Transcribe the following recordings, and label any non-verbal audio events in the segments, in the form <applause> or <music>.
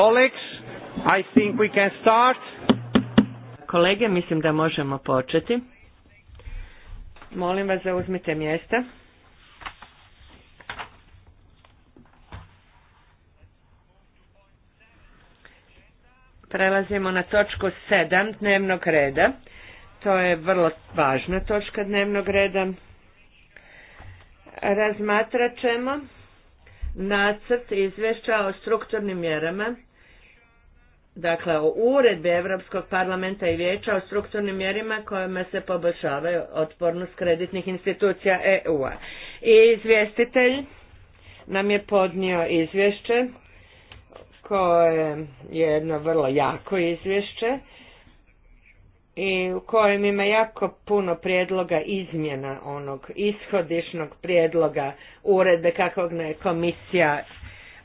Colleagues, I think we can start. Kolege, mislim da možemo početi. Molim vas da uzmite mjesta. Prelazimo na točku 7 dnevnog reda. To je vrlo važna točka dnevnog reda. Razmatrat ćemo nacrt izvješća o strukturnim mjerama dakle o uredbi Europskog parlamenta i vijeća o strukturnim mjerima kojima se poboljšavaju otpornost kreditnih institucija EU-a. I izvjestitelj nam je podnio izvješće koje je jedno vrlo jako izvješće i u kojem ima jako puno prijedloga izmjena onog ishodišnog prijedloga uredbe kakvog je komisija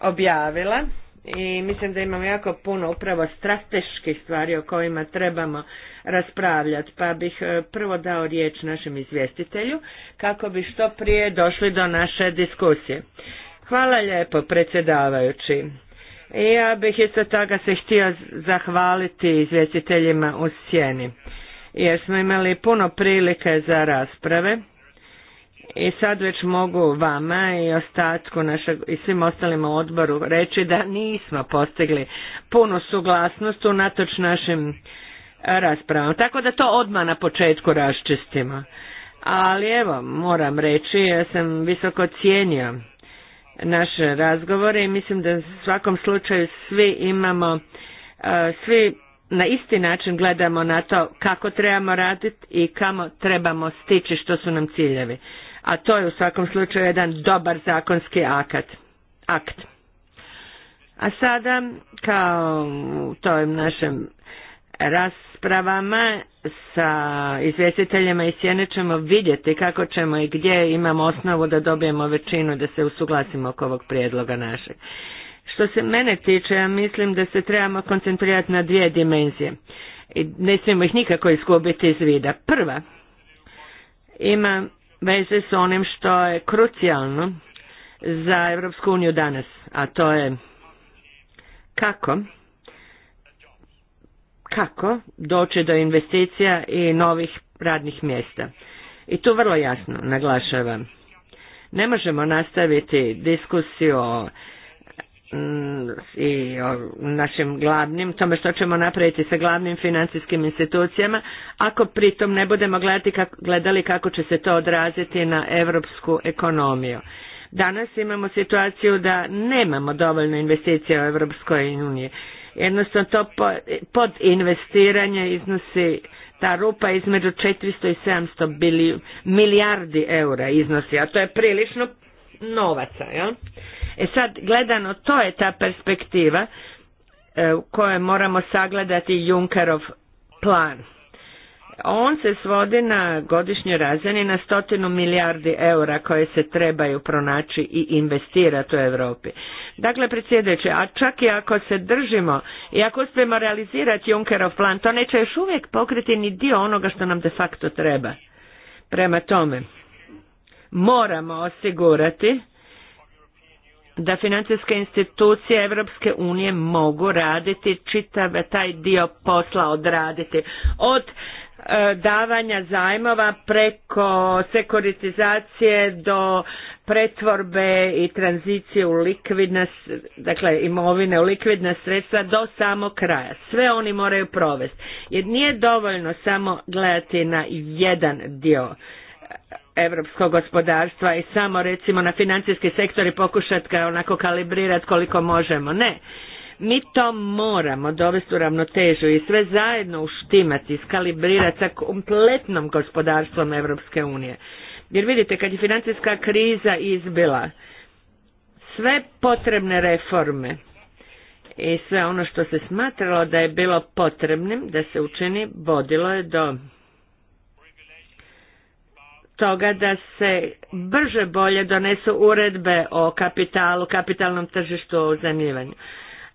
objavila i mislim da imamo jako puno upravo strateških stvari o kojima trebamo raspravljati, pa bih e, prvo dao riječ našem izvjestitelju kako bi što prije došli do naše diskusije. Hvala lijepo predsjedavajući. Ja bih isto toga se htio zahvaliti izvjestiteljima u sjeni jer smo imali puno prilike za rasprave i sad već mogu vama i ostatku našeg, i svim ostalim u odboru reći da nismo postigli punu suglasnost unatoč našim e, raspravama. Tako da to odmah na početku raščistimo. Ali evo, moram reći, ja sam visoko cijenio naše razgovore i mislim da u svakom slučaju svi imamo, e, svi na isti način gledamo na to kako trebamo raditi i kamo trebamo stići što su nam ciljevi a to je u svakom slučaju jedan dobar zakonski akat, akt. A sada, kao u toj našem raspravama sa izvjestiteljima i sjene ćemo vidjeti kako ćemo i gdje imamo osnovu da dobijemo većinu da se usuglasimo oko ovog prijedloga našeg. Što se mene tiče, ja mislim da se trebamo koncentrirati na dvije dimenzije. I ne smijemo ih nikako izgubiti iz vida. Prva, ima veze s onim što je krucijalno za Europsku uniju danas, a to je kako kako doći do investicija i novih radnih mjesta. I tu vrlo jasno naglašavam. Ne možemo nastaviti diskusiju o Mm, i o našim glavnim, tome što ćemo napraviti sa glavnim financijskim institucijama, ako pritom ne budemo gledati kako, gledali kako će se to odraziti na europsku ekonomiju. Danas imamo situaciju da nemamo dovoljno investicija u Europskoj uniji. Jednostavno to pod investiranje iznosi ta rupa između 400 i 700 bili, milijardi eura iznosi, a to je prilično novaca. Ja? E sad, gledano, to je ta perspektiva e, u kojoj moramo sagledati Junkerov plan. On se svodi na godišnjoj razini na stotinu milijardi eura koje se trebaju pronaći i investirati u Europi. Dakle, predsjedeći, a čak i ako se držimo i ako uspijemo realizirati Junkerov plan, to neće još uvijek pokriti ni dio onoga što nam de facto treba. Prema tome, moramo osigurati da financijske institucije Europske unije mogu raditi čitav taj dio posla odraditi. Od e, davanja zajmova preko sekuritizacije do pretvorbe i tranzicije u likvidna, dakle imovine u likvidna sredstva do samog kraja. Sve oni moraju provesti. Jer nije dovoljno samo gledati na jedan dio europskog gospodarstva i samo recimo na financijski sektor i pokušati ga onako kalibrirati koliko možemo. Ne, mi to moramo dovesti u ravnotežu i sve zajedno uštimati, skalibrirati sa kompletnom gospodarstvom Europske unije. Jer vidite, kad je financijska kriza izbila, sve potrebne reforme i sve ono što se smatralo da je bilo potrebnim da se učini, vodilo je do toga da se brže bolje donesu uredbe o kapitalu, kapitalnom tržištu o uzemljivanju.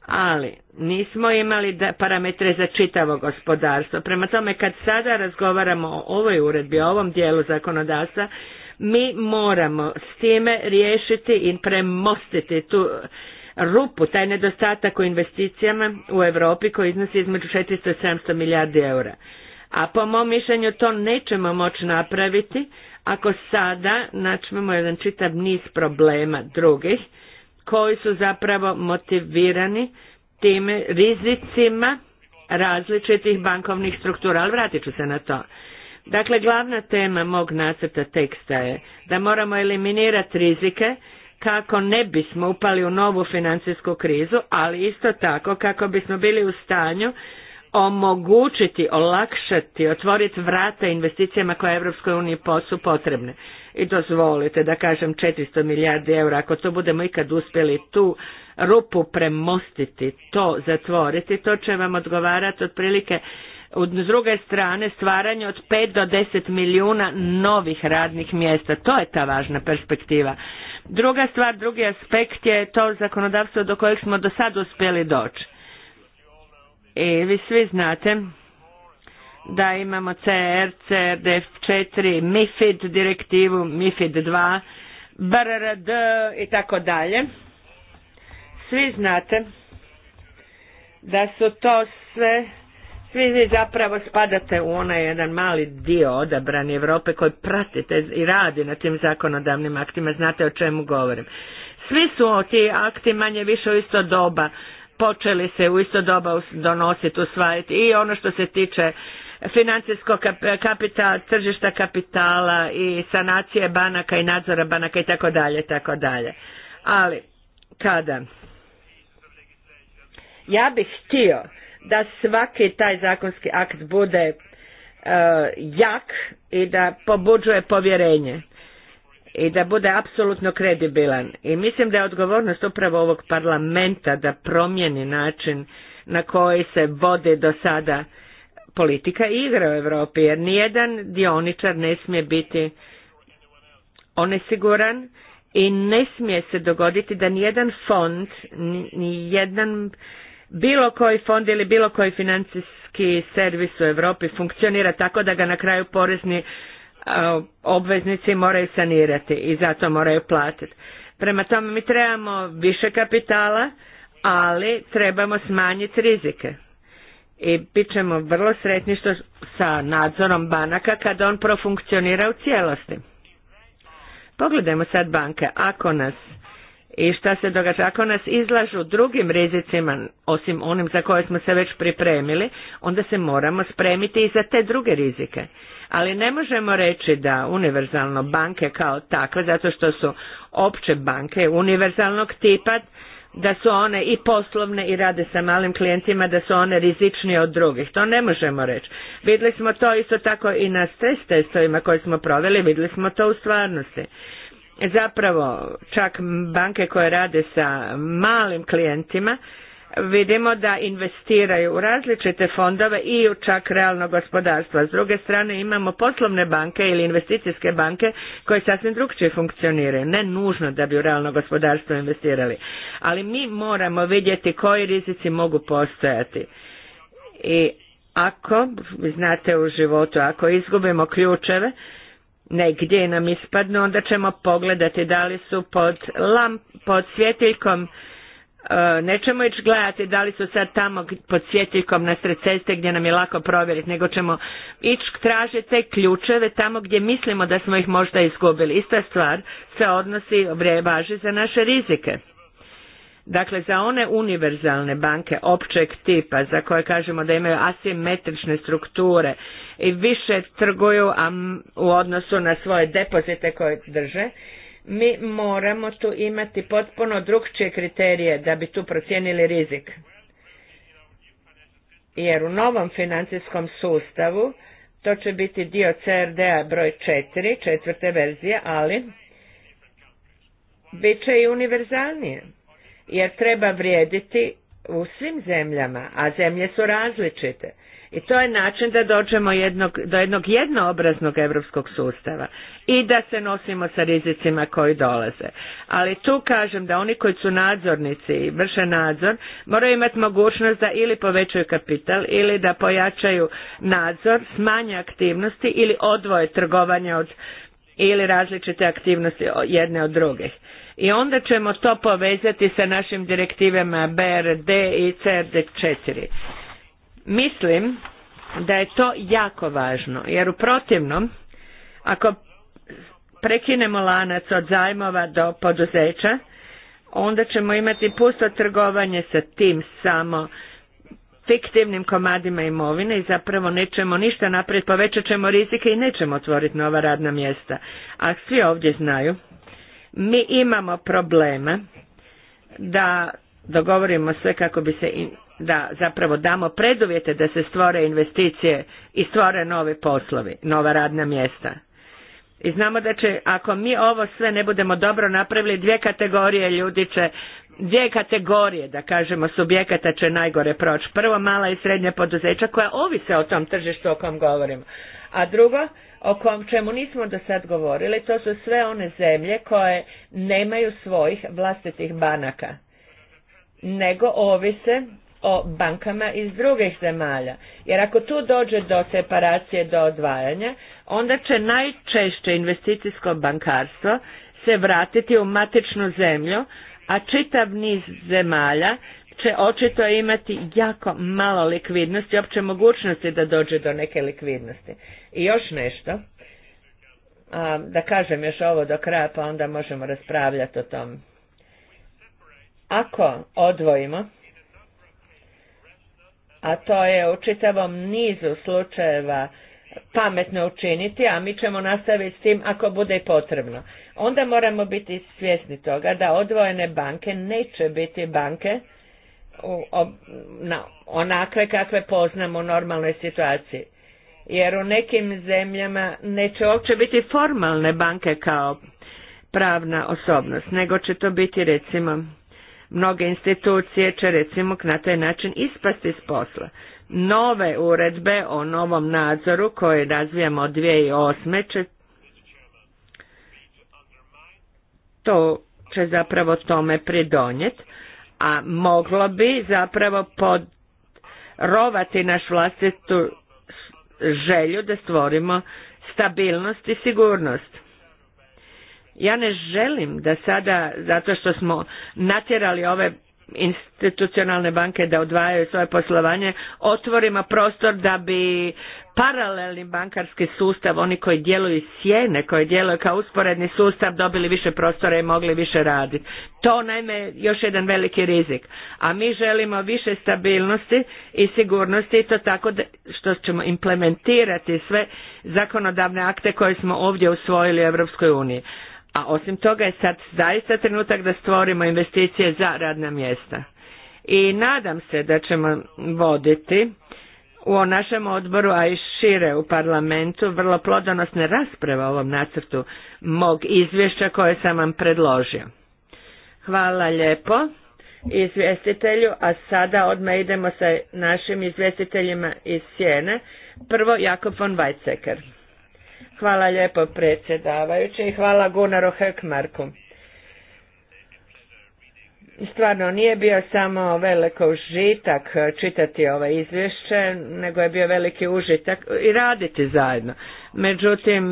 Ali nismo imali parametre za čitavo gospodarstvo. Prema tome kad sada razgovaramo o ovoj uredbi, o ovom dijelu zakonodavstva, mi moramo s time riješiti i premostiti tu rupu, taj nedostatak u investicijama u Europi koji iznosi između 400 i 700 milijardi eura. A po mom mišljenju to nećemo moći napraviti ako sada načnemo jedan čitav niz problema drugih koji su zapravo motivirani time rizicima različitih bankovnih struktura, ali vratit ću se na to. Dakle, glavna tema mog nacrta teksta je da moramo eliminirati rizike kako ne bismo upali u novu financijsku krizu, ali isto tako kako bismo bili u stanju omogućiti, olakšati, otvoriti vrata investicijama koje Europskoj uniji su potrebne. I dozvolite da kažem 400 milijardi eura, ako to budemo ikad uspjeli tu rupu premostiti, to zatvoriti, to će vam odgovarati otprilike s druge strane stvaranje od 5 do 10 milijuna novih radnih mjesta. To je ta važna perspektiva. Druga stvar, drugi aspekt je to zakonodavstvo do kojeg smo do sad uspjeli doći. I e, vi svi znate da imamo CR, CRDF4, MIFID direktivu, MIFID 2, BRRD i tako dalje. Svi znate da su to sve, svi vi zapravo spadate u onaj jedan mali dio odabrani Europe koji pratite i radi na tim zakonodavnim aktima, znate o čemu govorim. Svi su ti akti manje više u isto doba počeli se u isto doba donositi, usvajati i ono što se tiče financijskog kapitala, tržišta kapitala i sanacije banaka i nadzora banaka i tako dalje, tako dalje. Ali, kada? Ja bih htio da svaki taj zakonski akt bude e, jak i da pobuđuje povjerenje i da bude apsolutno kredibilan. I mislim da je odgovornost upravo ovog parlamenta da promijeni način na koji se vode do sada politika i igra u Europi, jer nijedan dioničar ne smije biti onesiguran i ne smije se dogoditi da nijedan fond, nijedan bilo koji fond ili bilo koji financijski servis u Europi funkcionira tako da ga na kraju porezni obveznici moraju sanirati i zato moraju platiti. Prema tome mi trebamo više kapitala, ali trebamo smanjiti rizike. I bit ćemo vrlo sretni što sa nadzorom banaka kada on profunkcionira u cijelosti. Pogledajmo sad banke. Ako nas i šta se događa, ako nas izlažu drugim rizicima, osim onim za koje smo se već pripremili, onda se moramo spremiti i za te druge rizike ali ne možemo reći da univerzalno banke kao takve, zato što su opće banke univerzalnog tipa, da su one i poslovne i rade sa malim klijentima, da su one rizičnije od drugih. To ne možemo reći. Vidjeli smo to isto tako i na stres testovima koje smo proveli, vidjeli smo to u stvarnosti. Zapravo, čak banke koje rade sa malim klijentima, vidimo da investiraju u različite fondove i u čak realno gospodarstvo. S druge strane imamo poslovne banke ili investicijske banke koje sasvim drugčije funkcioniraju. Ne nužno da bi u realno gospodarstvo investirali. Ali mi moramo vidjeti koji rizici mogu postojati. I ako, znate u životu, ako izgubimo ključeve, negdje nam ispadnu, onda ćemo pogledati da li su pod, lamp, pod svjetiljkom E, nećemo ići gledati da li su sad tamo pod svjetljikom na sred ceste gdje nam je lako provjeriti, nego ćemo ići tražiti te ključeve tamo gdje mislimo da smo ih možda izgubili. Ista stvar se odnosi, važi za naše rizike. Dakle, za one univerzalne banke općeg tipa, za koje kažemo da imaju asimetrične strukture i više trguju u odnosu na svoje depozite koje drže, mi moramo tu imati potpuno drugčije kriterije da bi tu procijenili rizik. Jer u novom financijskom sustavu to će biti dio CRDA a broj 4, četvrte verzije, ali bit će i univerzalnije. Jer treba vrijediti u svim zemljama, a zemlje su različite. I to je način da dođemo jednog, do jednog jednoobraznog europskog sustava i da se nosimo sa rizicima koji dolaze. Ali tu kažem da oni koji su nadzornici i vrše nadzor moraju imati mogućnost da ili povećaju kapital ili da pojačaju nadzor, smanje aktivnosti ili odvoje trgovanja od ili različite aktivnosti jedne od drugih. I onda ćemo to povezati sa našim direktivama BRD i CRD4. Mislim da je to jako važno, jer u protivnom, ako prekinemo lanac od zajmova do poduzeća, onda ćemo imati pusto trgovanje sa tim samo fiktivnim komadima imovine i zapravo nećemo ništa naprijed, povećat ćemo rizike i nećemo otvoriti nova radna mjesta. A svi ovdje znaju, mi imamo problema da dogovorimo sve kako bi se da zapravo damo preduvjete da se stvore investicije i stvore novi poslovi, nova radna mjesta. I znamo da će, ako mi ovo sve ne budemo dobro napravili, dvije kategorije ljudi će, dvije kategorije, da kažemo, subjekata će najgore proći. Prvo, mala i srednja poduzeća koja ovise o tom tržištu o kom govorimo. A drugo, o kom čemu nismo do sad govorili, to su sve one zemlje koje nemaju svojih vlastitih banaka, nego ovise o bankama iz drugih zemalja. Jer ako tu dođe do separacije, do odvajanja, onda će najčešće investicijsko bankarstvo se vratiti u matičnu zemlju, a čitav niz zemalja će očito imati jako malo likvidnosti, opće mogućnosti da dođe do neke likvidnosti. I još nešto, a, da kažem još ovo do kraja, pa onda možemo raspravljati o tom. Ako odvojimo a to je u čitavom nizu slučajeva pametno učiniti, a mi ćemo nastaviti s tim ako bude potrebno. Onda moramo biti svjesni toga da odvojene banke neće biti banke u, na, onakve kakve poznamo u normalnoj situaciji. Jer u nekim zemljama neće uopće biti formalne banke kao pravna osobnost, nego će to biti recimo Mnoge institucije će recimo na taj način ispasti s posla. Nove uredbe o novom nadzoru koje razvijamo od 2008. će to će zapravo tome pridonijeti, a moglo bi zapravo podrovati naš vlastitu želju da stvorimo stabilnost i sigurnost. Ja ne želim da sada, zato što smo natjerali ove institucionalne banke da odvajaju svoje poslovanje, otvorimo prostor da bi paralelni bankarski sustav, oni koji djeluju sjene, koji djeluju kao usporedni sustav, dobili više prostora i mogli više raditi. To naime još jedan veliki rizik. A mi želimo više stabilnosti i sigurnosti i to tako da, što ćemo implementirati sve zakonodavne akte koje smo ovdje usvojili u Europskoj uniji. A osim toga je sad zaista trenutak da stvorimo investicije za radna mjesta. I nadam se da ćemo voditi u našem odboru, a i šire u parlamentu, vrlo plodonosne rasprave o ovom nacrtu mog izvješća koje sam vam predložio. Hvala lijepo izvjestitelju, a sada odmah idemo sa našim izvjestiteljima iz Sjene. Prvo Jakob von Weizsäcker. Hvala lijepo predsjedavajući i hvala Gunaru Hekmarku. Stvarno nije bio samo veliko užitak čitati ovo izvješće, nego je bio veliki užitak i raditi zajedno. Međutim,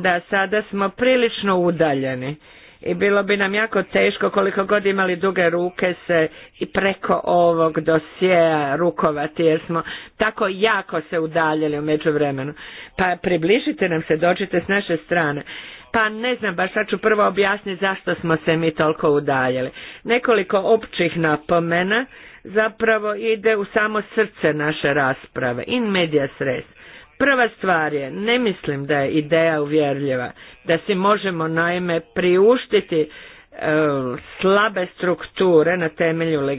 da sada smo prilično udaljeni i bilo bi nam jako teško koliko god imali duge ruke se i preko ovog dosjeja rukovati jer smo tako jako se udaljili u međuvremenu. Pa približite nam se, dođite s naše strane. Pa ne znam, baš sad ću prvo objasniti zašto smo se mi toliko udaljili. Nekoliko općih napomena zapravo ide u samo srce naše rasprave, in media sredstva. Prva stvar je, ne mislim da je ideja uvjerljiva, da si možemo naime priuštiti e, slabe strukture na temelju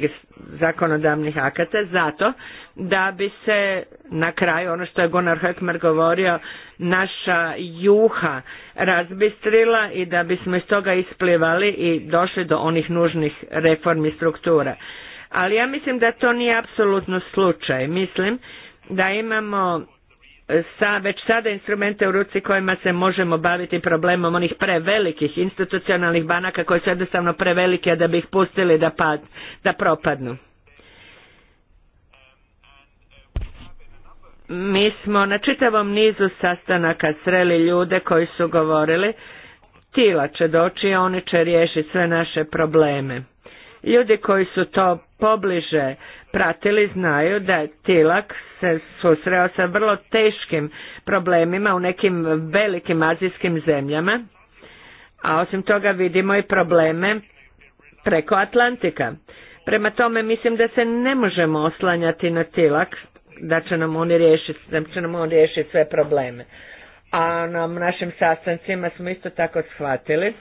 zakonodavnih akata zato da bi se na kraju ono što je Gunnar Hökmer govorio naša juha razbistrila i da bismo iz toga isplivali i došli do onih nužnih reformi struktura. Ali ja mislim da to nije apsolutno slučaj. Mislim da imamo sa, već sada instrumente u ruci kojima se možemo baviti problemom onih prevelikih institucionalnih banaka koje su jednostavno prevelike da bi ih pustili da, pad, da propadnu. Mi smo na čitavom nizu sastanaka sreli ljude koji su govorili Tila će doći i oni će riješiti sve naše probleme. Ljudi koji su to pobliže pratili znaju da je Tilak se susreo sa vrlo teškim problemima u nekim velikim azijskim zemljama, a osim toga vidimo i probleme preko Atlantika. Prema tome mislim da se ne možemo oslanjati na tilak da će nam oni riješiti, da će nam on riješiti sve probleme. A na našim sastancima smo isto tako shvatili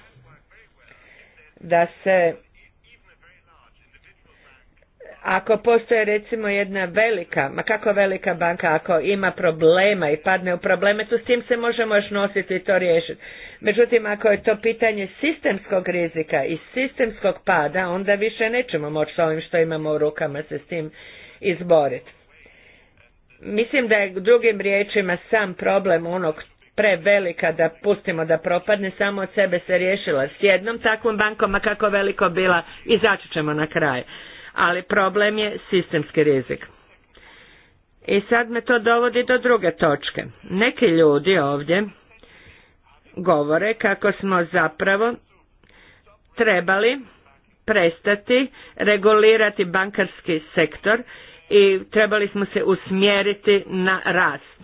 da se ako postoje recimo jedna velika, ma kako velika banka ako ima problema i padne u probleme, tu s tim se možemo još nositi i to riješiti. Međutim, ako je to pitanje sistemskog rizika i sistemskog pada, onda više nećemo moći s ovim što imamo u rukama se s tim izboriti. Mislim da je drugim riječima sam problem onog prevelika da pustimo da propadne, samo od sebe se riješila s jednom takvom bankom, a kako veliko bila, izaći ćemo na kraj ali problem je sistemski rizik. I sad me to dovodi do druge točke. Neki ljudi ovdje govore kako smo zapravo trebali prestati regulirati bankarski sektor i trebali smo se usmjeriti na rast.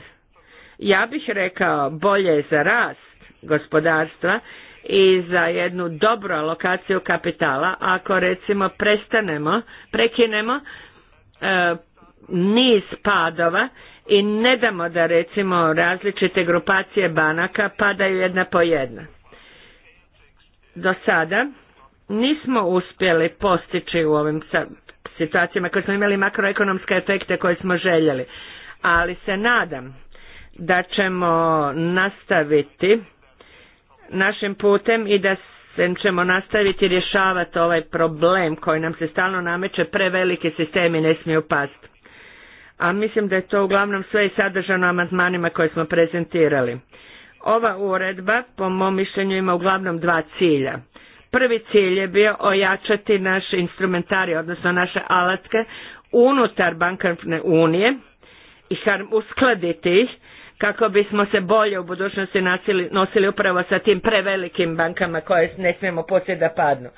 Ja bih rekao bolje za rast gospodarstva i za jednu dobru alokaciju kapitala ako recimo prestanemo, prekinemo e, niz padova i ne damo da recimo različite grupacije banaka padaju jedna po jedna. Do sada nismo uspjeli postići u ovim situacijama koje smo imali makroekonomske efekte koje smo željeli, ali se nadam da ćemo nastaviti našim putem i da ćemo nastaviti rješavati ovaj problem koji nam se stalno nameće, prevelike sistemi ne smiju pasti. A mislim da je to uglavnom sve i sadržano amandmanima koje smo prezentirali. Ova uredba, po mom mišljenju, ima uglavnom dva cilja. Prvi cilj je bio ojačati naš instrumentari, odnosno naše alatke, unutar bankarne unije i uskladiti ih kako bismo se bolje u budućnosti nosili, nosili upravo sa tim prevelikim bankama koje ne smijemo poslije da padnu.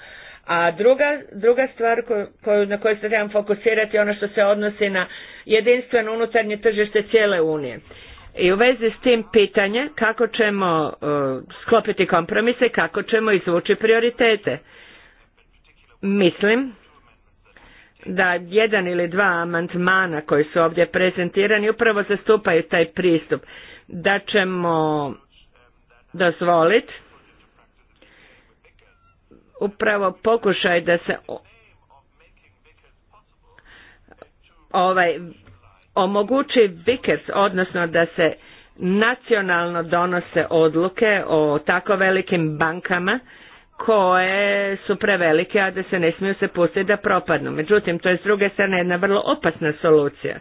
A druga, druga stvar koju, na koju se trebam fokusirati je ono što se odnosi na jedinstveno unutarnje tržište cijele Unije. I u vezi s tim pitanje kako ćemo e, sklopiti kompromise, kako ćemo izvući prioritete. Mislim da jedan ili dva amandmana koji su ovdje prezentirani upravo zastupaju taj pristup da ćemo dozvoliti upravo pokušaj da se ovaj omogući Vickers, odnosno da se nacionalno donose odluke o tako velikim bankama koje su prevelike, a da se ne smiju se pustiti da propadnu. Međutim, to je s druge strane jedna vrlo opasna solucija.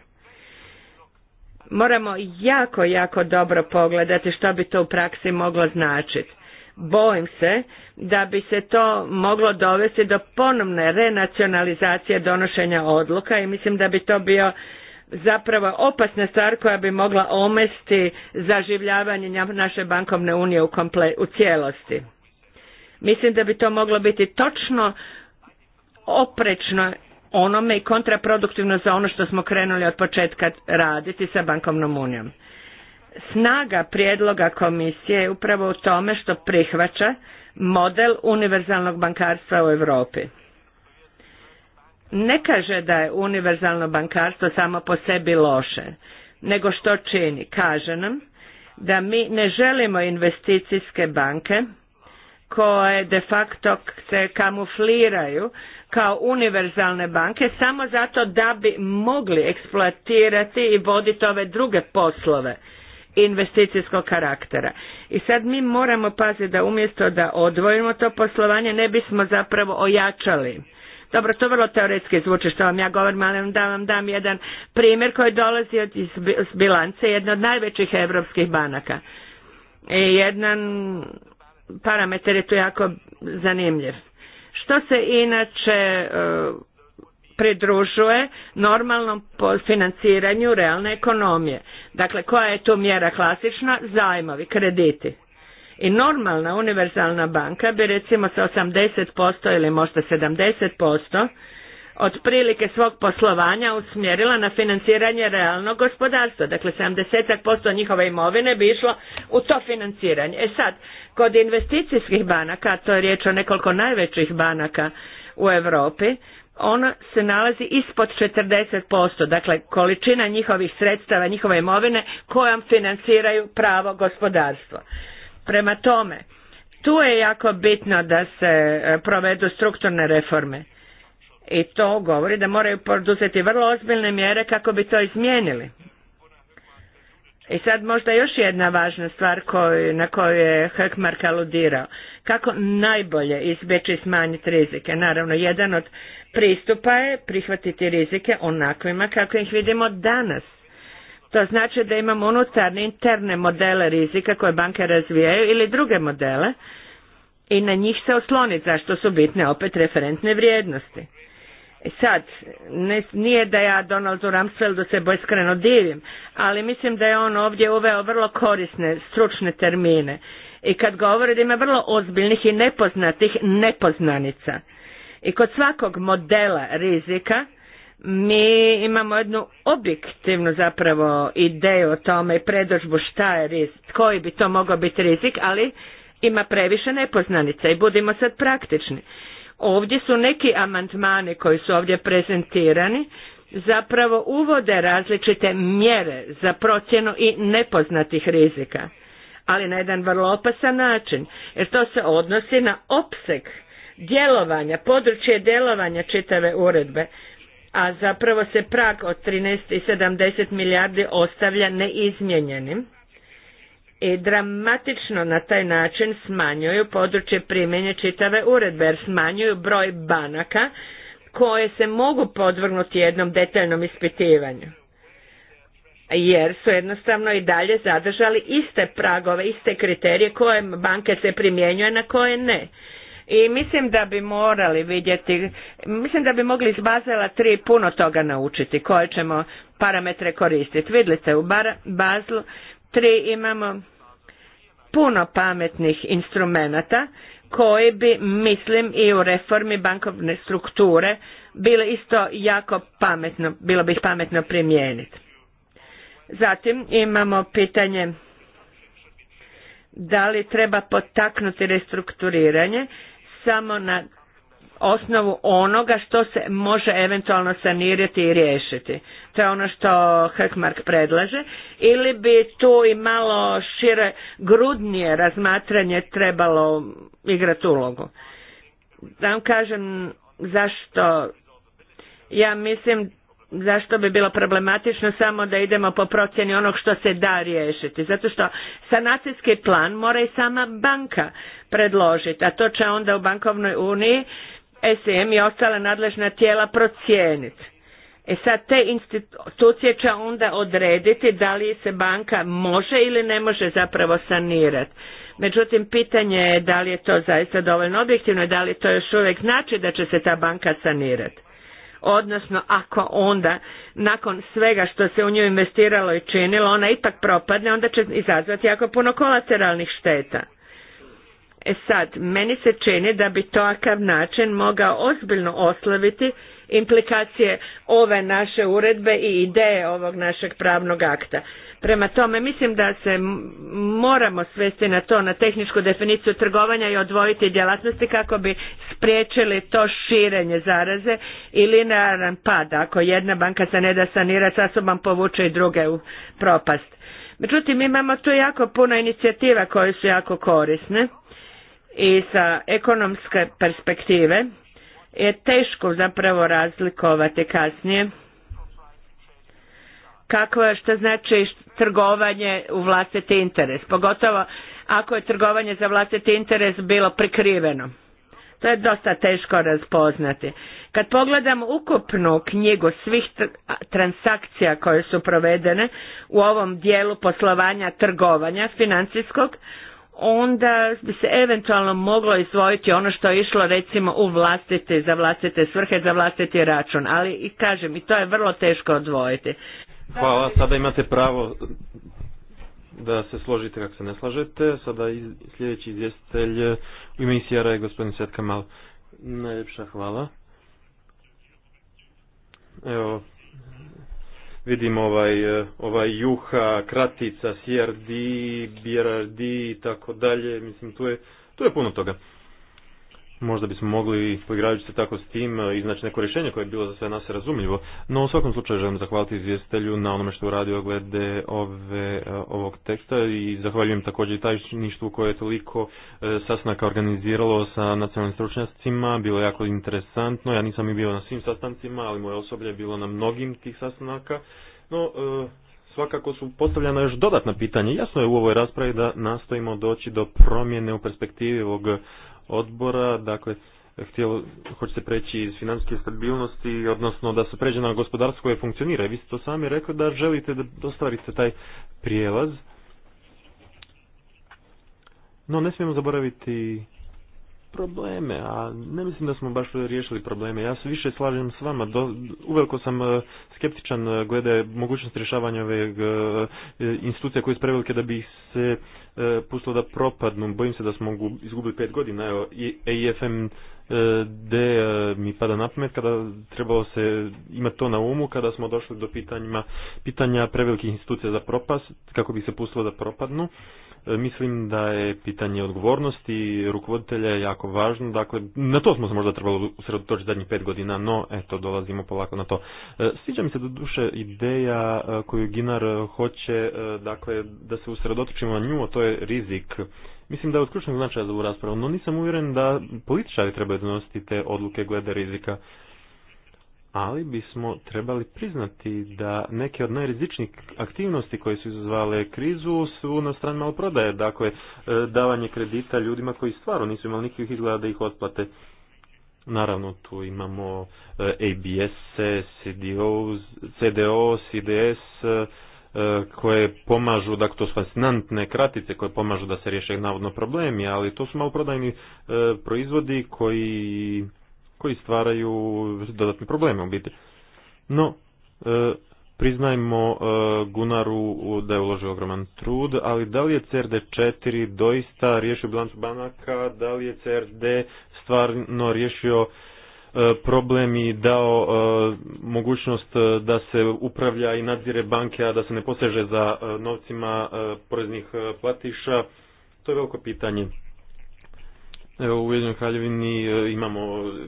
Moramo jako, jako dobro pogledati što bi to u praksi moglo značiti. Bojim se da bi se to moglo dovesti do ponovne renacionalizacije donošenja odluka i mislim da bi to bio zapravo opasna stvar koja bi mogla omesti zaživljavanje naše bankovne unije u, u cijelosti. Mislim da bi to moglo biti točno oprečno onome i kontraproduktivno za ono što smo krenuli od početka raditi sa bankovnom unijom. Snaga prijedloga komisije je upravo u tome što prihvaća model univerzalnog bankarstva u Europi. Ne kaže da je univerzalno bankarstvo samo po sebi loše, nego što čini? Kaže nam da mi ne želimo investicijske banke koje de facto se kamufliraju kao univerzalne banke samo zato da bi mogli eksploatirati i voditi ove druge poslove investicijskog karaktera. I sad mi moramo paziti da umjesto da odvojimo to poslovanje ne bismo zapravo ojačali. Dobro, to vrlo teoretski zvuči što vam ja govorim, ali da vam dam jedan primjer koji dolazi od, iz bilance jedne od najvećih europskih banaka. I jedan parametar je tu jako zanimljiv. Što se inače e, pridružuje normalnom financiranju realne ekonomije. Dakle, koja je tu mjera klasična? Zajmovi, krediti. I normalna univerzalna banka bi recimo sa 80% ili možda 70% otprilike svog poslovanja usmjerila na financiranje realnog gospodarstva. Dakle, 70% njihove imovine bi išlo u to financiranje. E sad, kod investicijskih banaka, to je riječ o nekoliko najvećih banaka u Europi, ona se nalazi ispod 40%, dakle količina njihovih sredstava, njihove imovine kojom financiraju pravo gospodarstvo. Prema tome, tu je jako bitno da se e, provedu strukturne reforme i to govori da moraju poduzeti vrlo ozbiljne mjere kako bi to izmijenili. I sad možda još jedna važna stvar koju, na koju je Hökmark aludirao. Kako najbolje izbjeći smanjiti rizike? Naravno, jedan od pristupa je prihvatiti rizike onakvima kako ih vidimo danas. To znači da imamo unutarnje interne modele rizika koje banke razvijaju ili druge modele i na njih se osloniti zašto su bitne opet referentne vrijednosti. E sad, ne, nije da ja Donaldu Rumsfeldu se bojskreno divim, ali mislim da je on ovdje uveo vrlo korisne, stručne termine. I kad govori da ima vrlo ozbiljnih i nepoznatih nepoznanica. I kod svakog modela rizika mi imamo jednu objektivnu zapravo ideju o tome i predožbu šta je rizik, koji bi to mogao biti rizik, ali ima previše nepoznanica i budimo sad praktični. Ovdje su neki amandmani koji su ovdje prezentirani zapravo uvode različite mjere za procjenu i nepoznatih rizika, ali na jedan vrlo opasan način, jer to se odnosi na opseg djelovanja, područje djelovanja čitave uredbe, a zapravo se prag od 13,70 milijardi ostavlja neizmjenjenim i dramatično na taj način smanjuju područje primjene čitave uredbe jer smanjuju broj banaka koje se mogu podvrgnuti jednom detaljnom ispitivanju jer su jednostavno i dalje zadržali iste pragove, iste kriterije koje banke se primjenjuje na koje ne. I mislim da bi morali vidjeti, mislim da bi mogli iz Bazela 3 puno toga naučiti koje ćemo parametre koristiti. Vidite, u Bazelu tri imamo puno pametnih instrumenata koji bi, mislim, i u reformi bankovne strukture bile isto jako pametno, bilo bi ih pametno primijeniti. Zatim imamo pitanje da li treba potaknuti restrukturiranje samo na osnovu onoga što se može eventualno sanirati i riješiti. To je ono što Hrkmark predlaže. Ili bi tu i malo šire, grudnije razmatranje trebalo igrati ulogu. Da vam kažem zašto ja mislim zašto bi bilo problematično samo da idemo po procjeni onog što se da riješiti. Zato što sanacijski plan mora i sama banka predložiti, a to će onda u bankovnoj uniji SEM i ostala nadležna tijela procijeniti. E sad te institucije će onda odrediti da li se banka može ili ne može zapravo sanirati. Međutim, pitanje je da li je to zaista dovoljno objektivno i da li to još uvijek znači da će se ta banka sanirati. Odnosno, ako onda, nakon svega što se u nju investiralo i činilo, ona ipak propadne, onda će izazvati jako puno kolateralnih šteta. E sad, meni se čini da bi takav način mogao ozbiljno oslaviti implikacije ove naše uredbe i ideje ovog našeg pravnog akta. Prema tome mislim da se moramo svesti na to, na tehničku definiciju trgovanja i odvojiti djelatnosti kako bi spriječili to širenje zaraze i linearan pad. Ako jedna banka se ne da sanira, sa sobom povuče i druge u propast. Međutim, imamo tu jako puno inicijativa koje su jako korisne i sa ekonomske perspektive je teško zapravo razlikovati kasnije kako je što znači trgovanje u vlastiti interes, pogotovo ako je trgovanje za vlastiti interes bilo prikriveno. To je dosta teško razpoznati. Kad pogledam ukupnu knjigu svih transakcija koje su provedene u ovom dijelu poslovanja trgovanja financijskog, onda bi se eventualno moglo izdvojiti ono što je išlo recimo u vlastite, za vlastite svrhe, za vlastiti račun. Ali i kažem, i to je vrlo teško odvojiti. Hvala, sada imate pravo da se složite kako se ne slažete. Sada sljedeći izvjestitelj u ime je gospodin Svetka Mal. Najljepša hvala. Evo, Vidim ovaj, e, ovaj juha, kratica, CRD, BRD i tako dalje. Mislim, tu je, tu je puno toga možda bismo mogli poigrajući se tako s tim e, iznaći neko rješenje koje je bilo za sve nas razumljivo. No u svakom slučaju želim zahvaliti izvjestitelju na onome što uradio glede ove, e, ovog teksta i zahvaljujem također i tajništvu koje je toliko e, sastanaka organiziralo sa nacionalnim stručnjacima. Bilo je jako interesantno. Ja nisam i bio na svim sastancima, ali moje osoblje je bilo na mnogim tih sastanaka. No, svakako su postavljena još dodatna pitanja. Jasno je u ovoj raspravi da nastojimo doći do promjene u perspektivi ovog odbora, dakle, htjelo, hoćete preći iz financijske stabilnosti, odnosno da se pređe na gospodarstvo koje funkcionira. vi ste to sami rekli da želite da ostvarite taj prijelaz. No, ne smijemo zaboraviti probleme, a ne mislim da smo baš riješili probleme. Ja se više slažem s vama, Do, uveliko sam e, skeptičan e, glede mogućnosti rješavanja ove institucija koje su prevelike da bi se e, pustilo da propadnu. Bojim se da smo izgubili pet godina. Evo, de e, mi pada na pamet kada trebalo se imati to na umu kada smo došli do pitanjima, pitanja prevelikih institucija za propast, kako bi se pustilo da propadnu. E, mislim da je pitanje odgovornosti rukovoditelja jako važno, dakle na to smo se možda trebali usredotočiti zadnjih pet godina, no eto dolazimo polako na to. E, sviđa mi se do duše ideja koju Ginar hoće, dakle da se usredotočimo na nju, a to je rizik Mislim da je od ključnog značaja za ovu raspravu, no nisam uvjeren da političari trebaju donositi te odluke glede rizika. Ali bismo trebali priznati da neke od najrizičnijih aktivnosti koje su izazvale krizu su na strani maloprodaje, dakle e, davanje kredita ljudima koji stvarno nisu imali nikakvih izgleda da ih otplate. Naravno, tu imamo e, ABS, CDO, CDO CDS, E, koje pomažu, dakle to su fascinantne kratice koje pomažu da se riješe navodno problemi, ali to su maloprodajni e, proizvodi koji, koji stvaraju dodatni probleme u biti. No, e, priznajmo Gunaru da je uložio ogroman trud, ali da li je CRD4 doista riješio bilancu banaka, da li je CRD stvarno riješio E, problem i dao e, mogućnost e, da se upravlja i nadzire banke, a da se ne poseže za novcima poreznih platiša. To je veliko pitanje. u Ujedinjenoj kraljevini imamo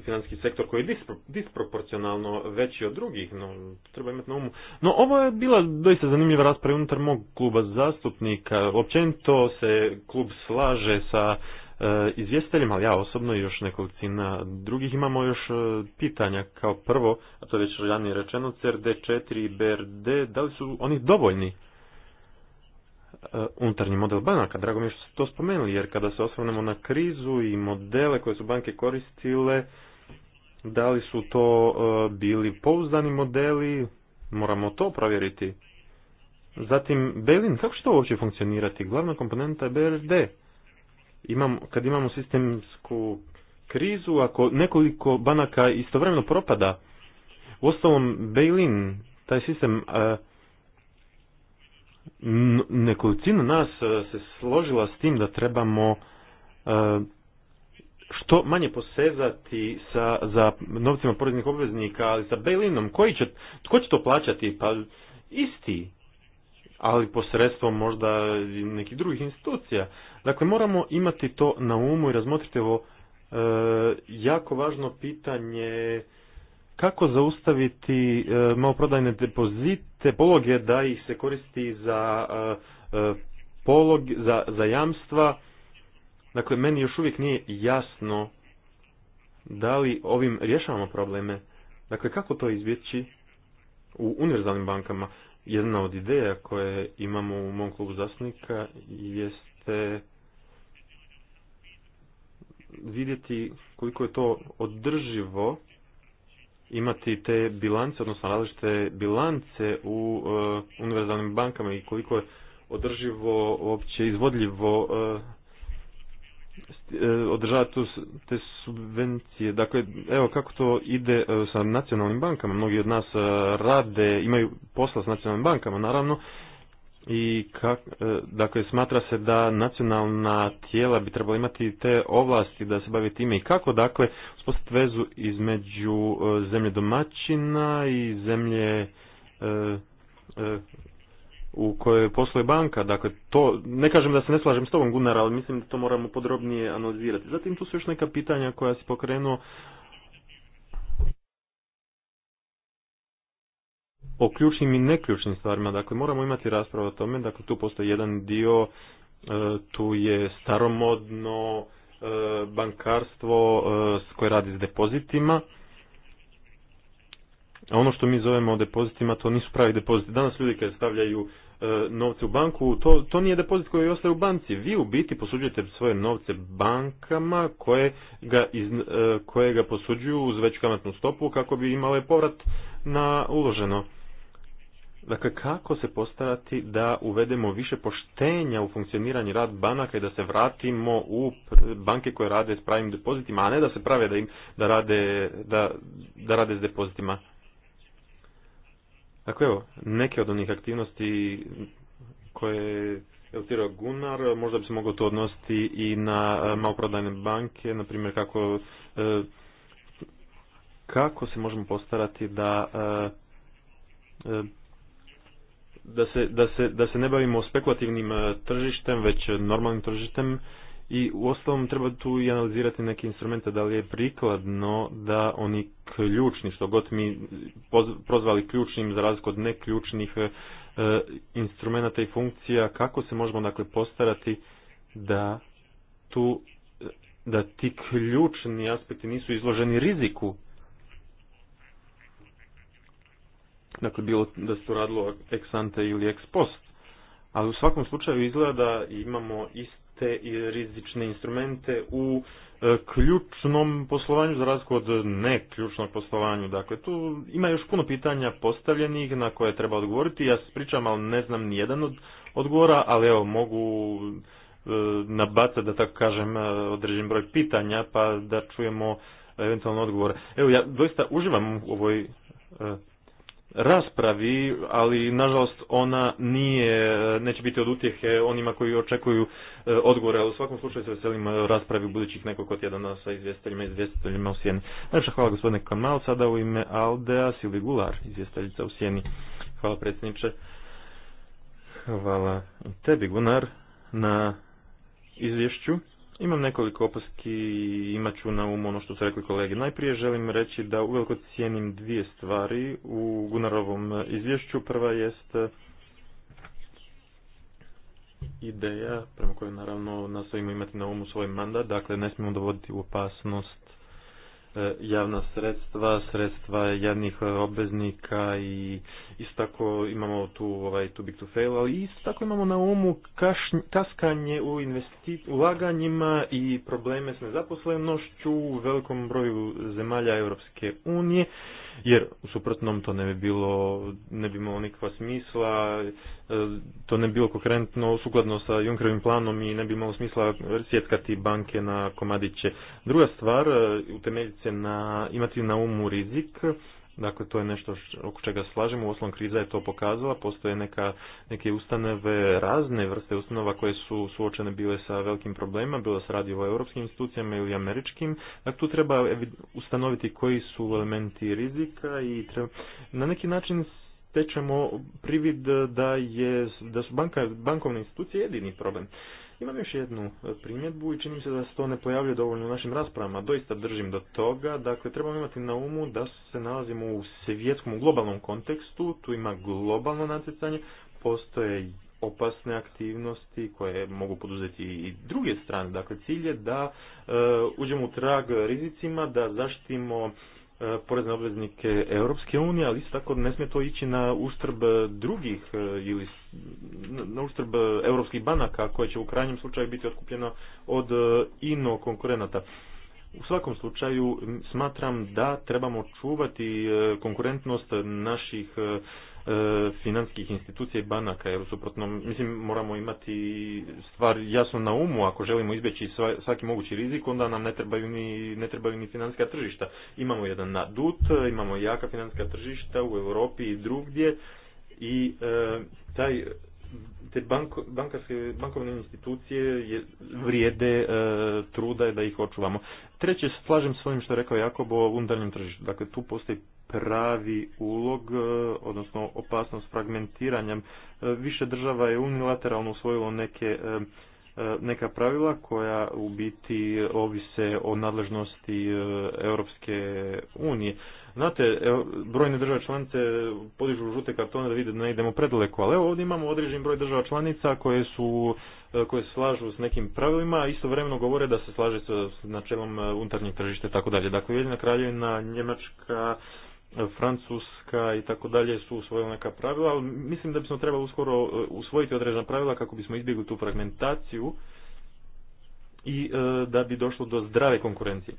financijski sektor koji je disproporcionalno veći od drugih, no treba imati na umu. No, ovo je bila doista zanimljiva rasprava unutar mog kluba zastupnika. Općenito se klub slaže sa E, izvjestiteljima, ali ja osobno i još nekolicina drugih imamo još e, pitanja. Kao prvo, a to je već ranije rečeno, CRD4 i BRD, da li su oni dovoljni? E, unutarnji model banaka. Drago mi je što ste to spomenuli, jer kada se osvrnemo na krizu i modele koje su banke koristile, da li su to bili pouzdani modeli, moramo to provjeriti. Zatim, Belin, kako će to uopće funkcionirati? Glavna komponenta je BRD imam, kad imamo sistemsku krizu, ako nekoliko banaka istovremeno propada, u ostalom taj sistem, nekolicina nas se složila s tim da trebamo što manje posezati sa, za novcima poreznih obveznika, ali sa bailinom, koji će, tko će to plaćati? Pa isti, ali posredstvom možda nekih drugih institucija. Dakle, moramo imati to na umu i razmotriti ovo e, jako važno pitanje kako zaustaviti e, maloprodajne depozite, pologe da ih se koristi za e, e, polog, za, za jamstva. Dakle, meni još uvijek nije jasno da li ovim rješavamo probleme. Dakle, kako to izbjeći u univerzalnim bankama? Jedna od ideja koje imamo u mom klubu zastupnika jest te vidjeti koliko je to održivo imati te bilance, odnosno različite bilance u e, univerzalnim bankama i koliko je održivo, uopće izvodljivo e, e te subvencije. Dakle, evo kako to ide e, sa nacionalnim bankama. Mnogi od nas rade, imaju posla s nacionalnim bankama, naravno, i kak, e, dakle smatra se da nacionalna tijela bi trebala imati te ovlasti da se bave time i kako dakle uspostaviti vezu između e, zemlje domaćina i zemlje e, u kojoj posluje banka, dakle to, ne kažem da se ne slažem s tobom Gunar, ali mislim da to moramo podrobnije analizirati. Zatim tu su još neka pitanja koja si pokrenuo, o ključnim i neključnim stvarima. Dakle, moramo imati raspravu o tome. Dakle, tu postoji jedan dio, e, tu je staromodno e, bankarstvo e, koje radi s depozitima. A ono što mi zovemo depozitima, to nisu pravi depoziti. Danas ljudi kad stavljaju novce u banku, to, to nije depozit koji ostaje u banci. Vi u biti posuđujete svoje novce bankama koje ga, koje ga posuđuju uz veću kamatnu stopu kako bi imale povrat na uloženo. Dakle, kako se postarati da uvedemo više poštenja u funkcioniranje rad banaka i da se vratimo u banke koje rade s pravim depozitima, a ne da se prave da, im, da, rade, da, da rade s depozitima. Dakle, evo, neke od onih aktivnosti koje otirao Gunar, možda bi se moglo to odnositi i na e, maloprodajne banke, na primjer kako, e, kako se možemo postarati da e, da se, da se, da se ne bavimo spekulativnim e, tržištem, već normalnim tržištem i u treba tu i analizirati neke instrumente da li je prikladno da oni ključni, što god mi prozvali ključnim za razliku od neključnih e, instrumenta i funkcija, kako se možemo dakle postarati da tu da ti ključni aspekti nisu izloženi riziku dakle bilo da se to radilo ex ante ili ex post. Ali u svakom slučaju izgleda da imamo iste i rizične instrumente u e, ključnom poslovanju za razliku od neključnog ključnog poslovanju. Dakle, tu ima još puno pitanja postavljenih na koje treba odgovoriti. Ja se pričam, ali ne znam ni jedan od odgovora, ali evo mogu e, nabacati, da tako kažem, e, određen broj pitanja, pa da čujemo eventualno odgovore. Evo, ja doista uživam u ovoj raspravi, ali nažalost ona nije, neće biti od utjehe onima koji očekuju e, odgovore, ali u svakom slučaju se veselim e, raspravi u budućih nekoliko tjedana sa izvjestiteljima i izvjestiteljima u Sjeni. hvala gospodine Kamal, sada u ime Aldea Silvi Gular, izvjestiteljica u Sjeni. Hvala predsjedniče. Hvala tebi Gunar na izvješću imam nekoliko opaski i imat ću na umu ono što su rekli kolege. Najprije želim reći da uveliko cijenim dvije stvari u Gunarovom izvješću. Prva jest ideja prema kojoj naravno nastavimo imati na umu svoj mandat, dakle ne smijemo dovoditi u opasnost e, javna sredstva, sredstva javnih obveznika i isto tako imamo tu ovaj to big to fail, ali isto tako imamo na umu kaskanje u investi, ulaganjima i probleme s nezaposlenošću u velikom broju zemalja Europske unije, jer u suprotnom to ne bi bilo, ne bi imalo nikakva smisla, e, to ne bi bilo konkretno sukladno sa Junkerovim planom i ne bi imalo smisla sjetkati banke na komadiće. Druga stvar, e, utemeljiti se na, imati na umu rizik, Dakle, to je nešto oko čega slažemo. U osnovom kriza je to pokazala. Postoje neka, neke ustanove, razne vrste ustanova koje su suočene bile sa velikim problemima, bilo se radi o europskim institucijama ili američkim. Dakle, tu treba ustanoviti koji su elementi rizika i treba, na neki način stečemo privid da, je, da su banka, bankovne institucije jedini problem. Imam još jednu e, primjedbu i čini se da se to ne pojavljuje dovoljno u našim raspravama. Doista držim do toga. Dakle, trebamo imati na umu da se nalazimo u svjetskom, globalnom kontekstu. Tu ima globalno natjecanje. Postoje opasne aktivnosti koje mogu poduzeti i druge strane. Dakle, cilj je da e, uđemo u trag rizicima, da zaštitimo E, porezne obveznike Europske unije, ali isto tako ne smije to ići na ustrb drugih e, ili na ustrb europskih banaka koje će u krajnjem slučaju biti otkupljena od e, ino konkurenata. U svakom slučaju smatram da trebamo čuvati konkurentnost naših E, financijskih institucija i banaka, jer suprotno, mislim, moramo imati stvar jasno na umu, ako želimo izbjeći svaki mogući rizik, onda nam ne trebaju ni, ne trebaju ni financijska tržišta. Imamo jedan nadut, imamo jaka financijska tržišta u Europi i drugdje i e, taj te bankarske, bankovne institucije je, vrijede e, truda je da ih očuvamo. Treće, slažem s ovim što je rekao Jakob o unutarnjem tržištu. Dakle, tu postoji pravi ulog, e, odnosno opasnost fragmentiranjem. E, više država je unilateralno usvojilo neke neka pravila koja u biti ovise o nadležnosti Europske unije. Znate, brojne države članice podižu žute kartone da vide da ne idemo predaleko, ali evo ovdje imamo određen broj država članica koje su e, koje se slažu s nekim pravilima, a istovremeno govore da se slaže sa načelom e, unutarnjeg tržišta i tako dalje. Dakle, Ujedinjena kraljevina, Njemačka, e, Francuska i tako dalje su usvojile neka pravila, ali mislim da bismo trebali uskoro usvojiti određena pravila kako bismo izbjegli tu fragmentaciju i da bi došlo do zdrave konkurencije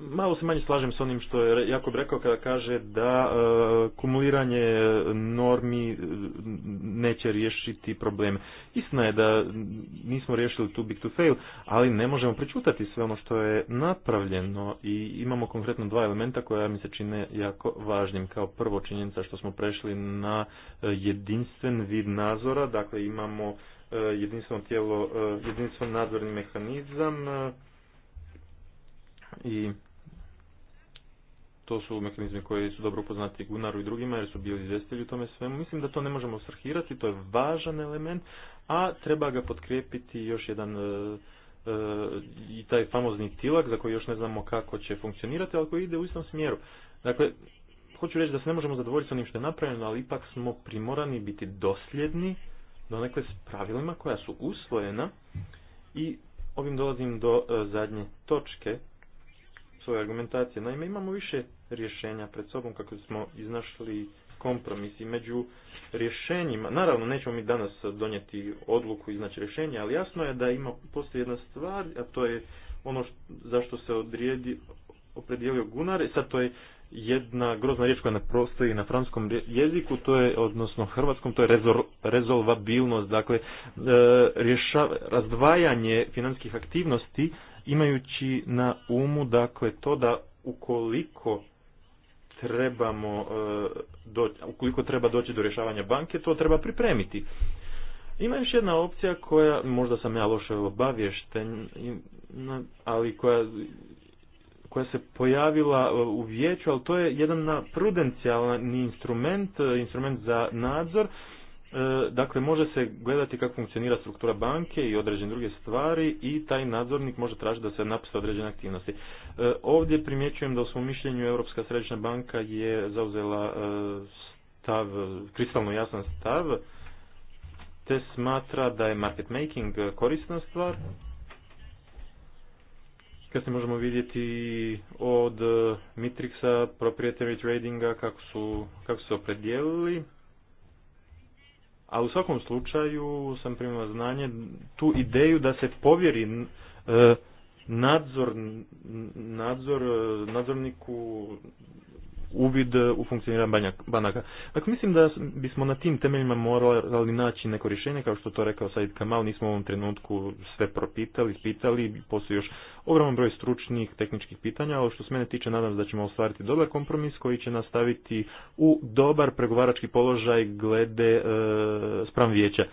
malo se manje slažem s onim što je Jakob rekao kada kaže da e, kumuliranje normi e, neće riješiti probleme. Istina je da nismo riješili too big to fail, ali ne možemo pričutati sve ono što je napravljeno i imamo konkretno dva elementa koja mi se čine jako važnim. Kao prvo činjenica što smo prešli na e, jedinstven vid nadzora, dakle imamo jedinstveno tijelo, jedinstven nadzorni mehanizam, i to su mehanizmi koji su dobro upoznati Gunaru i drugima jer su bili izvjestitelji u tome svemu. Mislim da to ne možemo srhirati, to je važan element, a treba ga potkrijepiti još jedan e, e, i taj famozni tilak za koji još ne znamo kako će funkcionirati, ali koji ide u istom smjeru. Dakle, hoću reći da se ne možemo zadovoljiti s onim što je napravljeno, ali ipak smo primorani biti dosljedni do nekle s pravilima koja su usvojena i ovim dolazim do e, zadnje točke svoje argumentacije. Naime, imamo više rješenja pred sobom kako smo iznašli kompromis i među rješenjima. Naravno, nećemo mi danas donijeti odluku i znači rješenje, ali jasno je da ima postoji jedna stvar, a to je ono što, zašto se odrijedi, opredijelio Gunar, i sad to je jedna grozna riječ koja ne prostoji na franskom jeziku, to je, odnosno hrvatskom, to je rezolvabilnost, dakle, e, razdvajanje financijskih aktivnosti imajući na umu, dakle, to da ukoliko trebamo, e, doći, ukoliko treba doći do rješavanja banke, to treba pripremiti. Ima još jedna opcija koja, možda sam ja loše obavješten, ali koja, koja se pojavila e, u vijeću, ali to je jedan prudencijalni instrument, e, instrument za nadzor, E, dakle, može se gledati kako funkcionira struktura banke i određene druge stvari i taj nadzornik može tražiti da se napise određene aktivnosti. E, ovdje primjećujem da u svom mišljenju Europska središnja banka je zauzela e, stav, kristalno jasan stav, te smatra da je market making korisna stvar. se možemo vidjeti od Mitrixa, proprietary tradinga, kako su, kako su se opredijelili a u svakom slučaju sam primio znanje tu ideju da se povjeri e, nadzor, nadzor e, nadzorniku uvid e, u funkcioniranje banaka. Dakle, mislim da bismo na tim temeljima morali naći neko rješenje, kao što to rekao Said Kamal, nismo u ovom trenutku sve propitali, pitali, postoji još ogroman broj stručnih, tehničkih pitanja, ali što se mene tiče, nadam se da ćemo ostvariti dobar kompromis koji će nastaviti u dobar pregovarački položaj glede e, spram vijeća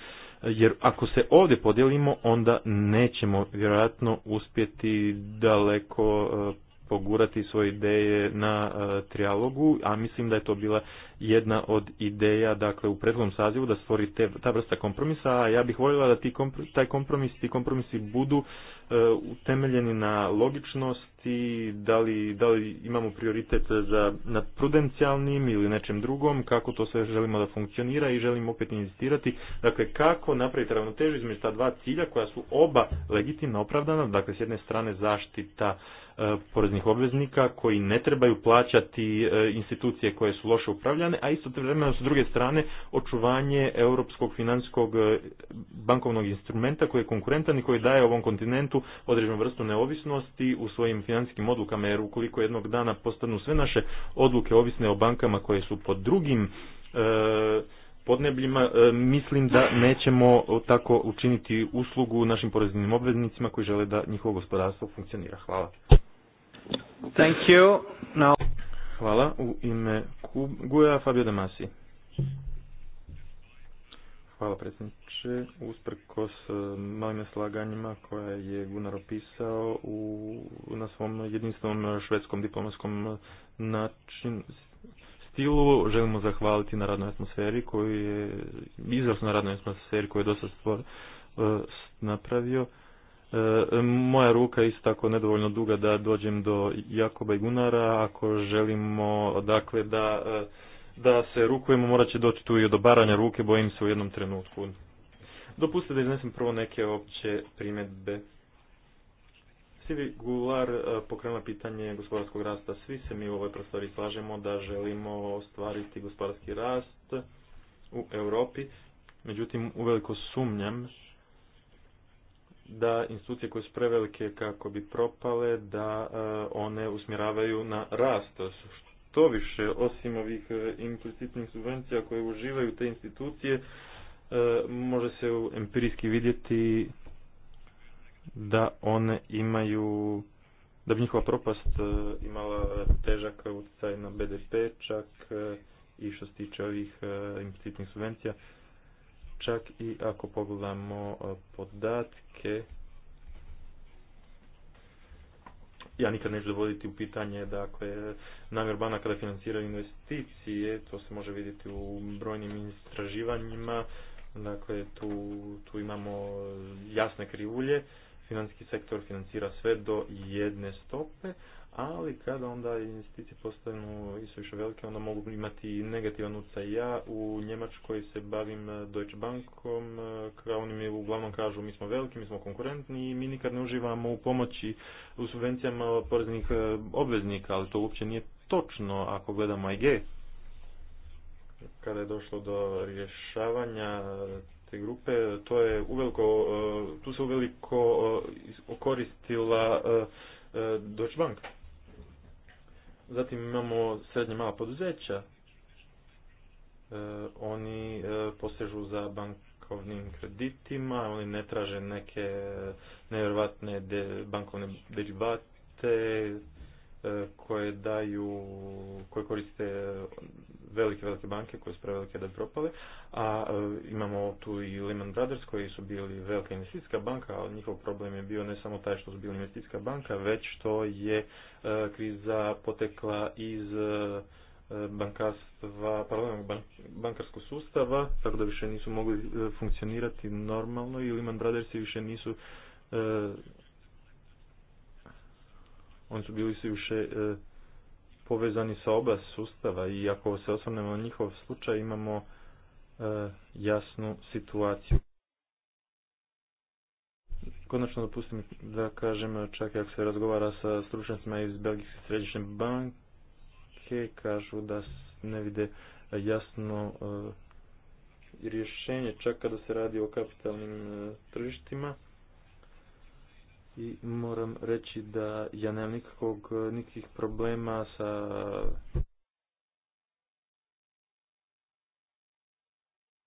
jer ako se ovdje podijelimo onda nećemo vjerojatno uspjeti daleko e, pogurati svoje ideje na e, trialogu, a mislim da je to bila jedna od ideja dakle u prethodnom sazivu da stvori ta vrsta kompromisa, a ja bih voljela da ti taj kompromis, ti kompromisi budu e, utemeljeni na logičnosti, da li, da li imamo prioritet za nad prudencijalnim ili nečem drugom, kako to sve želimo da funkcionira i želimo opet inzistirati, dakle kako napraviti ravnotežu između ta dva cilja koja su oba legitimno opravdana, dakle s jedne strane zaštita E, poreznih obveznika koji ne trebaju plaćati e, institucije koje su loše upravljane, a isto vremeno s druge strane očuvanje europskog financijskog e, bankovnog instrumenta koji je konkurentan i koji daje ovom kontinentu određenu vrstu neovisnosti u svojim financijskim odlukama, jer ukoliko jednog dana postanu sve naše odluke ovisne o bankama koje su pod drugim podnebljima, mislim da nećemo tako učiniti uslugu našim poreznim obveznicima koji žele da njihovo gospodarstvo funkcionira. Hvala. Thank you. Hvala. U ime Guja Fabio Damasi. Hvala predsjedniče. s eh, malim slaganjima koje je Gunnar opisao u, na svom jedinstvenom švedskom diplomatskom eh, način, stilu. Želimo zahvaliti na radnoj atmosferi koju je, izrazno na radnoj atmosferi koju je dosta stvor, eh, napravio. E, moja ruka je isto tako nedovoljno duga da dođem do Jakoba i Gunara, ako želimo dakle da, e, da se rukujemo morat će doći tu i do baranja ruke, bojim se u jednom trenutku. Dopustite da iznesem prvo neke opće primjedbe. Sivi Gular e, pokrenula pitanje gospodarskog rasta. Svi se mi u ovoj prostori slažemo da želimo ostvariti gospodarski rast u Europi. Međutim, uveliko sumnjam da institucije koje su prevelike kako bi propale, da e, one usmjeravaju na rast. Što više, osim ovih e, implicitnih subvencija koje uživaju te institucije, e, može se empirijski vidjeti da one imaju da bi njihova propast imala težak utjecaj na BDP, čak i što se tiče ovih implicitnih subvencija čak i ako pogledamo e, podatke ja nikad neću dovoditi u pitanje dakle, namjer banaka kada financiraju investicije, to se može vidjeti u brojnim istraživanjima, dakle tu, tu imamo jasne krivulje, financijski sektor financira sve do jedne stope, ali kada onda investicije postanu isto više velike, onda mogu imati negativan i Ja u Njemačkoj se bavim eh, Deutsche Bankom, eh, oni mi uglavnom kažu mi smo veliki, mi smo konkurentni i mi nikad ne uživamo u pomoći u subvencijama poreznih eh, obveznika, ali to uopće nije točno ako gledamo IG. Kada je došlo do rješavanja te grupe, to je uveliko, tu se uveliko koristila Deutsche Bank. Zatim imamo srednje mala poduzeća. E, oni e, posežu za bankovnim kreditima, oni ne traže neke nevjerovatne bankovne derivate, E, koje daju, koje koriste velike, velike banke koje su prevelike da propale, a e, imamo tu i Lehman Brothers koji su bili velika investicijska banka, ali njihov problem je bio ne samo taj što su bili investicijska banka, već što je e, kriza potekla iz bankarstva, paralelnog bankarskog sustava, tako da više nisu mogli funkcionirati normalno i Lehman Brothers više nisu oni su bili svi više e, povezani sa oba sustava i ako se osvrnemo na njihov slučaj imamo e, jasnu situaciju. Konačno dopustim da kažem, čak i ako se razgovara sa stručnicima iz Belgijske središnje banke, kažu da ne vide jasno e, rješenje čak kada se radi o kapitalnim tržištima i moram reći da ja nemam nikakvog, nikakvih problema sa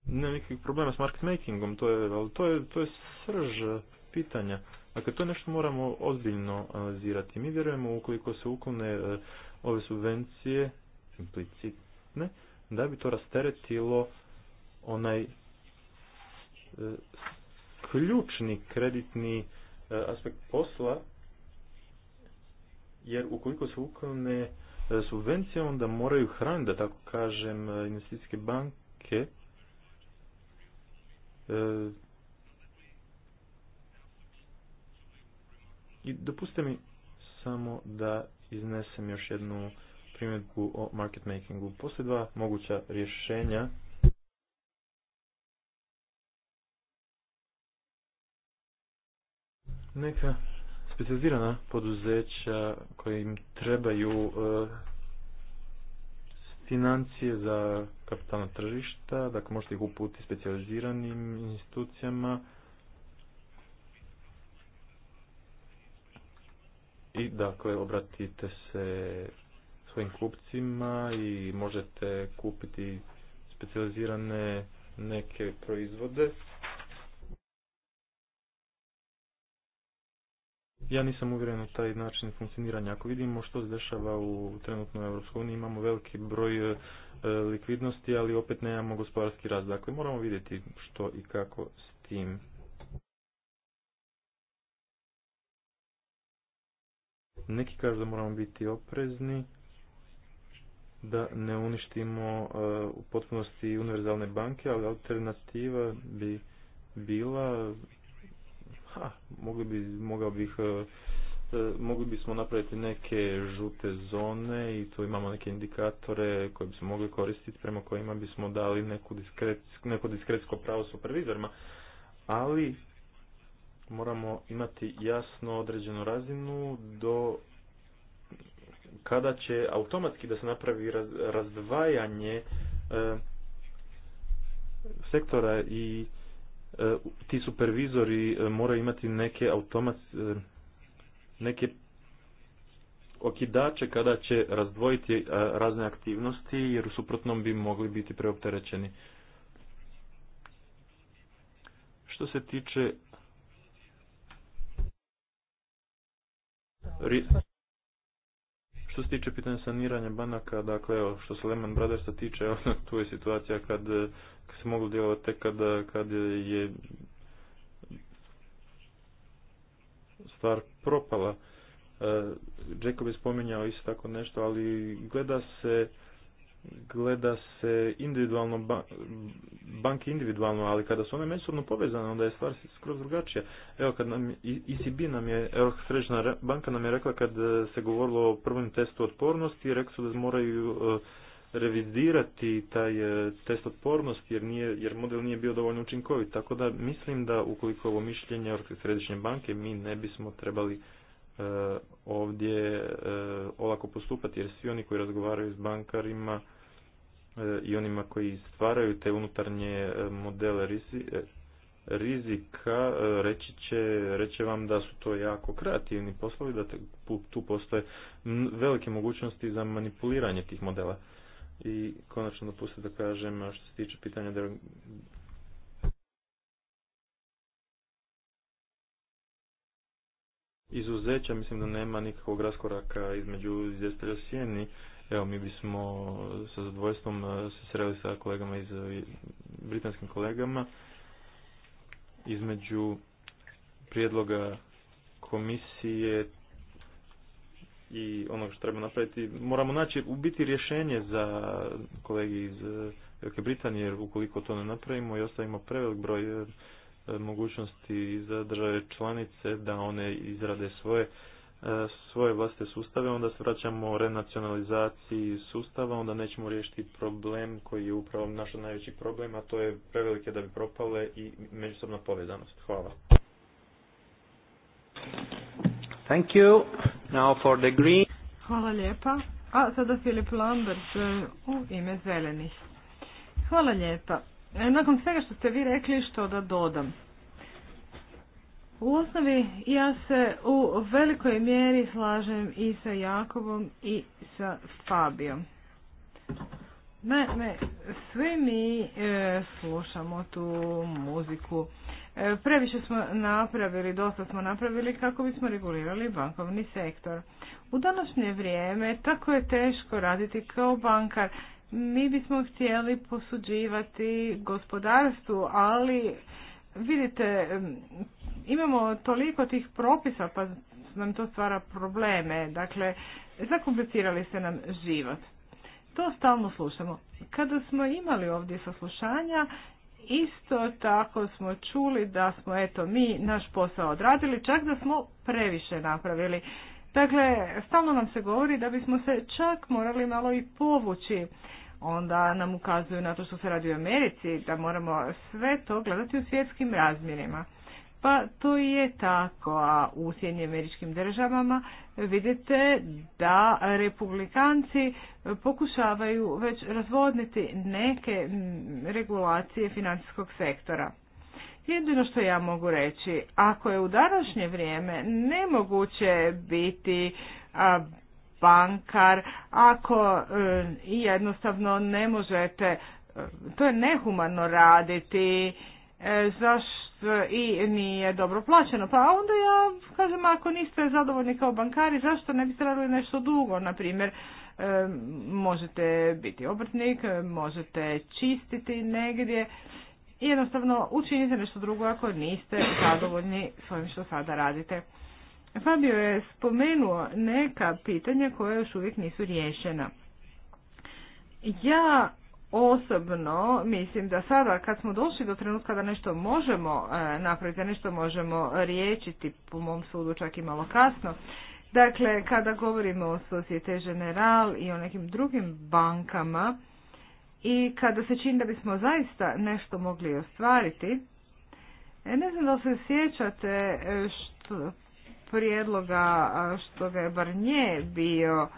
nemam nikakvih problema s market makingom, to je, ali to je, to je srž pitanja. Dakle, to je nešto moramo ozbiljno analizirati. Mi vjerujemo ukoliko se uklone e, ove subvencije implicitne, da bi to rasteretilo onaj e, ključni kreditni E, aspekt posla, jer ukoliko su uklone e, subvencije, onda moraju hraniti, da tako kažem, e, investicijske banke, I dopuste mi samo da iznesem još jednu primjedbu o market makingu. Poslije dva moguća rješenja neka specializirana poduzeća koje im trebaju e, financije za kapitalna tržišta, dakle možete ih uputiti specijaliziranim institucijama i dakle obratite se svojim kupcima i možete kupiti specializirane neke proizvode Ja nisam uvjeren u taj način funkcioniranja. Ako vidimo što se dešava u trenutnoj Europskoj uniji, imamo veliki broj e, likvidnosti, ali opet nemamo gospodarski rast. Dakle, moramo vidjeti što i kako s tim. Neki kažu da moramo biti oprezni, da ne uništimo e, u potpunosti univerzalne banke, ali alternativa bi bila a, mogli bi, mogao bih e, e, mogli bismo napraviti neke žute zone i tu imamo neke indikatore koje bismo mogli koristiti prema kojima bismo dali neku diskret, neko diskretsko pravo supervizorima, ali moramo imati jasno određenu razinu do kada će automatski da se napravi razdvajanje e, sektora i E, ti supervizori e, moraju imati neke automat, e, neke okidače kada će razdvojiti razne aktivnosti jer u suprotnom bi mogli biti preopterećeni. Što se tiče što se tiče pitanja saniranja banaka, dakle, evo, što se Lehman Brothersa tiče, <laughs> tu je situacija kad, eh, kad se moglo djelovati tek kad, eh, kad je stvar propala. E, Jacob je spominjao isto tako nešto, ali gleda se gleda se individualno, ba, banke individualno, ali kada su one međusobno povezane, onda je stvar skroz drugačija. Evo, kad nam, ECB e nam je, Europska središnja banka nam je rekla kad e, se govorilo o prvom testu otpornosti, rekli su da moraju e, revidirati taj test otpornosti jer, nije, jer model nije bio dovoljno učinkovit. Tako da mislim da ukoliko ovo mišljenje Europske središnje banke mi ne bismo trebali ovdje olako postupati jer svi oni koji razgovaraju s bankarima E, i onima koji stvaraju te unutarnje e, modele e, rizika reći će, reći vam da su to jako kreativni poslovi, da tu postoje velike mogućnosti za manipuliranje tih modela. I konačno dopustite da kažem što se tiče pitanja izuzeća, mislim da nema nikakvog raskoraka između izvjestelja sjeni Evo, mi bismo sa zadovoljstvom e, se sreli sa kolegama iz e, britanskim kolegama između prijedloga komisije i onoga što treba napraviti. Moramo naći u biti rješenje za kolegi iz e, Velike Britanije, jer ukoliko to ne napravimo i ostavimo prevelik broj mogućnosti za države članice da one izrade svoje E, svoje vlastite sustave, onda se vraćamo renacionalizaciji sustava, onda nećemo riješiti problem koji je upravo naš najveći problem, a to je prevelike da bi propale i međusobna povezanost. Hvala. Thank you. Now for the green. Hvala lijepa. A sada Filip Lambert e, u ime zelenih. Hvala lijepa. E, nakon svega što ste vi rekli, što da dodam. U osnovi ja se u velikoj mjeri slažem i sa Jakovom i sa Fabijom. Ne, ne, svi mi e, slušamo tu muziku. E, previše smo napravili, dosta smo napravili kako bismo regulirali bankovni sektor. U današnje vrijeme tako je teško raditi kao bankar. Mi bismo htjeli posuđivati gospodarstvu, ali vidite, imamo toliko tih propisa pa nam to stvara probleme, dakle, zakomplicirali se nam život. To stalno slušamo. Kada smo imali ovdje saslušanja, isto tako smo čuli da smo, eto, mi naš posao odradili, čak da smo previše napravili. Dakle, stalno nam se govori da bismo se čak morali malo i povući onda nam ukazuju na to što se radi u Americi, da moramo sve to gledati u svjetskim razmjerima. Pa to je tako, a u Sjednjim američkim državama vidite da republikanci pokušavaju već razvodniti neke regulacije financijskog sektora. Jedino što ja mogu reći, ako je u današnje vrijeme nemoguće biti bankar, ako e, jednostavno ne možete, e, to je nehumano raditi, e, zašto i nije dobro plaćeno. Pa onda ja kažem, ako niste zadovoljni kao bankari, zašto ne biste radili nešto dugo, na primjer, možete biti obrtnik, možete čistiti negdje, jednostavno učinite nešto drugo ako niste zadovoljni svojim što sada radite. Fabio je spomenuo neka pitanja koja još uvijek nisu riješena. Ja osobno mislim da sada kad smo došli do trenutka da nešto možemo e, napraviti, da nešto možemo riječiti, po mom sudu čak i malo kasno, Dakle, kada govorimo o Societe General i o nekim drugim bankama i kada se čini da bismo zaista nešto mogli ostvariti, e, ne znam da se sjećate što, prijedloga što ga je bar nje bio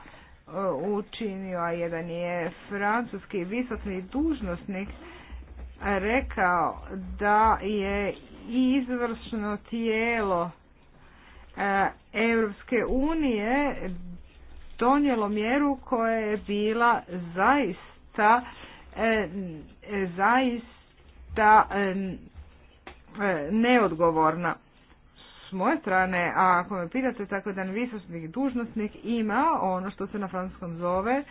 e, učinio, a jedan je francuski visoki dužnosnik rekao da je izvršno tijelo e, Europske unije donijelo mjeru koja je bila zaista e, zaista neodgovorna s moje strane, a ako me pitate tako da visočnik dužnosnik ima ono što se na francuskom zove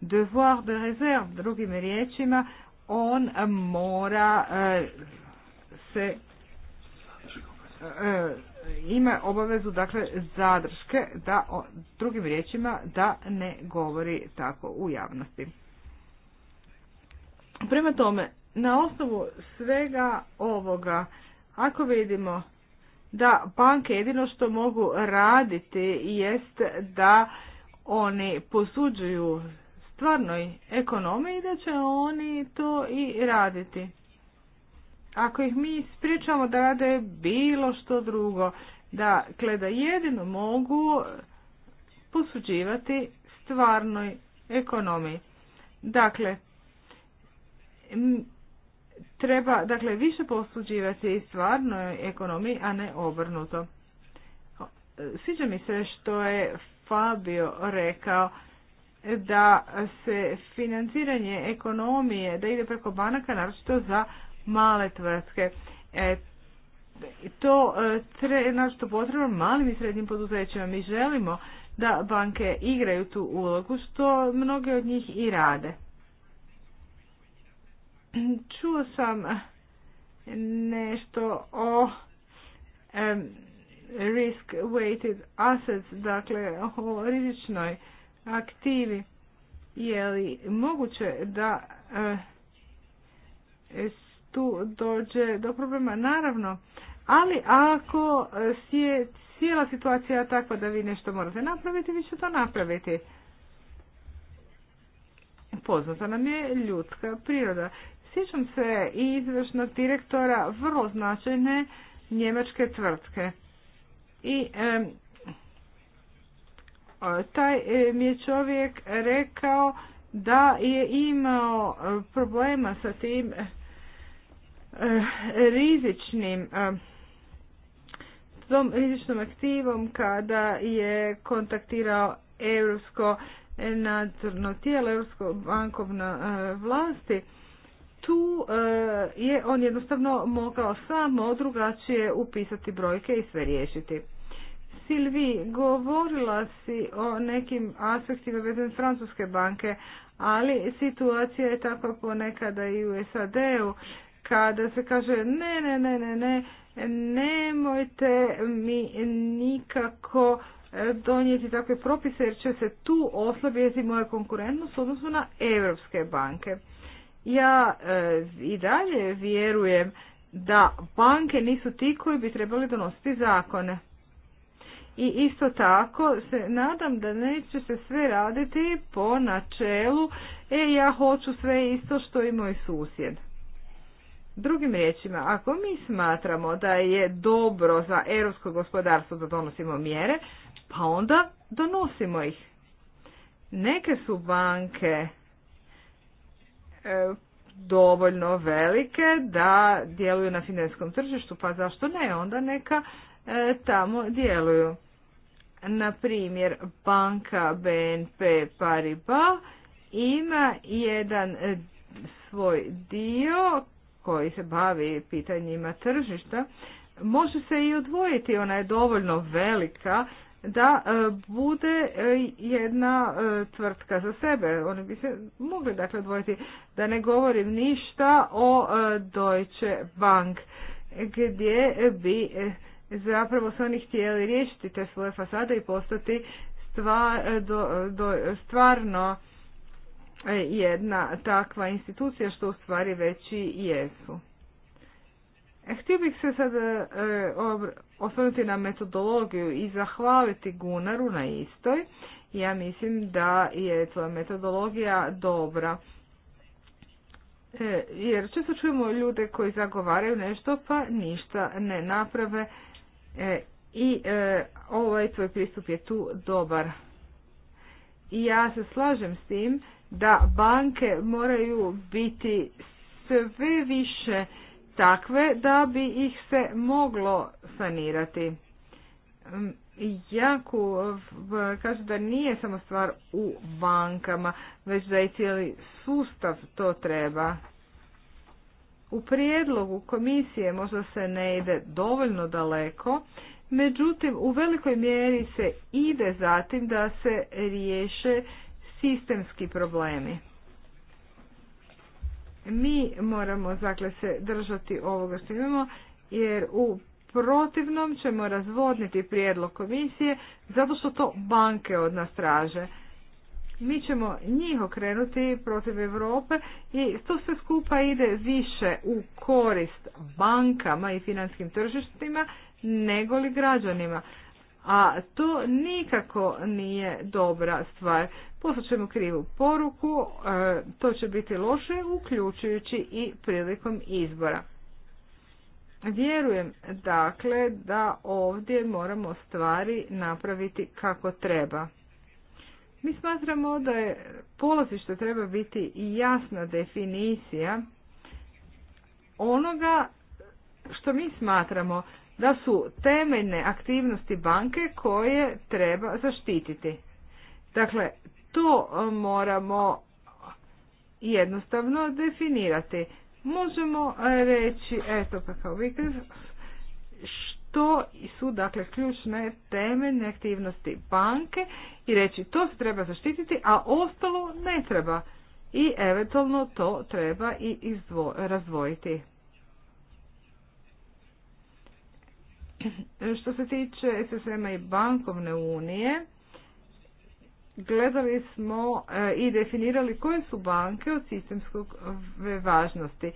devoir de réserve, drugim riječima, on mora e, se e, ima obavezu dakle zadrške da drugim riječima da ne govori tako u javnosti. Prema tome, na osnovu svega ovoga, ako vidimo da banke jedino što mogu raditi jest da oni posuđuju stvarnoj ekonomiji i da će oni to i raditi. Ako ih mi spričamo da rade bilo što drugo, dakle, Da, kleda jedino mogu posuđivati stvarnoj ekonomiji. Dakle, Treba, dakle, više posuđivati stvarnoj ekonomiji, a ne obrnuto. Sviđa mi se što je Fabio rekao da se financiranje ekonomije, da ide preko banaka, naročito za male tvrtke. E, to e, tre, naročito potrebno malim i srednjim poduzećima. Mi želimo da banke igraju tu ulogu, što mnoge od njih i rade. Čuo sam nešto o risk weighted assets, dakle o rizičnoj aktivi. Je li moguće da eh, tu dođe do problema? Naravno, ali ako je cijela situacija takva da vi nešto morate napraviti, vi ćete to napraviti. Poznata nam je ljudska priroda Sjećam se i izvršnog direktora vrlo značajne njemačke tvrtke. I taj e, mi je čovjek rekao da je imao e, problema sa tim e, rizičnim e, rizičnom aktivom kada je kontaktirao Europsko nadzorno tijelo, Europsko bankovno vlasti tu eh, je on jednostavno mogao samo drugačije upisati brojke i sve riješiti. Silvi, govorila si o nekim aspektima vezan francuske banke, ali situacija je takva ponekada i u SAD-u, kada se kaže ne, ne, ne, ne, ne, nemojte mi nikako eh, donijeti takve propise jer će se tu oslabiti moja konkurentnost odnosno na europske banke. Ja e, i dalje vjerujem da banke nisu ti koji bi trebali donositi zakone. I isto tako se nadam da neće se sve raditi po načelu e ja hoću sve isto što i moj susjed. Drugim riječima, ako mi smatramo da je dobro za europsko gospodarstvo da donosimo mjere, pa onda donosimo ih. Neke su banke E, dovoljno velike da djeluju na finanskom tržištu, pa zašto ne, onda neka e, tamo djeluju. Na primjer, banka BNP Paribas ima jedan svoj dio koji se bavi pitanjima tržišta, može se i odvojiti, ona je dovoljno velika da e, bude e, jedna e, tvrtka za sebe. Oni bi se mogli dakle odvojiti da ne govorim ništa o Deutsche Bank gdje bi zapravo se oni htjeli riješiti te svoje fasade i postati stvar, do, stvarno jedna takva institucija što u stvari veći jesu. Htio bih se sad e, e, osvrnuti na metodologiju i zahvaliti Gunaru na istoj. Ja mislim da je tvoja metodologija dobra. E, jer često čujemo ljude koji zagovaraju nešto pa ništa ne naprave i ovaj tvoj pristup je tu dobar. I ja se slažem s tim da banke moraju biti sve više takve da bi ih se moglo sanirati. Mm, jako kaže da nije samo stvar u bankama, već da i cijeli sustav to treba. U prijedlogu komisije možda se ne ide dovoljno daleko, međutim u velikoj mjeri se ide zatim da se riješe sistemski problemi. Mi moramo zakle se držati ovoga što imamo jer u protivnom ćemo razvodniti prijedlog komisije zato što to banke od nas traže. Mi ćemo njih okrenuti protiv Europe i to sve skupa ide više u korist bankama i financijskim tržištima nego li građanima. A to nikako nije dobra stvar poslat ćemo krivu poruku, e, to će biti loše uključujući i prilikom izbora. Vjerujem dakle da ovdje moramo stvari napraviti kako treba. Mi smatramo da je polazište treba biti jasna definicija onoga što mi smatramo da su temeljne aktivnosti banke koje treba zaštititi. Dakle, to e, moramo jednostavno definirati. Možemo e, reći, eto pa kao što su dakle ključne temeljne aktivnosti banke i reći to se treba zaštititi, a ostalo ne treba i eventualno to treba i razvojiti. Što se tiče SSM-a i bankovne unije, gledali smo e, i definirali koje su banke od sistemskog važnosti.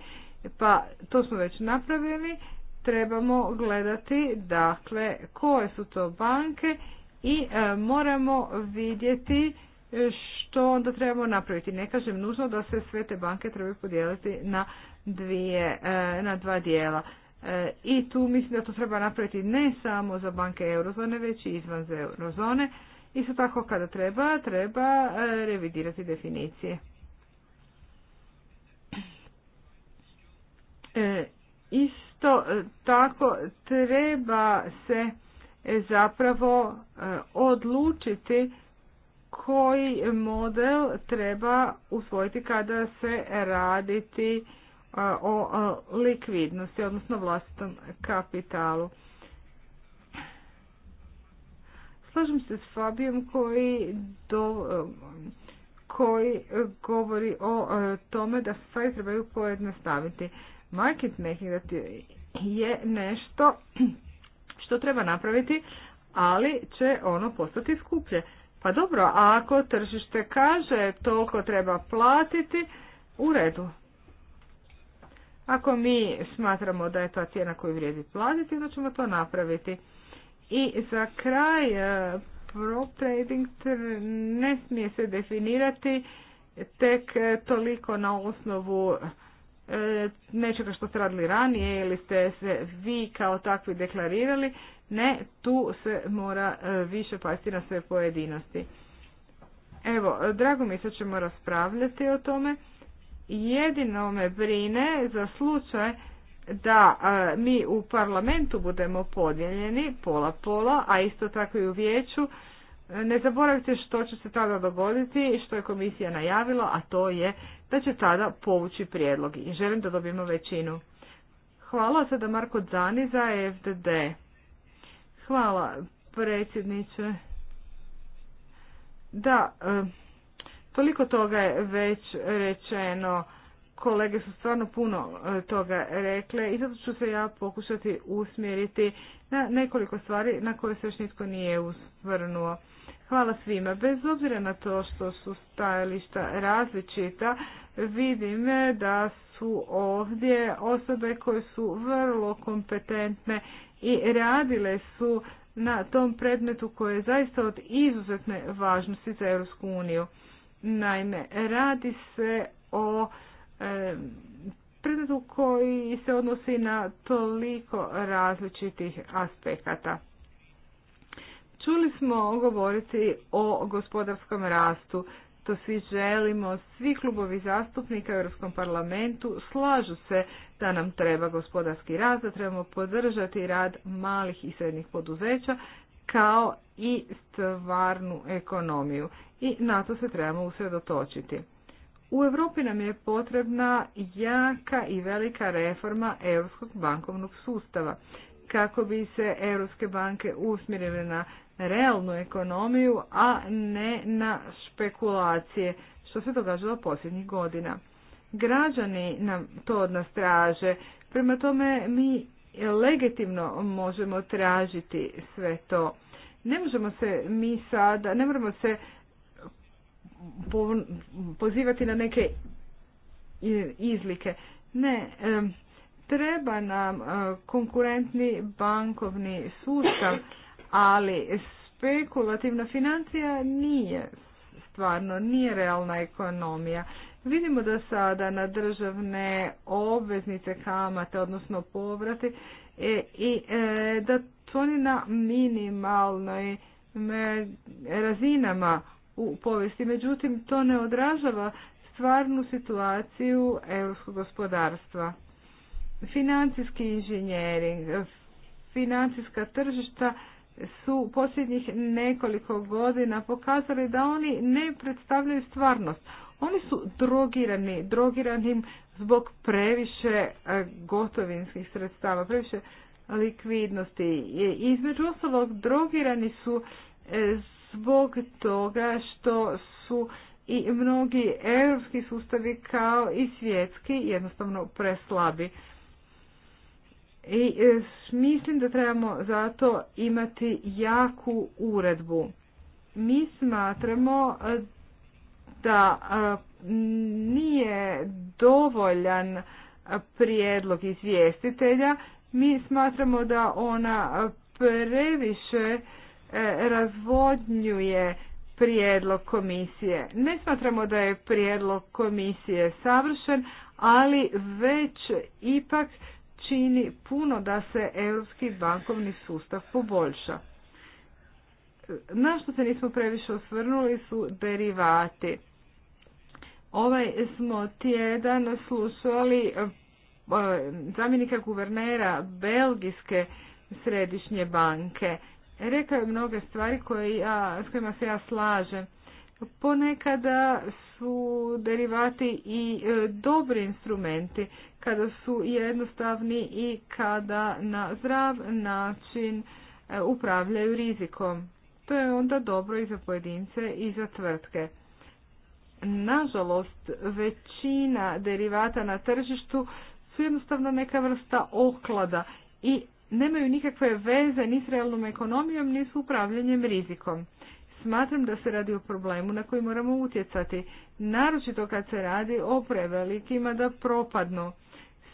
Pa to smo već napravili, trebamo gledati dakle koje su to banke i e, moramo vidjeti e, što onda trebamo napraviti. Ne kažem nužno da se sve te banke trebaju podijeliti na, dvije, na dva dijela. I tu mislim da to treba napraviti ne samo za banke eurozone, već i izvan eurozone Isto tako kada treba, treba e, revidirati definicije. E, isto e, tako treba se zapravo odlučiti koji model treba usvojiti kada se raditi o likvidnosti, odnosno vlastitom kapitalu. Slažem se s Fabijom koji, do, koji govori o e, tome da stvari trebaju pojednostaviti. Market making je nešto što treba napraviti, ali će ono postati skuplje. Pa dobro, ako tržište kaže toliko treba platiti, u redu. Ako mi smatramo da je to cijena koju vrijedi platiti, onda ćemo to napraviti. I za kraj, e, pro trading ne smije se definirati tek e, toliko na osnovu e, nečega što ste radili ranije ili ste se vi kao takvi deklarirali. Ne, tu se mora više pasti na sve pojedinosti. Evo, drago mi se ćemo raspravljati o tome. Jedino me brine za slučaj da mi u parlamentu budemo podijeljeni pola-pola, a isto tako i u vijeću. Ne zaboravite što će se tada dogoditi i što je komisija najavila, a to je da će tada povući prijedlog i želim da dobijemo većinu. Hvala sada Marko Dzani za FDD. Hvala predsjedniče. Da, e, toliko toga je već rečeno kolege su stvarno puno e, toga rekle i zato ću se ja pokušati usmjeriti na nekoliko stvari na koje se još nitko nije usvrnuo. Hvala svima. Bez obzira na to što su stajališta različita, vidim da su ovdje osobe koje su vrlo kompetentne i radile su na tom predmetu koji je zaista od izuzetne važnosti za EU. Naime, radi se o predmetu koji se odnosi na toliko različitih aspekata. Čuli smo govoriti o gospodarskom rastu. To svi želimo, svi klubovi zastupnika u Europskom parlamentu slažu se da nam treba gospodarski rast, da trebamo podržati rad malih i srednjih poduzeća kao i stvarnu ekonomiju. I na to se trebamo usredotočiti. U Europi nam je potrebna jaka i velika reforma europskog bankovnog sustava kako bi se europske banke usmjerile na realnu ekonomiju, a ne na špekulacije, što se događalo posljednjih godina. Građani nam to od nas traže, prema tome mi legitimno možemo tražiti sve to. Ne možemo se mi sada, ne moramo se pozivati na neke izlike. Ne, treba nam e, konkurentni bankovni sustav, ali spekulativna financija nije stvarno, nije realna ekonomija. Vidimo da sada na državne obveznice kamate, odnosno povrati, e, i e, da to oni na minimalnoj razinama u povijesti. Međutim, to ne odražava stvarnu situaciju europskog gospodarstva. Financijski inženjering, financijska tržišta su posljednjih nekoliko godina pokazali da oni ne predstavljaju stvarnost. Oni su drogirani, drogiranim zbog previše e, gotovinskih sredstava, previše likvidnosti. Između ostalog, drogirani su e, zbog toga što su i mnogi europski sustavi kao i svjetski jednostavno preslabi. I e, mislim da trebamo zato imati jaku uredbu. Mi smatramo e, da e, nije dovoljan prijedlog izvjestitelja. Mi smatramo da ona previše E, razvodnjuje prijedlog komisije. Ne smatramo da je prijedlog komisije savršen, ali već ipak čini puno da se europski bankovni sustav poboljša. Na što se nismo previše osvrnuli su derivati. Ovaj smo tjedan slušali e, zamjenika guvernera Belgijske središnje banke Rekao je mnoge stvari koje ja, s kojima se ja slažem. Ponekada su derivati i e, dobri instrumenti kada su jednostavni i kada na zdrav način e, upravljaju rizikom. To je onda dobro i za pojedince i za tvrtke. Nažalost, većina derivata na tržištu su jednostavno neka vrsta oklada i nemaju nikakve veze ni s realnom ekonomijom, ni s upravljanjem rizikom. Smatram da se radi o problemu na koji moramo utjecati, naročito kad se radi o prevelikima da propadnu.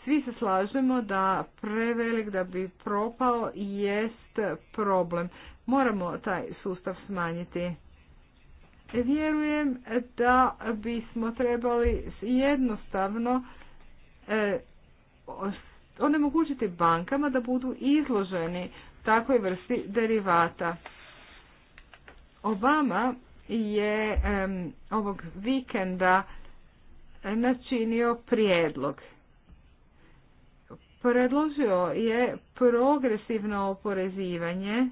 Svi se slažemo da prevelik da bi propao jest problem. Moramo taj sustav smanjiti. Vjerujem da bismo trebali jednostavno e, onemogućiti bankama da budu izloženi takvoj vrsti derivata. Obama je ovog vikenda načinio prijedlog. Predložio je progresivno oporezivanje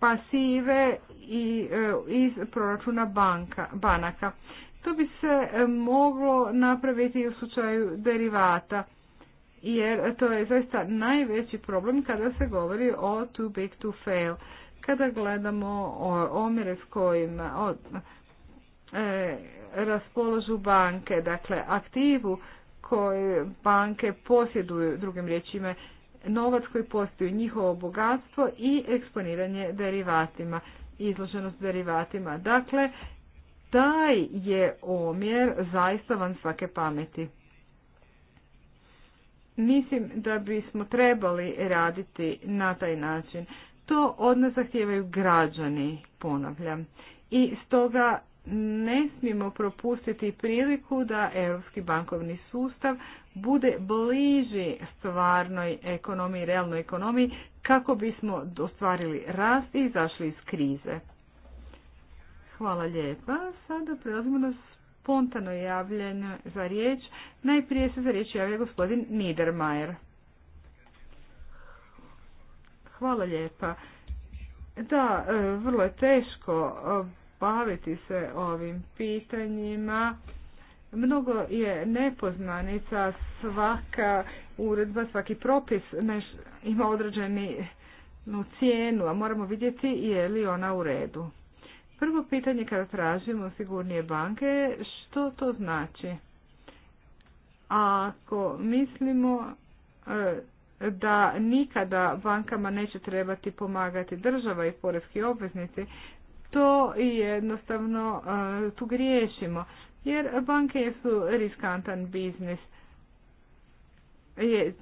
pasive i iz proračuna banka, banaka. To bi se e, moglo napraviti u slučaju derivata, jer to je zaista najveći problem kada se govori o too big to fail. Kada gledamo omjere s kojim od, e, raspoložu banke, dakle aktivu koju banke posjeduju, drugim riječima, novac koji posjeduju njihovo bogatstvo i eksponiranje derivatima, izloženost derivatima. Dakle, taj je omjer zaista van svake pameti. Mislim da bismo trebali raditi na taj način. To od nas zahtijevaju građani, ponavljam. I stoga ne smijemo propustiti priliku da europski bankovni sustav bude bliži stvarnoj ekonomiji, realnoj ekonomiji kako bismo ostvarili rast i izašli iz krize. Hvala lijepa. Sada prelazimo na spontano javljanje za riječ. Najprije se za riječ javlja gospodin Niedermayer. Hvala lijepa. Da, e, vrlo je teško e, baviti se ovim pitanjima. Mnogo je nepoznanica, svaka uredba, svaki propis neš, ima određenu cijenu, a moramo vidjeti je li ona u redu. Prvo pitanje kada tražimo sigurnije banke, što to znači? Ako mislimo e, da nikada bankama neće trebati pomagati država i porezki obveznici, to jednostavno e, tu griješimo. Jer banke su riskantan biznis je,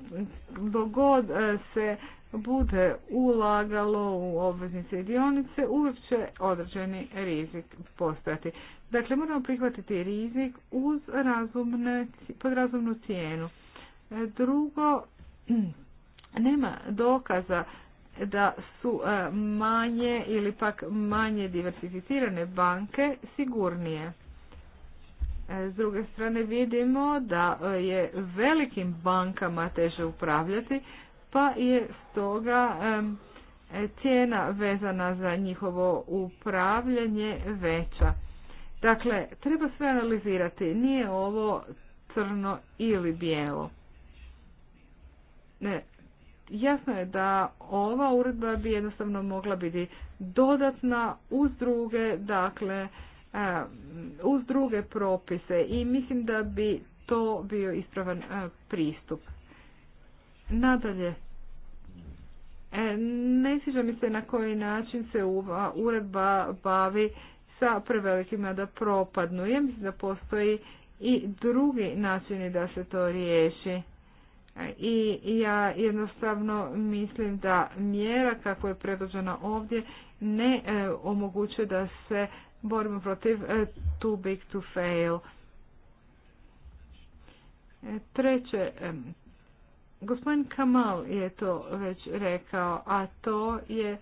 dogod e, se bude ulagalo u obveznice i dionice, uvijek će određeni rizik postati. Dakle, moramo prihvatiti rizik uz razumne, pod razumnu cijenu. E, drugo, <clears throat> nema dokaza da su e, manje ili pak manje diversificirane banke sigurnije. E, s druge strane vidimo da e, je velikim bankama teže upravljati, pa je stoga e, cijena vezana za njihovo upravljanje veća. Dakle, treba sve analizirati, nije ovo crno ili bijelo. Ne, jasno je da ova uredba bi jednostavno mogla biti dodatna uz druge, dakle, uz druge propise i mislim da bi to bio ispravan pristup. Nadalje, e, ne sviđa mi se na koji način se uredba bavi sa prevelikima da propadnu. Ja mislim da postoji i drugi načini da se to riješi. I ja jednostavno mislim da mjera kako je predložena ovdje ne e, omogućuje da se borbu protiv e, too big to fail. E, treće, e, gospodin Kamal je to već rekao, a to je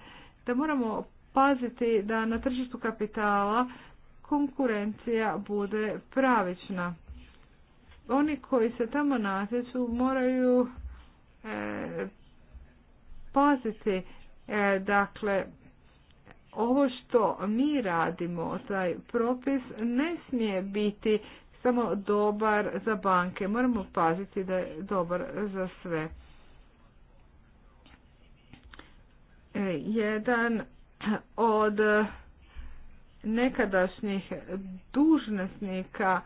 da moramo paziti da na tržištu kapitala konkurencija bude pravična. Oni koji se tamo natječu moraju paziti, dakle, ovo što mi radimo, taj propis ne smije biti samo dobar za banke. Moramo paziti da je dobar za sve. E, jedan od nekadašnjih dužnosnika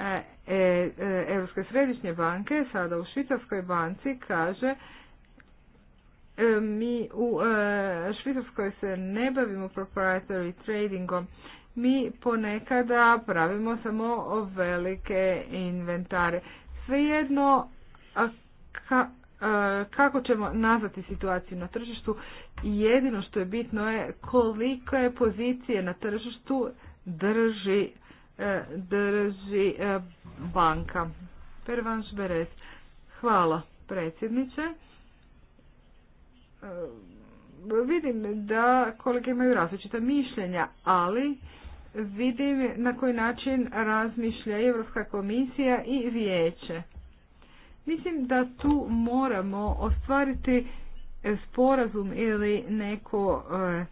e, e, Europske središnje banke, sada u Švicarskoj banci, kaže E, mi u e, Švicarskoj se ne bavimo proprietary tradingom. Mi ponekada pravimo samo velike inventare. Svejedno, e, kako ćemo nazvati situaciju na tržištu, jedino što je bitno je koliko je pozicije na tržištu drži, drži banka. Pervanš Beres. Hvala predsjedniče. Ehm, vidim da kolege imaju različita mišljenja, ali vidim na koji način razmišlja Europska komisija i vijeće. Mislim da tu moramo ostvariti sporazum ili neko eh,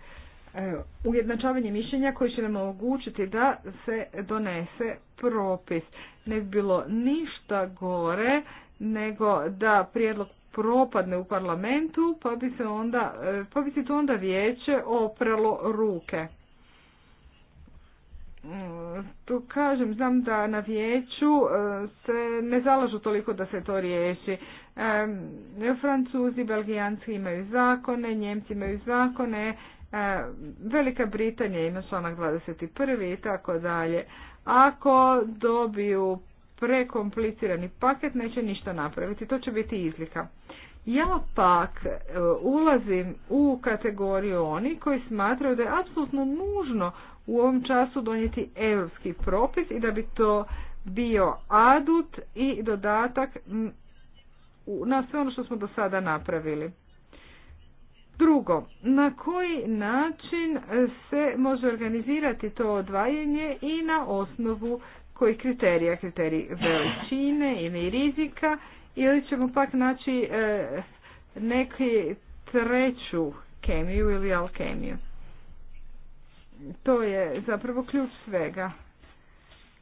eh, ujednačavanje mišljenja koji će nam omogućiti da se donese propis. Ne bi bilo ništa gore nego da prijedlog propadne u parlamentu, pa bi se onda, e, pa bi se to onda vijeće opralo ruke. Mm, tu kažem, znam da na vijeću e, se ne zalažu toliko da se to riješi. Francuzi, Belgijanci imaju zakone, Njemci imaju zakone, e, Velika Britanija ima članak 21. i tako dalje. Ako dobiju prekomplicirani paket, neće ništa napraviti. To će biti izlika. Ja pak e, ulazim u kategoriju oni koji smatraju da je apsolutno nužno u ovom času donijeti europski propis i da bi to bio adut i dodatak na sve ono što smo do sada napravili. Drugo, na koji način se može organizirati to odvajanje i na osnovu kojih kriterija, kriteriji veličine ili rizika ili ćemo pak naći e, neki treću kemiju ili alkemiju. To je zapravo ključ svega.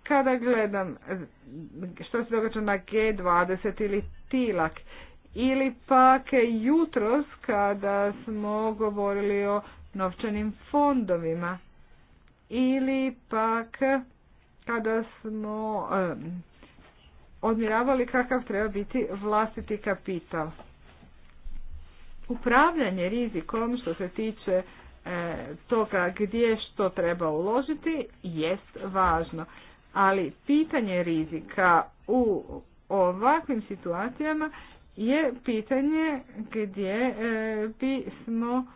Kada gledam što se događa na G20 ili tilak, ili pak jutros kada smo govorili o novčanim fondovima, ili pak kada smo e, odmjeravali kakav treba biti vlastiti kapital. Upravljanje rizikom što se tiče e, toga gdje što treba uložiti jest važno. Ali pitanje rizika u ovakvim situacijama je pitanje gdje e, smo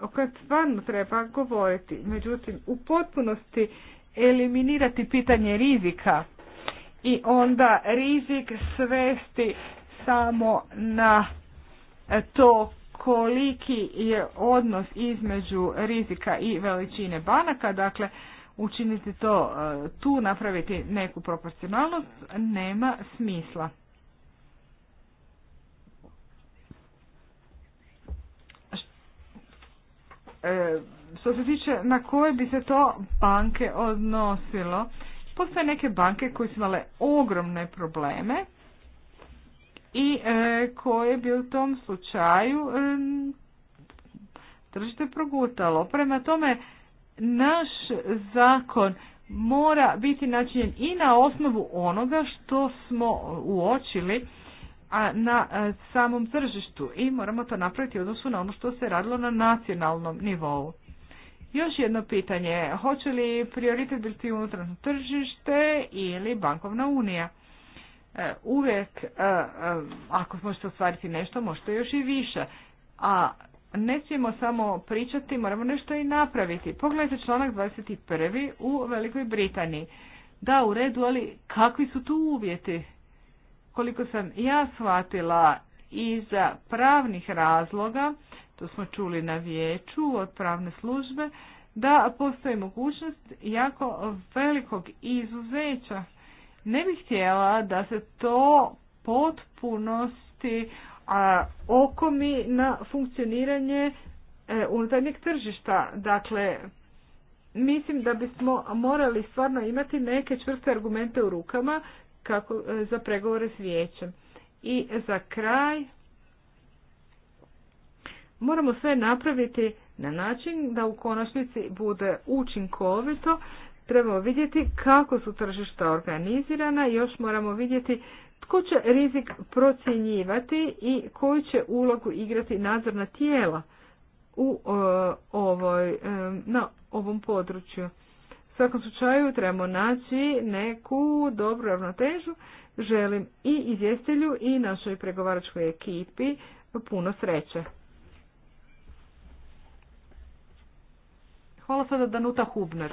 o kojem stvarno treba govoriti. Međutim, u potpunosti eliminirati pitanje rizika i onda rizik svesti samo na e, to koliki je odnos između rizika i veličine banaka, dakle učiniti to e, tu, napraviti neku proporcionalnost, nema smisla. E, što se tiče na koje bi se to banke odnosilo, Postoje neke banke koje su imale ogromne probleme i e, koje bi u tom slučaju e, tržište progutalo. Prema tome, naš zakon mora biti načinjen i na osnovu onoga što smo uočili a na e, samom tržištu i moramo to napraviti u odnosu na ono što se radilo na nacionalnom nivou. Još jedno pitanje, hoće li prioritet biti unutarno tržište ili bankovna unija? E, uvijek, e, e, ako možete ostvariti nešto, možete još i više. A ne smijemo samo pričati, moramo nešto i napraviti. Pogledajte članak 21. u Velikoj Britaniji. Da, u redu, ali kakvi su tu uvjeti? Koliko sam ja shvatila, iza pravnih razloga to smo čuli na vijeću od pravne službe, da postoji mogućnost jako velikog izuzeća. Ne bih htjela da se to potpunosti a, okomi na funkcioniranje e, unutarnjeg tržišta. Dakle, mislim da bismo morali stvarno imati neke čvrste argumente u rukama kako, e, za pregovore s vijećem. I za kraj, Moramo sve napraviti na način da u konačnici bude učinkovito. Trebamo vidjeti kako su tržišta organizirana i još moramo vidjeti tko će rizik procjenjivati i koju će ulogu igrati nadzorna tijela u e, ovoj, e, na ovom području. U svakom slučaju trebamo naći neku dobru ravnotežu. Želim i izjestelju i našoj pregovaračkoj ekipi puno sreće. Hvala sada Danuta Hubner.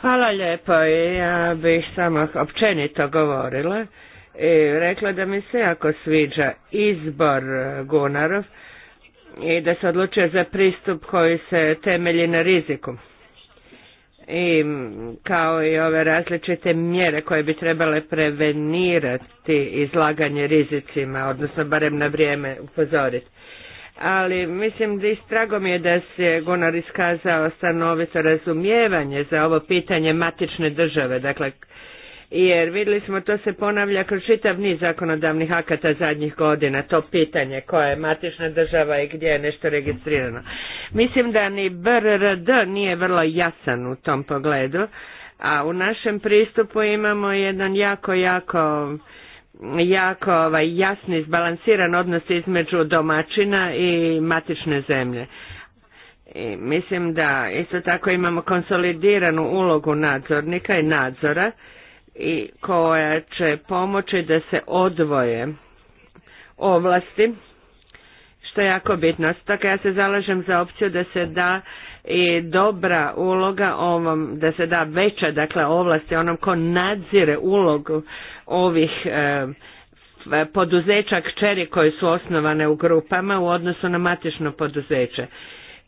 Hvala lijepo. Ja bih samo općenito govorila i rekla da mi se jako sviđa izbor Gunarov i da se odlučuje za pristup koji se temelji na riziku. I kao i ove različite mjere koje bi trebale prevenirati izlaganje rizicima, odnosno barem na vrijeme upozoriti ali mislim da istrago mi je da se Gunnar iskazao stanovito razumijevanje za ovo pitanje matične države, dakle jer vidjeli smo to se ponavlja kroz čitav niz zakonodavnih akata zadnjih godina, to pitanje koja je matična država i gdje je nešto registrirano. Mislim da ni BRRD nije vrlo jasan u tom pogledu, a u našem pristupu imamo jedan jako, jako jako ovaj, jasni, izbalansiran odnos između domaćina i matične zemlje. I mislim da isto tako imamo konsolidiranu ulogu nadzornika i nadzora i koja će pomoći da se odvoje ovlasti što je jako bitno. Tako ja se zalažem za opciju da se da i dobra uloga ovom, da se da veća, dakle, ovlasti onom ko nadzire ulogu ovih e, poduzeća kćeri koje su osnovane u grupama u odnosu na matično poduzeće.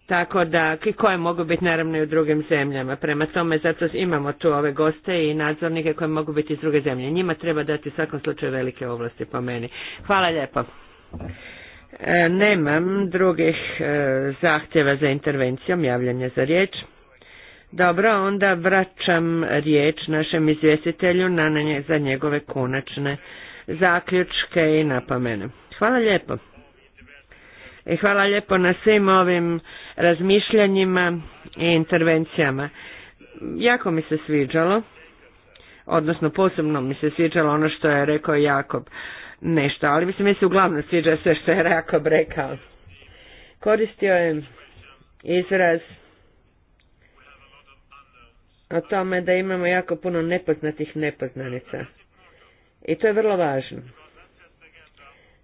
Tako da, koje mogu biti naravno i u drugim zemljama. Prema tome, zato imamo tu ove goste i nadzornike koje mogu biti iz druge zemlje. Njima treba dati u svakom slučaju velike ovlasti po meni. Hvala lijepo. E, nemam drugih e, zahtjeva za intervencijom, javljanje za riječ. Dobro, onda vraćam riječ našem izvjestitelju na za njegove konačne zaključke i napomene. Hvala lijepo. I hvala lijepo na svim ovim razmišljanjima i intervencijama. Jako mi se sviđalo, odnosno posebno mi se sviđalo ono što je rekao Jakob nešto, ali mislim mi se uglavnom sviđa sve što je Jakob rekao. Koristio je izraz o tome da imamo jako puno nepoznatih nepoznanica. I to je vrlo važno.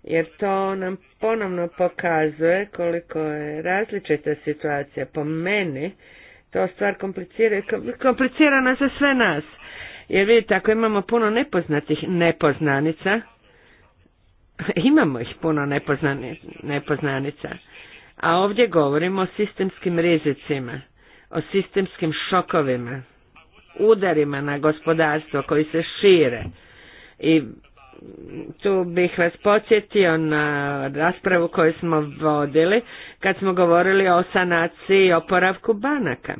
Jer to nam ponovno pokazuje koliko je različita situacija. Po meni to stvar komplicira, komplicirana za sve nas. Jer vidite, ako imamo puno nepoznatih nepoznanica, <laughs> imamo ih puno nepoznanica, a ovdje govorimo o sistemskim rizicima, o sistemskim šokovima udarima na gospodarstvo koji se šire i tu bih vas podsjetio na raspravu koju smo vodili kad smo govorili o sanaciji i oporavku banaka.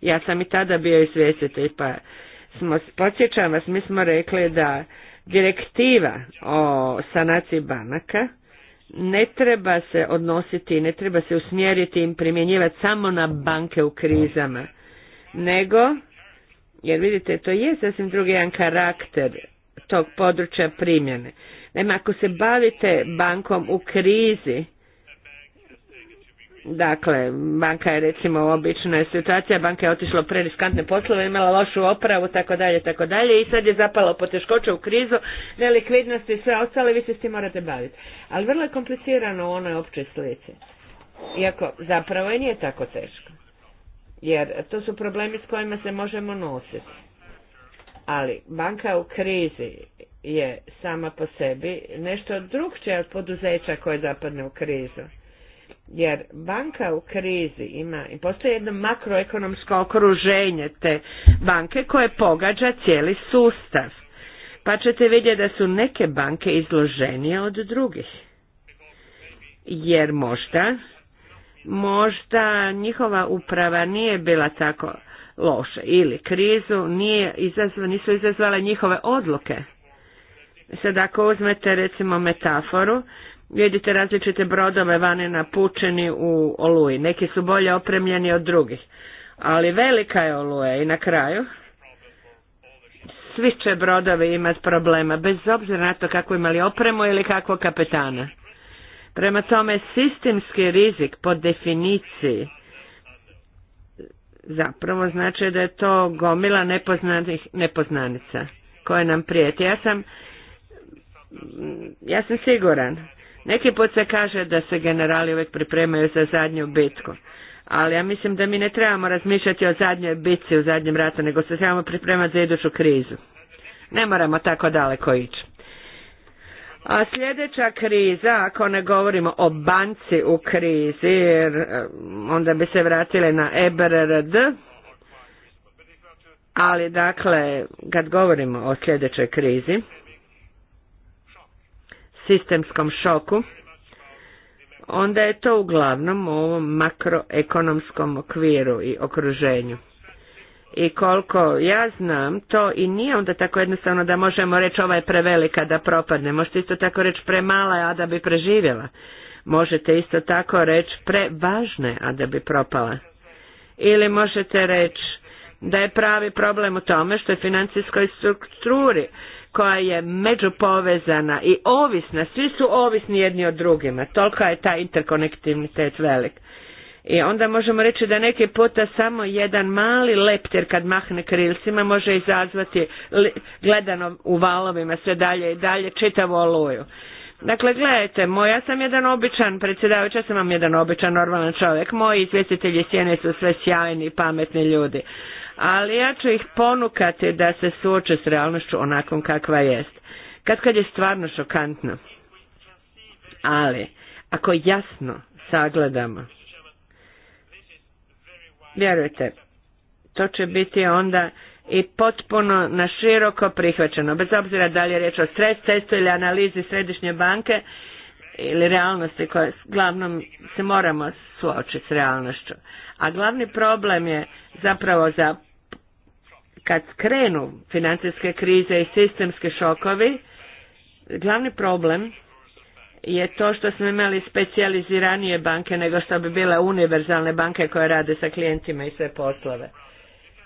Ja sam i tada bio izvjestitelj, pa smo, podsjećam vas, mi smo rekli da direktiva o sanaciji banaka ne treba se odnositi, ne treba se usmjeriti i primjenjivati samo na banke u krizama, nego jer vidite, to je sasvim drugi jedan karakter tog područja primjene. Naime, ako se bavite bankom u krizi, dakle, banka je recimo obična situacija, banka je otišla u preriskantne poslove, imala lošu opravu, tako dalje, tako dalje, i sad je zapala teškoću u krizu, nelikvidnost i sve ostale, vi se s tim morate baviti. Ali vrlo je komplicirano u onoj općoj slici. Iako zapravo i nije tako teško jer to su problemi s kojima se možemo nositi. Ali banka u krizi je sama po sebi nešto drugčije od poduzeća koje zapadne u krizu. Jer banka u krizi ima i postoji jedno makroekonomsko okruženje te banke koje pogađa cijeli sustav. Pa ćete vidjeti da su neke banke izloženije od drugih. Jer možda možda njihova uprava nije bila tako loša ili krizu nije izazva, nisu izazvale njihove odluke. Sad ako uzmete recimo metaforu, vidite različite brodove vane napučeni u oluji. Neki su bolje opremljeni od drugih. Ali velika je oluja i na kraju svi će brodovi imati problema, bez obzira na to kako imali opremu ili kakvog kapetana. Prema tome, sistemski rizik po definiciji zapravo znači da je to gomila nepoznanih, nepoznanica koje nam prijeti. Ja sam, ja sam siguran. Neki put se kaže da se generali uvijek pripremaju za zadnju bitku. Ali ja mislim da mi ne trebamo razmišljati o zadnjoj bitci u zadnjem ratu, nego se trebamo pripremati za iduću krizu. Ne moramo tako daleko ići. A sljedeća kriza, ako ne govorimo o banci u krizi, jer e, onda bi se vratile na EBRD, ali dakle, kad govorimo o sljedećoj krizi, sistemskom šoku, onda je to uglavnom u ovom makroekonomskom okviru i okruženju. I koliko ja znam, to i nije onda tako jednostavno da možemo reći ova je prevelika da propadne. Možete isto tako reći premala je, a da bi preživjela. Možete isto tako reći prevažna je, a da bi propala. Ili možete reći da je pravi problem u tome što je financijskoj strukturi koja je međupovezana i ovisna, svi su ovisni jedni od drugima, tolika je taj interkonektivitet velik. I onda možemo reći da neke puta samo jedan mali leptir kad mahne krilcima može izazvati gledano u valovima sve dalje i dalje čitavu oluju. Dakle, gledajte, moj, ja sam jedan običan predsjedavajući, ja sam vam jedan običan normalan čovjek. Moji izvjestitelji sjene su sve sjajni i pametni ljudi. Ali ja ću ih ponukati da se suoče s realnošću onakvom kakva jest. Kad kad je stvarno šokantno. Ali, ako jasno sagledamo Vjerujte, to će biti onda i potpuno na široko prihvaćeno, bez obzira da li je riječ o stres ili analizi središnje banke ili realnosti koje glavnom se moramo suočiti s realnošću. A glavni problem je zapravo za kad krenu financijske krize i sistemski šokovi, glavni problem je to što smo imali specijaliziranije banke nego što bi bile univerzalne banke koje rade sa klijentima i sve poslove.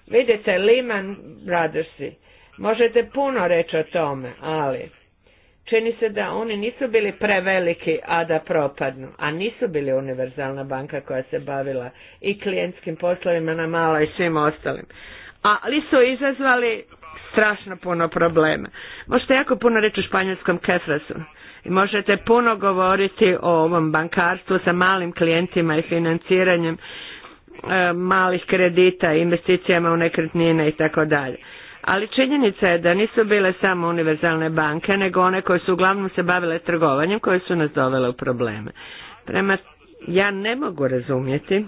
Vidite, Lehman Brothers možete puno reći o tome, ali čini se da oni nisu bili preveliki, a da propadnu, a nisu bili univerzalna banka koja se bavila i klijentskim poslovima na malo i svim ostalim. Ali su izazvali strašno puno problema. Možete jako puno reći o španjolskom kefrasu možete puno govoriti o ovom bankarstvu sa malim klijentima i financiranjem e, malih kredita, investicijama u nekretnine i tako dalje. Ali činjenica je da nisu bile samo univerzalne banke, nego one koje su uglavnom se bavile trgovanjem, koje su nas dovele u probleme. Prema, ja ne mogu razumjeti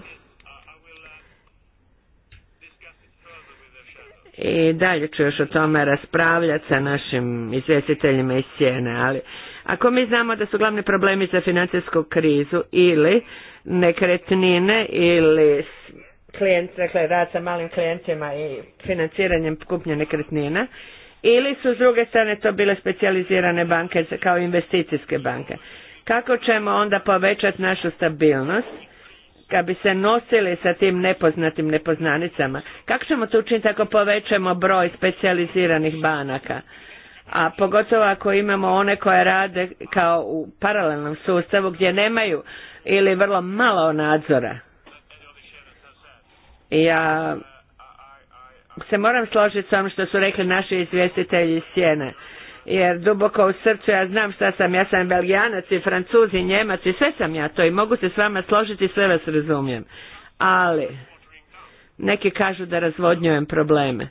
i dalje ću još o tome raspravljati sa našim izvjestiteljima iz cijene, ali ako mi znamo da su glavni problemi za financijsku krizu ili nekretnine ili klijent, dakle rad sa malim klijentima i financiranjem kupnje nekretnina, ili su s druge strane to bile specijalizirane banke kao investicijske banke. Kako ćemo onda povećati našu stabilnost kad bi se nosili sa tim nepoznatim nepoznanicama? Kako ćemo to učiniti ako povećamo broj specijaliziranih banaka? a pogotovo ako imamo one koje rade kao u paralelnom sustavu gdje nemaju ili vrlo malo nadzora. Ja se moram složiti s onim što su rekli naši izvjestitelji iz sjene. Jer duboko u srcu ja znam šta sam, ja sam belgijanac i francuz i njemac i sve sam ja to i mogu se s vama složiti i sve vas razumijem. Ali neki kažu da razvodnjujem probleme.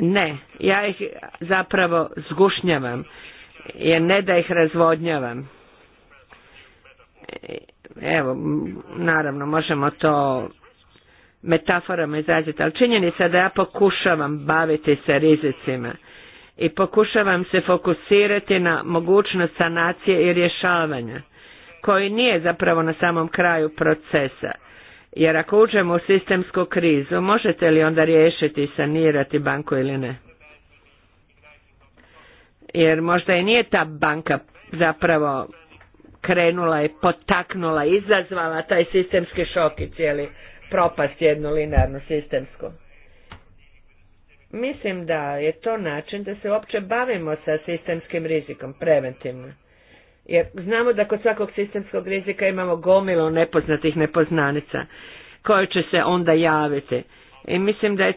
Ne, ja ih zapravo zgušnjavam, jer ne da ih razvodnjavam. Evo, naravno, možemo to metaforama izraziti, ali činjenica da ja pokušavam baviti se rizicima i pokušavam se fokusirati na mogućnost sanacije i rješavanja, koji nije zapravo na samom kraju procesa jer ako uđemo u sistemsku krizu, možete li onda riješiti i sanirati banku ili ne? Jer možda i nije ta banka zapravo krenula i potaknula, izazvala taj sistemski šok i cijeli propast jednu linarnu sistemsku. Mislim da je to način da se uopće bavimo sa sistemskim rizikom, preventivno. Jer znamo da kod svakog sistemskog rizika imamo gomilu nepoznatih nepoznanica koje će se onda javiti. I mislim da je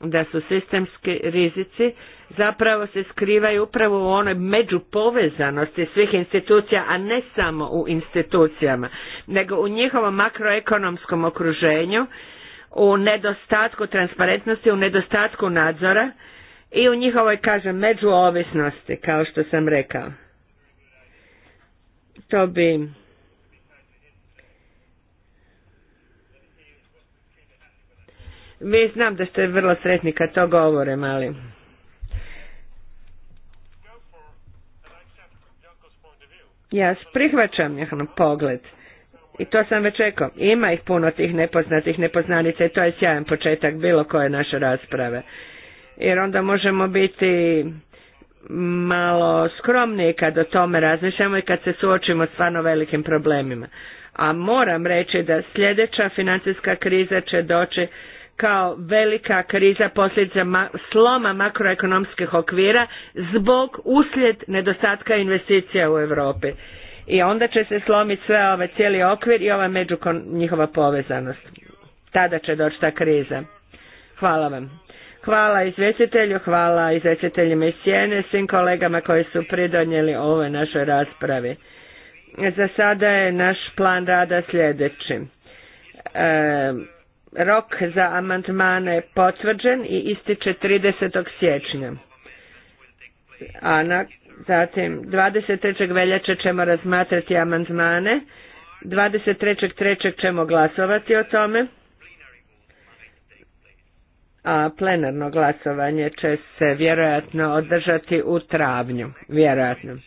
da su sistemski rizici zapravo se skrivaju upravo u onoj međupovezanosti svih institucija, a ne samo u institucijama, nego u njihovom makroekonomskom okruženju, u nedostatku transparentnosti, u nedostatku nadzora i u njihovoj, kažem, međuovisnosti, kao što sam rekao. To bi... Vi znam da ste vrlo sretni kad to govorim, ali... Ja prihvaćam njihov pogled. I to sam već rekao, ima ih puno tih nepoznatih nepoznanica i to je sjajan početak bilo koje naše rasprave jer onda možemo biti malo skromniji kad o tome razmišljamo i kad se suočimo stvarno velikim problemima. A moram reći da sljedeća financijska kriza će doći kao velika kriza posljedica sloma makroekonomskih okvira zbog uslijed nedostatka investicija u Europi. I onda će se slomiti sve ove ovaj cijeli okvir i ova među njihova povezanost. Tada će doći ta kriza. Hvala vam. Hvala izvjestitelju, hvala izvjestiteljima iz Sjene, svim kolegama koji su pridonijeli ovoj našoj raspravi. Za sada je naš plan rada sljedeći. E, rok za amandmane je potvrđen i ističe 30. siječnja. A na, zatim 23. veljače ćemo razmatrati amandmane, trećeg ćemo glasovati o tome a plenarno glasovanje će se vjerojatno održati u travnju, vjerojatno.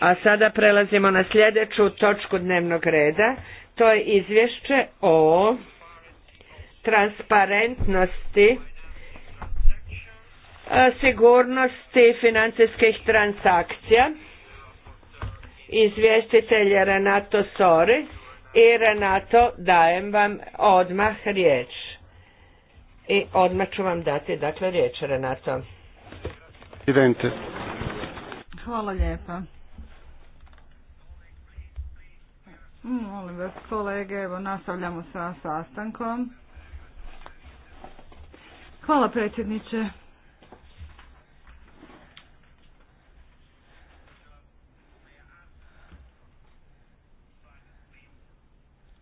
A sada prelazimo na sljedeću točku dnevnog reda, to je izvješće o transparentnosti sigurnosti financijskih transakcija. Izvjestitelj je Renato Sori i Renato dajem vam odmah riječ. I odmah ću vam dati, dakle, riječ, Renato. Idente. Hvala lijepa. Molim vas, kolege, evo, nastavljamo sa sastankom. Hvala, predsjedniče.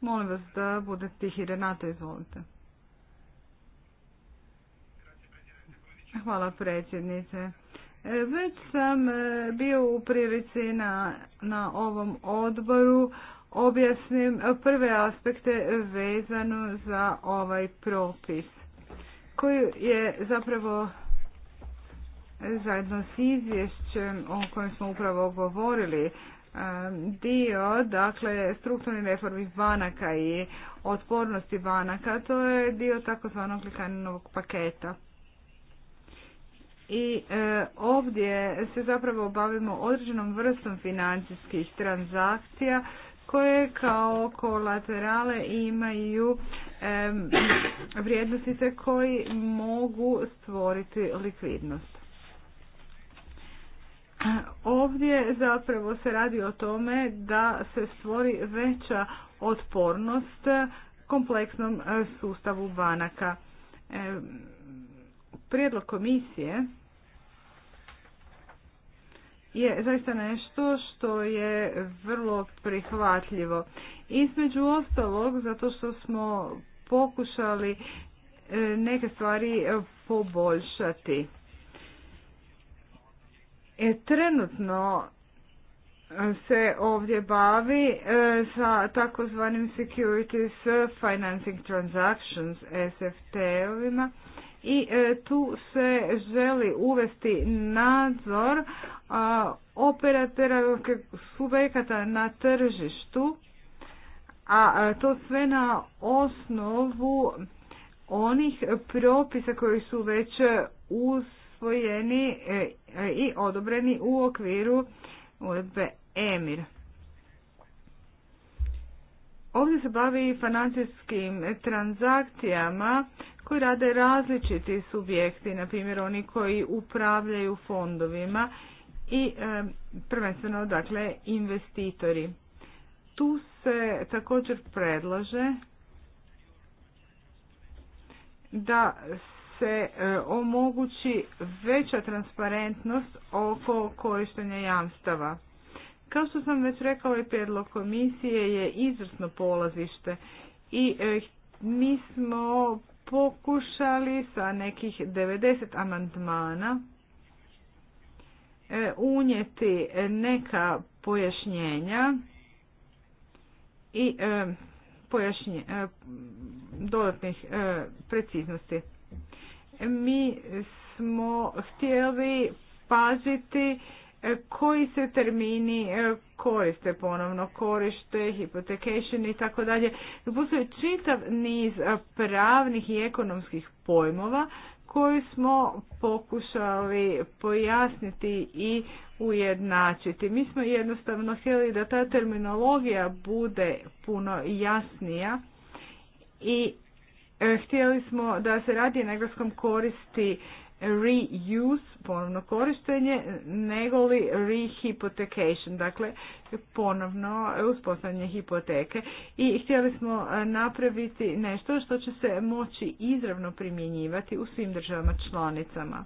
Molim vas da budete tihi, Renato, izvolite. Hvala predsjednice. E, već sam e, bio u prilici na, na ovom odboru objasnim prve aspekte vezano za ovaj propis koji je zapravo zajedno s izvješćem o kojem smo upravo govorili e, dio dakle strukturnih reformi banaka i otpornosti banaka to je dio takozvanog Likaninovog paketa i e, ovdje se zapravo bavimo određenom vrstom financijskih transakcija koje kao kolaterale imaju e, vrijednosti koji mogu stvoriti likvidnost. Ovdje zapravo se radi o tome da se stvori veća otpornost kompleksnom sustavu banaka. E, prijedlog komisije je zaista nešto što je vrlo prihvatljivo. Između ostalog, zato što smo pokušali e, neke stvari poboljšati. E, trenutno e, se ovdje bavi e, sa takozvanim Securities Financing Transactions, SFT-ovima, i e, tu se želi uvesti nadzor operatera subjekata na tržištu, a to sve na osnovu onih propisa koji su već usvojeni e, e, i odobreni u okviru uredbe EMIR. Ovdje se bavi financijskim transakcijama koji rade različiti subjekti, na primjer oni koji upravljaju fondovima i e, prvenstveno dakle investitori. Tu se također predlaže da se e, omogući veća transparentnost oko korištenja jamstava. Kao što sam već rekao, ovaj prijedlog komisije je izvrsno polazište i e, mi smo pokušali sa nekih 90 amandmana e, unijeti neka pojašnjenja i e, e, dodatnih preciznosti. Mi smo htjeli paziti E, koji se termini e, koriste ponovno, korište, hipotekešen i tako dalje. Postoji čitav niz e, pravnih i ekonomskih pojmova koji smo pokušali pojasniti i ujednačiti. Mi smo jednostavno htjeli da ta terminologija bude puno jasnija i htjeli smo da se radi na koristi reuse, ponovno korištenje, nego li rehypothecation, dakle ponovno uspostavljanje hipoteke. I htjeli smo e, napraviti nešto što će se moći izravno primjenjivati u svim državama članicama.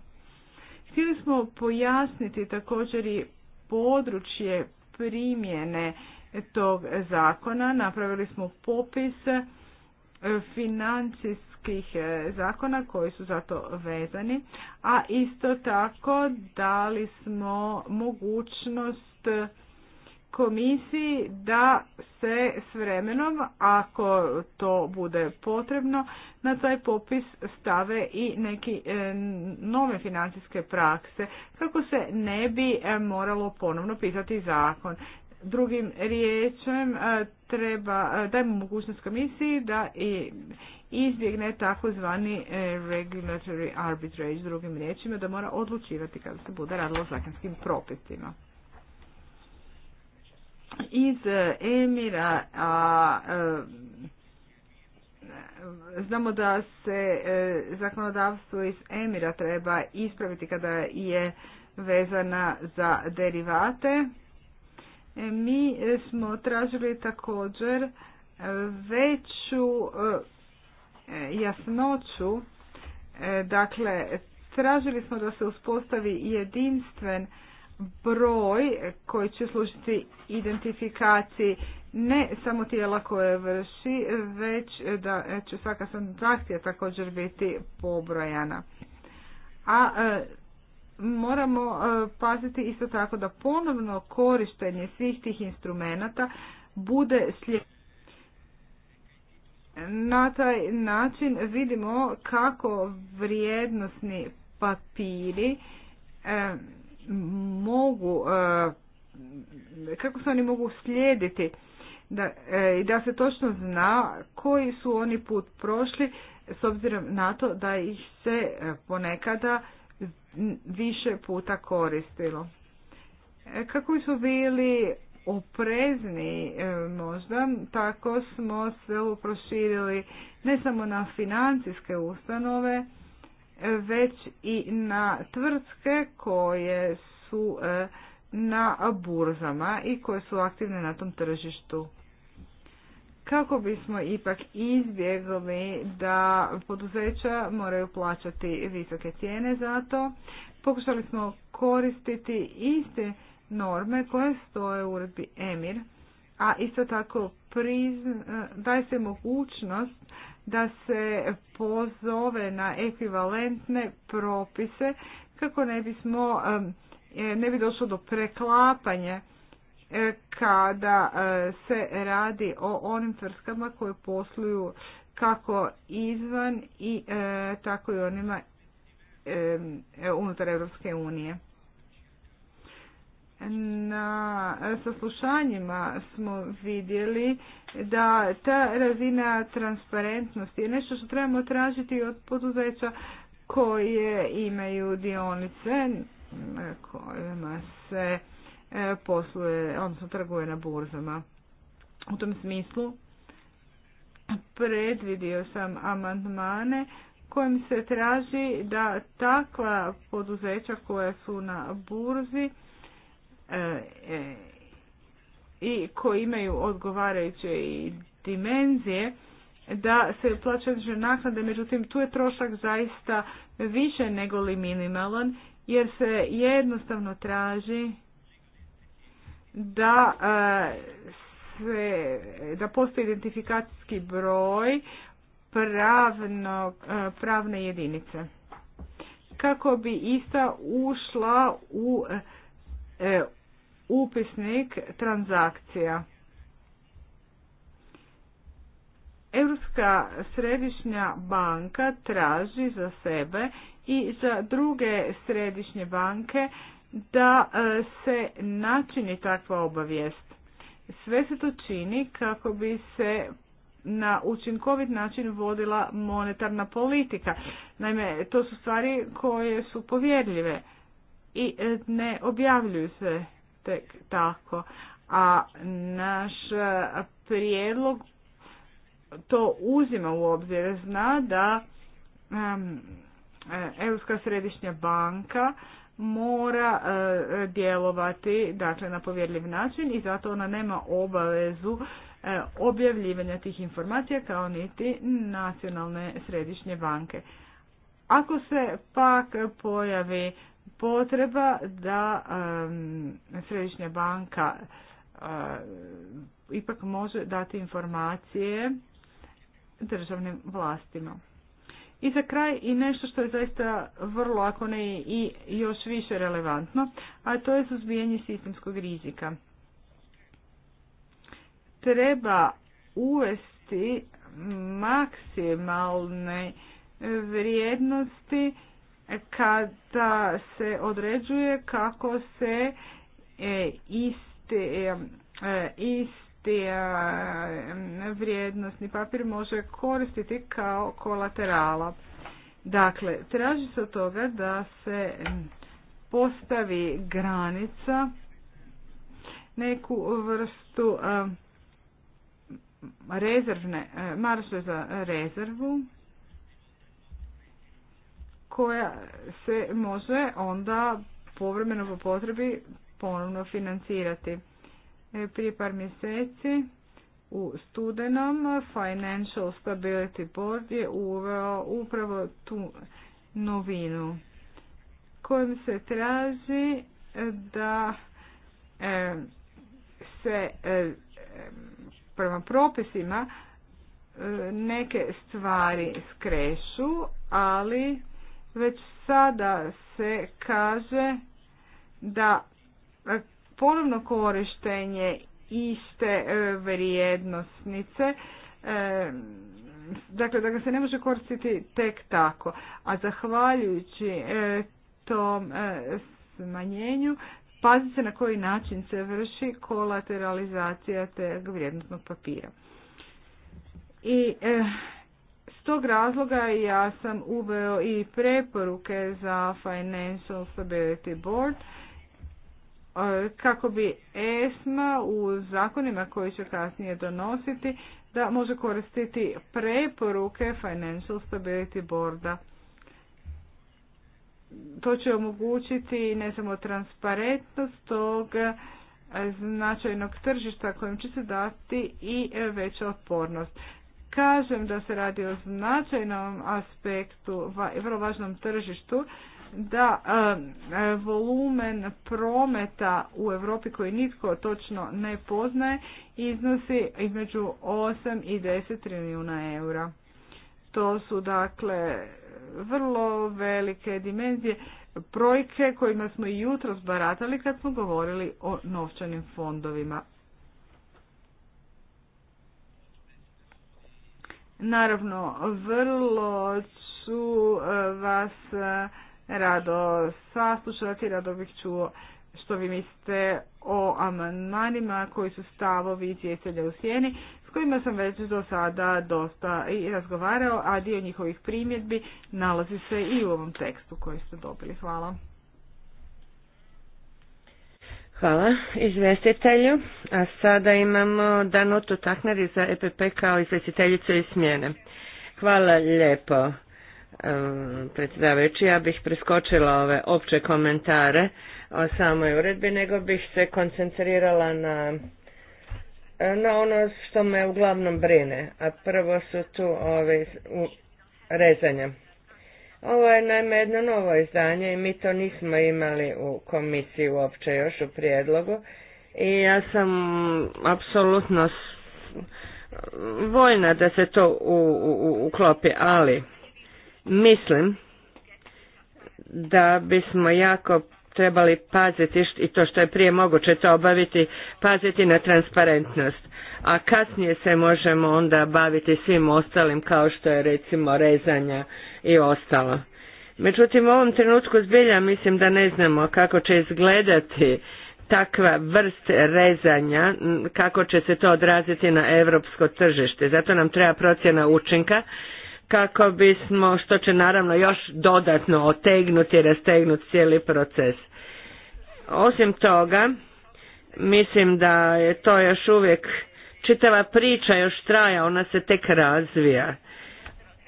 Htjeli smo pojasniti također i područje primjene tog zakona. Napravili smo popis e, financijskih tih e, zakona koji su zato vezani, a isto tako dali smo mogućnost komisiji da se s vremenom, ako to bude potrebno, na taj popis stave i neki e, nove financijske prakse kako se ne bi e, moralo ponovno pisati zakon. Drugim riječem, e, treba, e, dajmo mogućnost komisiji da i izbjegne takozvani e, regulatory arbitrage, drugim riječima, da mora odlučivati kada se bude radilo o zakonskim propisima. Iz Emira a, znamo da se zakonodavstvo iz Emira treba ispraviti kada je vezana za derivate mi smo tražili također e, veću e, e, jasnoću, dakle tražili smo da se uspostavi jedinstven broj koji će služiti identifikaciji ne samo tijela koje vrši, već da će svaka transakcija također biti pobrojana. A moramo e, paziti isto tako da ponovno korištenje svih tih instrumenata bude slijedno. Na taj način vidimo kako vrijednosni papiri e, mogu e, kako se oni mogu slijediti da, e, da se točno zna koji su oni put prošli s obzirom na to da ih se ponekada više puta koristilo. E, kako su bili oprezni e, možda, tako smo se proširili ne samo na financijske ustanove, već i na tvrtke koje su e, na burzama i koje su aktivne na tom tržištu kako bismo ipak izbjegli da poduzeća moraju plaćati visoke cijene za to, pokušali smo koristiti iste norme koje stoje u uredbi EMIR, a isto tako daje se mogućnost da se pozove na ekvivalentne propise kako ne bismo ne bi došlo do preklapanja kada e, se radi o onim tvrtkama koje posluju kako izvan i e, tako i onima e, unutar Europske unije. Na saslušanjima smo vidjeli da ta razina transparentnosti je nešto što trebamo tražiti od poduzeća koje imaju dionice kojima se E, posluje, odnosno trguje na burzama. U tom smislu predvidio sam amandmane kojim se traži da takva poduzeća koja su na burzi e, e, i koji imaju odgovarajuće dimenzije da se plaćaju naknade, međutim tu je trošak zaista više nego li minimalan jer se jednostavno traži da e, se, da postoji identifikacijski broj pravno, e, pravne jedinice. Kako bi ista ušla u e, upisnik transakcija. Europska središnja banka traži za sebe i za druge središnje banke da e, se načini takva obavijest. Sve se to čini kako bi se na učinkovit način vodila monetarna politika. Naime, to su stvari koje su povjerljive i e, ne objavljuju se tek tako. A naš e, prijedlog to uzima u obzir. Zna da Europska središnja banka mora e, djelovati dakle, na povjerljiv način i zato ona nema obavezu e, objavljivanja tih informacija kao niti nacionalne središnje banke. Ako se pak pojavi potreba da e, središnja banka e, ipak može dati informacije državnim vlastima. I za kraj i nešto što je zaista vrlo, ako ne i još više relevantno, a to je suzbijanje sistemskog rizika. Treba uvesti maksimalne vrijednosti kada se određuje kako se e, iste, e, E, vrijednostni papir može koristiti kao kolaterala. Dakle, traži se od toga da se postavi granica neku vrstu e, rezervne, e, marže za rezervu koja se može onda povremeno po potrebi ponovno financirati. E, prije par mjeseci u studenom Financial Stability Board je uveo upravo tu novinu kojom se traži e, da e, se prema propisima neke stvari skrešu, ali već sada se kaže da ponovno korištenje iste e, vrijednosnice, e, dakle da ga se ne može koristiti tek tako, a zahvaljujući e, tom smanjenju pazi se na koji način se vrši kolateralizacija teg vrijednostnog papira. I s tog razloga ja sam uveo i preporuke za Financial Stability Board kako bi ESMA u zakonima koji će kasnije donositi da može koristiti preporuke Financial Stability Boarda. To će omogućiti ne samo transparentnost tog e, značajnog tržišta kojim će se dati i e, veća otpornost. Kažem da se radi o značajnom aspektu, vrlo važnom tržištu, da volumen prometa u Europi koji nitko točno ne poznaje iznosi između 8 i 10 milijuna eura. To su dakle vrlo velike dimenzije brojke kojima smo i jutro zbaratali kad smo govorili o novčanim fondovima. Naravno, vrlo su eh, vas eh, rado saslušati, rado bih čuo što vi mislite o amandmanima koji su stavovi cijestelja u sjeni s kojima sam već do sada dosta i razgovarao, a dio njihovih primjedbi nalazi se i u ovom tekstu koji ste dobili. Hvala. Hvala izvjestitelju. A sada imamo Danutu Takneri za EPP kao izvjestiteljice i smjene. Hvala lijepo predsjedavajući, ja bih preskočila ove opće komentare o samoj uredbi, nego bih se koncentrirala na, na ono što me uglavnom brine, a prvo su tu ove rezanja. Ovo je naime jedno novo izdanje i mi to nismo imali u komisiji uopće još u prijedlogu i ja sam apsolutno voljna da se to uklopi, ali Mislim da bismo jako trebali paziti i to što je prije moguće to obaviti, paziti na transparentnost. A kasnije se možemo onda baviti svim ostalim kao što je recimo rezanja i ostalo. Međutim, u ovom trenutku zbilja mislim da ne znamo kako će izgledati takva vrst rezanja, kako će se to odraziti na europsko tržište. Zato nam treba procjena učinka kako bismo, što će naravno još dodatno otegnuti i rastegnuti cijeli proces. Osim toga, mislim da je to još uvijek, čitava priča još traja, ona se tek razvija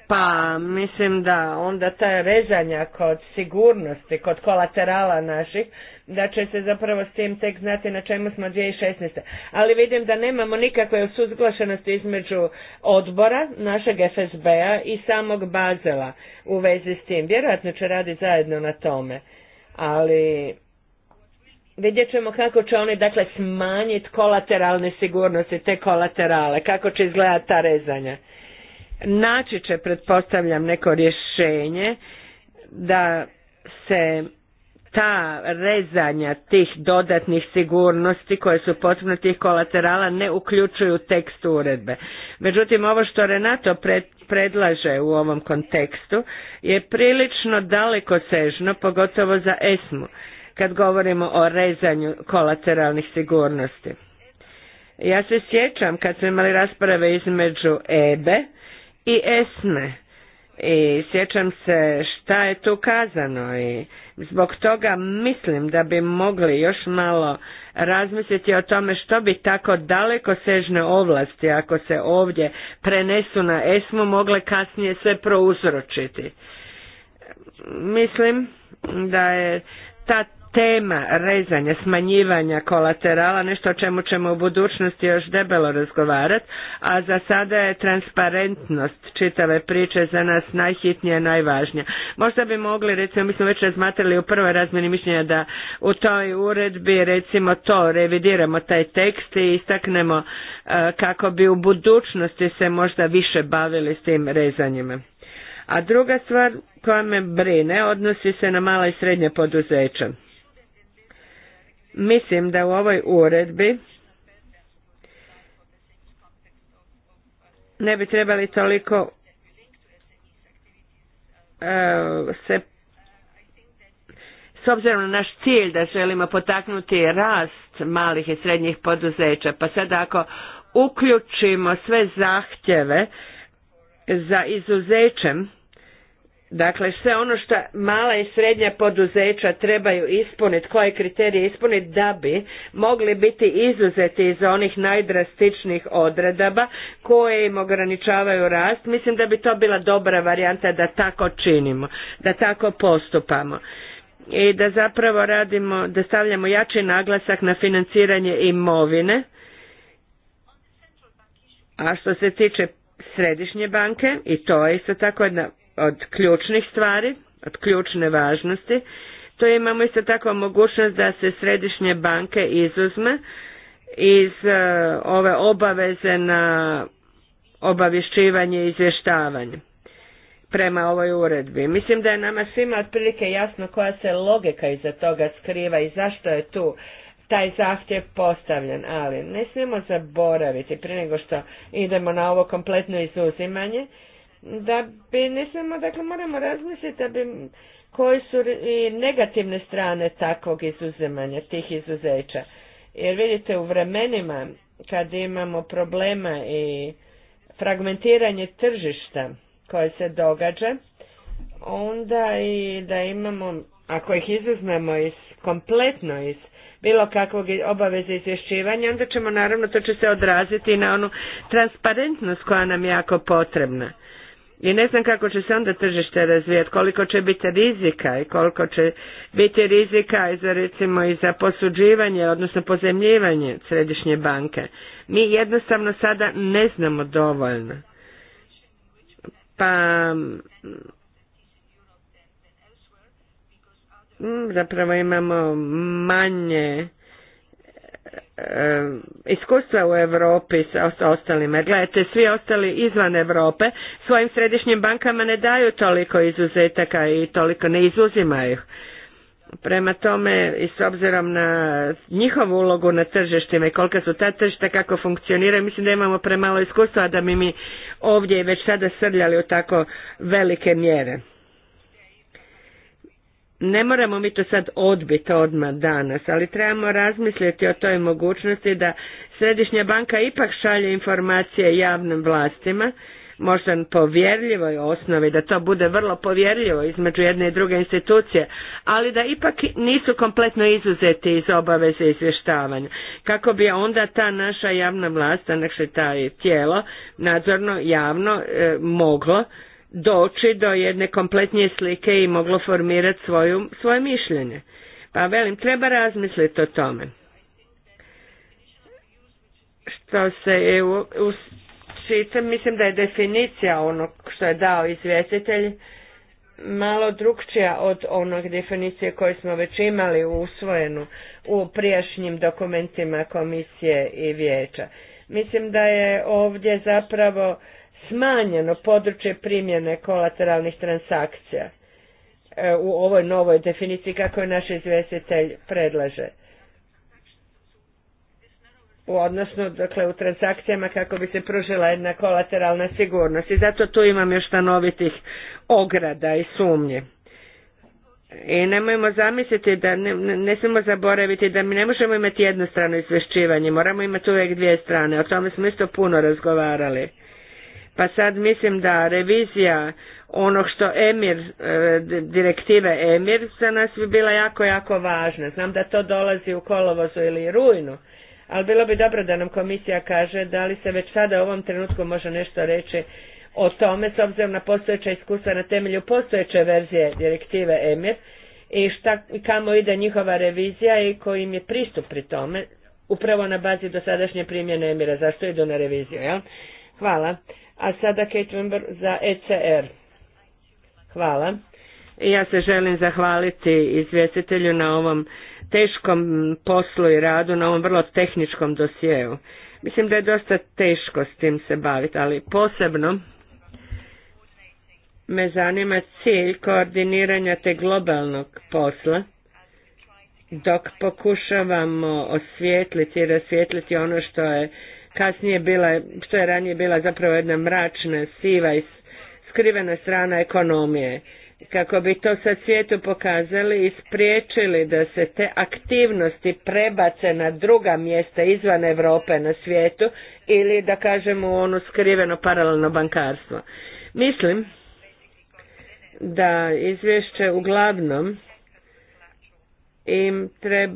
pa mislim da onda ta rezanja kod sigurnosti, kod kolaterala naših, da će se zapravo s tim tek znati na čemu smo 2016. Ali vidim da nemamo nikakve suzglašenosti između odbora našeg FSB-a i samog Bazela u vezi s tim. Vjerojatno će raditi zajedno na tome. Ali vidjet ćemo kako će oni dakle smanjiti kolateralne sigurnosti, te kolaterale, kako će izgledati ta rezanja naći će, pretpostavljam, neko rješenje da se ta rezanja tih dodatnih sigurnosti koje su potrebne tih kolaterala ne uključuju tekst uredbe. Međutim, ovo što Renato predlaže u ovom kontekstu je prilično daleko sežno, pogotovo za ESMU, kad govorimo o rezanju kolateralnih sigurnosti. Ja se sjećam kad smo imali rasprave između EBE i esme. I sjećam se šta je tu kazano i zbog toga mislim da bi mogli još malo razmisliti o tome što bi tako daleko sežne ovlasti ako se ovdje prenesu na esmu mogle kasnije sve prouzročiti. Mislim da je ta tema rezanja, smanjivanja kolaterala, nešto o čemu ćemo u budućnosti još debelo razgovarati, a za sada je transparentnost čitave priče za nas najhitnija, najvažnija. Možda bi mogli, recimo, mi smo već razmatrali u prvoj razmjeni mišljenja da u toj uredbi, recimo, to revidiramo taj tekst i istaknemo e, kako bi u budućnosti se možda više bavili s tim rezanjima. A druga stvar koja me brine odnosi se na mala i srednja poduzeća. Mislim da u ovoj uredbi ne bi trebali toliko e, se s obzirom na naš cilj da želimo potaknuti rast malih i srednjih poduzeća, pa sada ako uključimo sve zahtjeve za izuzećem Dakle, sve ono što mala i srednja poduzeća trebaju ispuniti, koje kriterije ispuniti da bi mogli biti izuzeti iz onih najdrastičnijih odredaba koje im ograničavaju rast, mislim da bi to bila dobra varijanta da tako činimo, da tako postupamo i da zapravo radimo, da stavljamo jači naglasak na financiranje imovine, a što se tiče središnje banke, i to je isto tako jedna od ključnih stvari, od ključne važnosti. To imamo isto tako mogućnost da se središnje banke izuzme iz e, ove obaveze na obavješćivanje i izvještavanje prema ovoj uredbi. Mislim da je nama svima otprilike jasno koja se logika iza toga skriva i zašto je tu taj zahtjev postavljen, ali ne smijemo zaboraviti prije nego što idemo na ovo kompletno izuzimanje da bi ne samo dakle moramo razmisliti da bi koje su i negativne strane takvog izuzimanja, tih izuzeća. Jer vidite u vremenima kad imamo problema i fragmentiranje tržišta koje se događa, onda i da imamo, ako ih izuzmemo iz, kompletno iz bilo kakvog obaveze izvješćivanja, onda ćemo naravno, to će se odraziti na onu transparentnost koja nam je jako potrebna. I ne znam kako će se onda tržište razvijati, koliko će biti rizika i koliko će biti rizika i za recimo i za posuđivanje, odnosno pozemljivanje središnje banke. Mi jednostavno sada ne znamo dovoljno. Pa mm, zapravo imamo manje E, iskustva u Europi sa ostalima. Gledajte, svi ostali izvan Europe svojim središnjim bankama ne daju toliko izuzetaka i toliko ne izuzimaju. Prema tome, i s obzirom na njihovu ulogu na tržištima i kolika su ta tržišta, kako funkcioniraju, mislim da imamo premalo iskustva da mi mi ovdje već sada srljali u tako velike mjere ne moramo mi to sad odbiti odmah danas, ali trebamo razmisliti o toj mogućnosti da Središnja banka ipak šalje informacije javnim vlastima, možda na povjerljivoj osnovi, da to bude vrlo povjerljivo između jedne i druge institucije, ali da ipak nisu kompletno izuzeti iz obaveze izvještavanja. Kako bi onda ta naša javna vlast, znači taj tijelo, nadzorno javno e, moglo doći do jedne kompletnije slike i moglo formirati svoju, svoje mišljenje. Pa velim, treba razmisliti o tome. Što se je u, u čitam, mislim da je definicija onog što je dao izvjestitelj malo drukčija od onog definicije koju smo već imali usvojenu u prijašnjim dokumentima komisije i vijeća. Mislim da je ovdje zapravo smanjeno područje primjene kolateralnih transakcija e, u ovoj novoj definiciji kako je naš izvjestitelj predlaže. U odnosno, dakle, u transakcijama kako bi se pružila jedna kolateralna sigurnost. I zato tu imam još stanovitih ograda i sumnje. I nemojmo zamisliti da ne, ne smijemo zaboraviti da mi ne možemo imati jednostrano izvješćivanje, moramo imati uvijek dvije strane, o tome smo isto puno razgovarali. Pa sad mislim da revizija onog što Emir, e, direktive Emir za nas bi bila jako, jako važna. Znam da to dolazi u kolovozu ili rujnu, ali bilo bi dobro da nam komisija kaže da li se već sada u ovom trenutku može nešto reći o tome s obzirom na postojeća iskustva na temelju postojeće verzije direktive Emir i šta, kamo ide njihova revizija i kojim je pristup pri tome upravo na bazi dosadašnje primjene Emira. Zašto idu na reviziju, jel? Hvala. A sada Kate Wimber za ECR. Hvala. I ja se želim zahvaliti izvjestitelju na ovom teškom poslu i radu, na ovom vrlo tehničkom dosjeu. Mislim da je dosta teško s tim se baviti, ali posebno me zanima cilj koordiniranja te globalnog posla dok pokušavamo osvijetliti i rasvijetliti ono što je kasnije bila, što je ranije bila zapravo jedna mračna, siva i skrivena strana ekonomije. Kako bi to sa svijetu pokazali i spriječili da se te aktivnosti prebace na druga mjesta izvan Europe na svijetu ili da kažemo u ono skriveno paralelno bankarstvo. Mislim da izvješće uglavnom im treba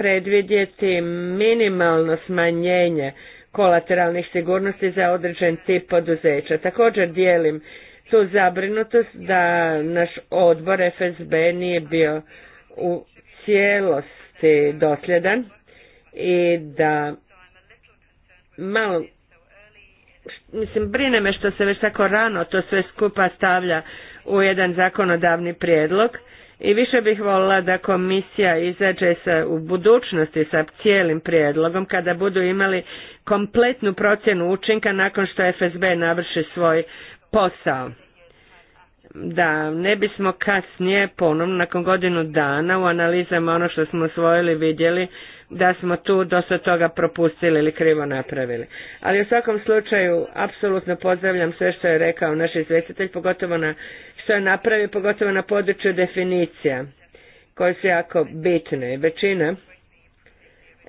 predvidjeti minimalno smanjenje kolateralnih sigurnosti za određen tip poduzeća. Također dijelim tu zabrinutost da naš odbor FSB nije bio u cijelosti dosljedan i da malo mislim brine me što se već tako rano to sve skupa stavlja u jedan zakonodavni prijedlog i više bih volila da komisija izađe se u budućnosti sa cijelim prijedlogom kada budu imali kompletnu procjenu učinka nakon što FSB navrši svoj posao. Da, ne bismo kasnije ponovno nakon godinu dana u analizama ono što smo usvojili, vidjeli da smo tu dosta toga propustili ili krivo napravili. Ali u svakom slučaju apsolutno pozdravljam sve što je rekao naš izvjestitelj, pogotovo na je napravi pogotovo na području definicija koje su jako bitne. Većina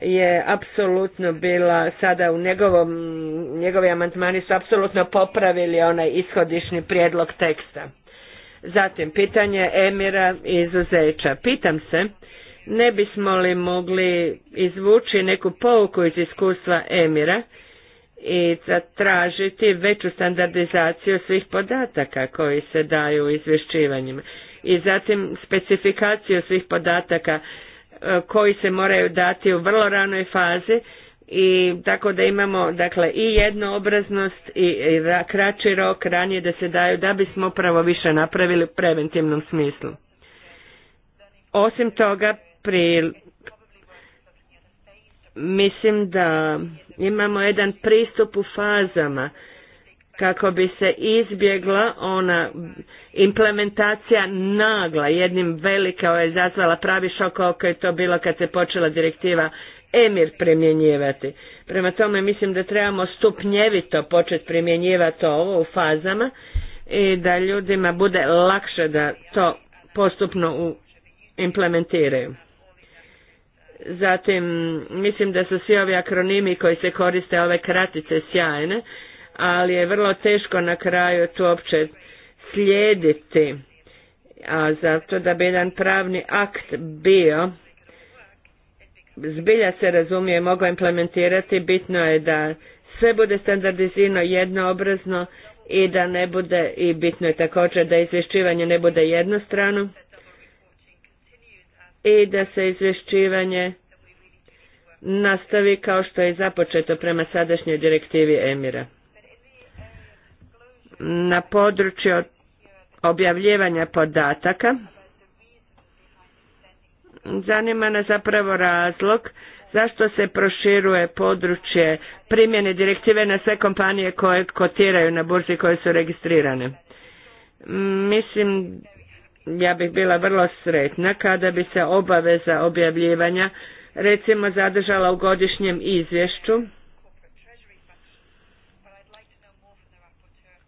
je apsolutno bila sada u njegovom, njegovi amantmani su apsolutno popravili onaj ishodišni prijedlog teksta. Zatim, pitanje Emira i izuzeća. Pitam se, ne bismo li mogli izvući neku pouku iz iskustva Emira i zatražiti veću standardizaciju svih podataka koji se daju u izvješćivanjima i zatim specifikaciju svih podataka e, koji se moraju dati u vrlo ranoj fazi i tako da imamo dakle i jednoobraznost i, i kraći rok ranije da se daju da bismo pravo više napravili u preventivnom smislu. Osim toga, pri mislim da imamo jedan pristup u fazama kako bi se izbjegla ona implementacija nagla jednim velika je ovaj, izazvala pravi šok kako je to bilo kad se počela direktiva Emir primjenjivati. Prema tome mislim da trebamo stupnjevito početi primjenjivati ovo u fazama i da ljudima bude lakše da to postupno implementiraju. Zatim, mislim da su svi ovi akronimi koji se koriste, ove kratice sjajne, ali je vrlo teško na kraju tu uopće slijediti. A zato da bi jedan pravni akt bio, zbilja se razumije, mogao implementirati, bitno je da sve bude standardizirano, jednoobrazno i da ne bude, i bitno je također da izvješćivanje ne bude jednostrano, i da se izvješćivanje nastavi kao što je započeto prema sadašnjoj direktivi Emira. Na području objavljivanja podataka zanima nas zapravo razlog zašto se proširuje područje primjene direktive na sve kompanije koje kotiraju na burzi koje su registrirane. Mislim ja bih bila vrlo sretna kada bi se obaveza objavljivanja recimo zadržala u godišnjem izvješću,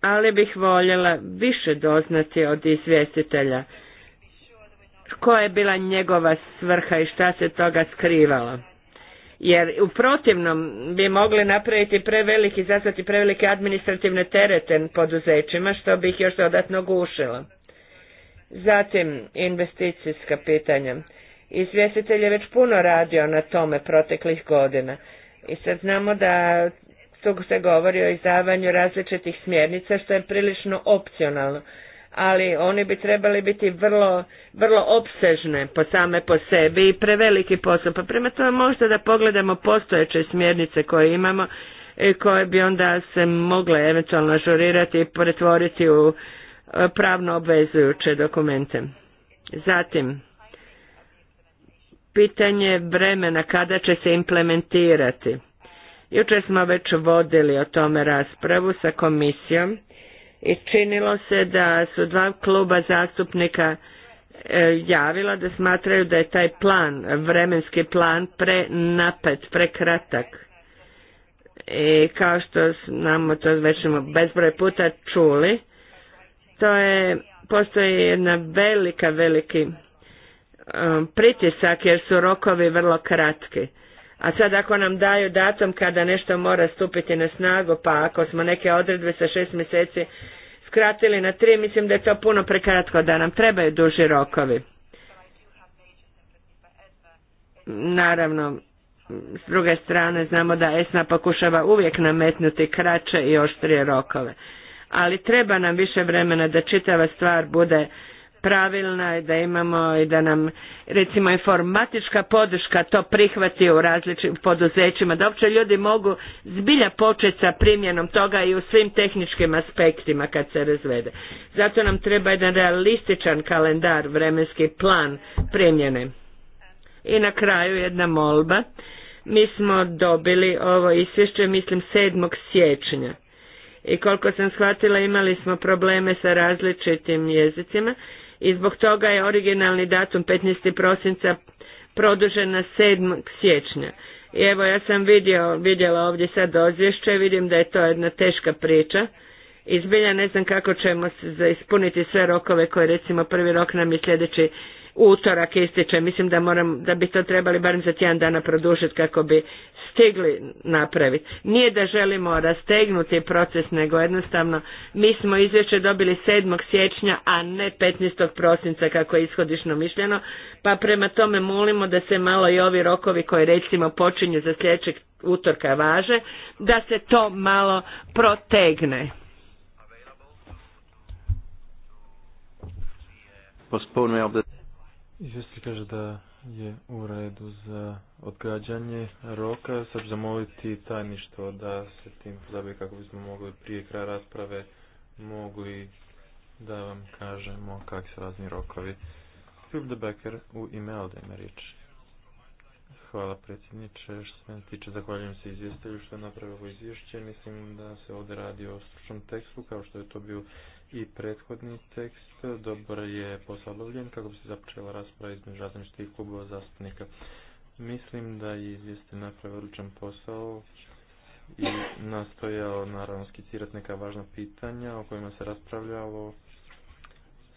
ali bih voljela više doznati od izvjestitelja koja je bila njegova svrha i šta se toga skrivalo. Jer u protivnom bi mogli napraviti preveliki, zazvati prevelike administrativne terete poduzećima, što bi ih još dodatno gušilo. Zatim investicijska pitanja. Izvjestitelj je već puno radio na tome proteklih godina i sad znamo da tu se govori o izdavanju različitih smjernica što je prilično opcionalno, ali oni bi trebali biti vrlo, vrlo opsežne po same po sebi i preveliki posao. Pa prema tome možda da pogledamo postojeće smjernice koje imamo i koje bi onda se mogle eventualno ažurirati i pretvoriti u pravno obvezujuće dokumente. Zatim, pitanje vremena kada će se implementirati. Jučer smo već vodili o tome raspravu sa komisijom i činilo se da su dva kluba zastupnika e, javila da smatraju da je taj plan, vremenski plan prenapet, prekratak. I kao što znamo to već bezbroj puta čuli, to je, postoji jedna velika, veliki um, pritisak jer su rokovi vrlo kratki. A sad ako nam daju datum kada nešto mora stupiti na snagu, pa ako smo neke odredbe sa šest mjeseci skratili na tri, mislim da je to puno prekratko, da nam trebaju duži rokovi. Naravno, s druge strane znamo da ESNA pokušava uvijek nametnuti kraće i oštrije rokove ali treba nam više vremena da čitava stvar bude pravilna i da imamo i da nam recimo informatička podrška to prihvati u različitim poduzećima, da uopće ljudi mogu zbilja početi sa primjenom toga i u svim tehničkim aspektima kad se razvede. Zato nam treba jedan realističan kalendar, vremenski plan primjene. I na kraju jedna molba. Mi smo dobili ovo isvješće, mislim, 7. siječnja i koliko sam shvatila imali smo probleme sa različitim jezicima i zbog toga je originalni datum 15. prosinca produžen na 7. siječnja. I evo ja sam vidio, vidjela ovdje sad ozvješće, vidim da je to jedna teška priča. Izbilja ne znam kako ćemo ispuniti sve rokove koje recimo prvi rok nam je sljedeći utorak ističe. Mislim da, moram, da bi to trebali barem za tjedan dana produžiti kako bi stigli napraviti. Nije da želimo rastegnuti proces, nego jednostavno mi smo izvješće dobili 7. siječnja, a ne 15. prosinca kako je ishodišno mišljeno, pa prema tome molimo da se malo i ovi rokovi koji recimo počinju za sljedećeg utorka važe, da se to malo protegne. Izvjestitelj kaže da je u redu za odgađanje roka. Sad ću zamoliti tajništvo da se tim zabi kako bismo mogli prije kraja rasprave mogli da vam kažemo kak se razni rokovi. Filip de Becker u da ima riječ. Hvala predsjedniče. Što se tiče, zahvaljujem se izvjestitelju što je napravio ovo izvješće. Mislim da se ovdje radi o stručnom tekstu, kao što je to bio i prethodni tekst dobro je posao kako bi se započela rasprava između različitih klubova zastupnika. Mislim da je izvijesti napravio odličan posao i nastojao naravno skicirati neka važna pitanja o kojima se raspravljalo.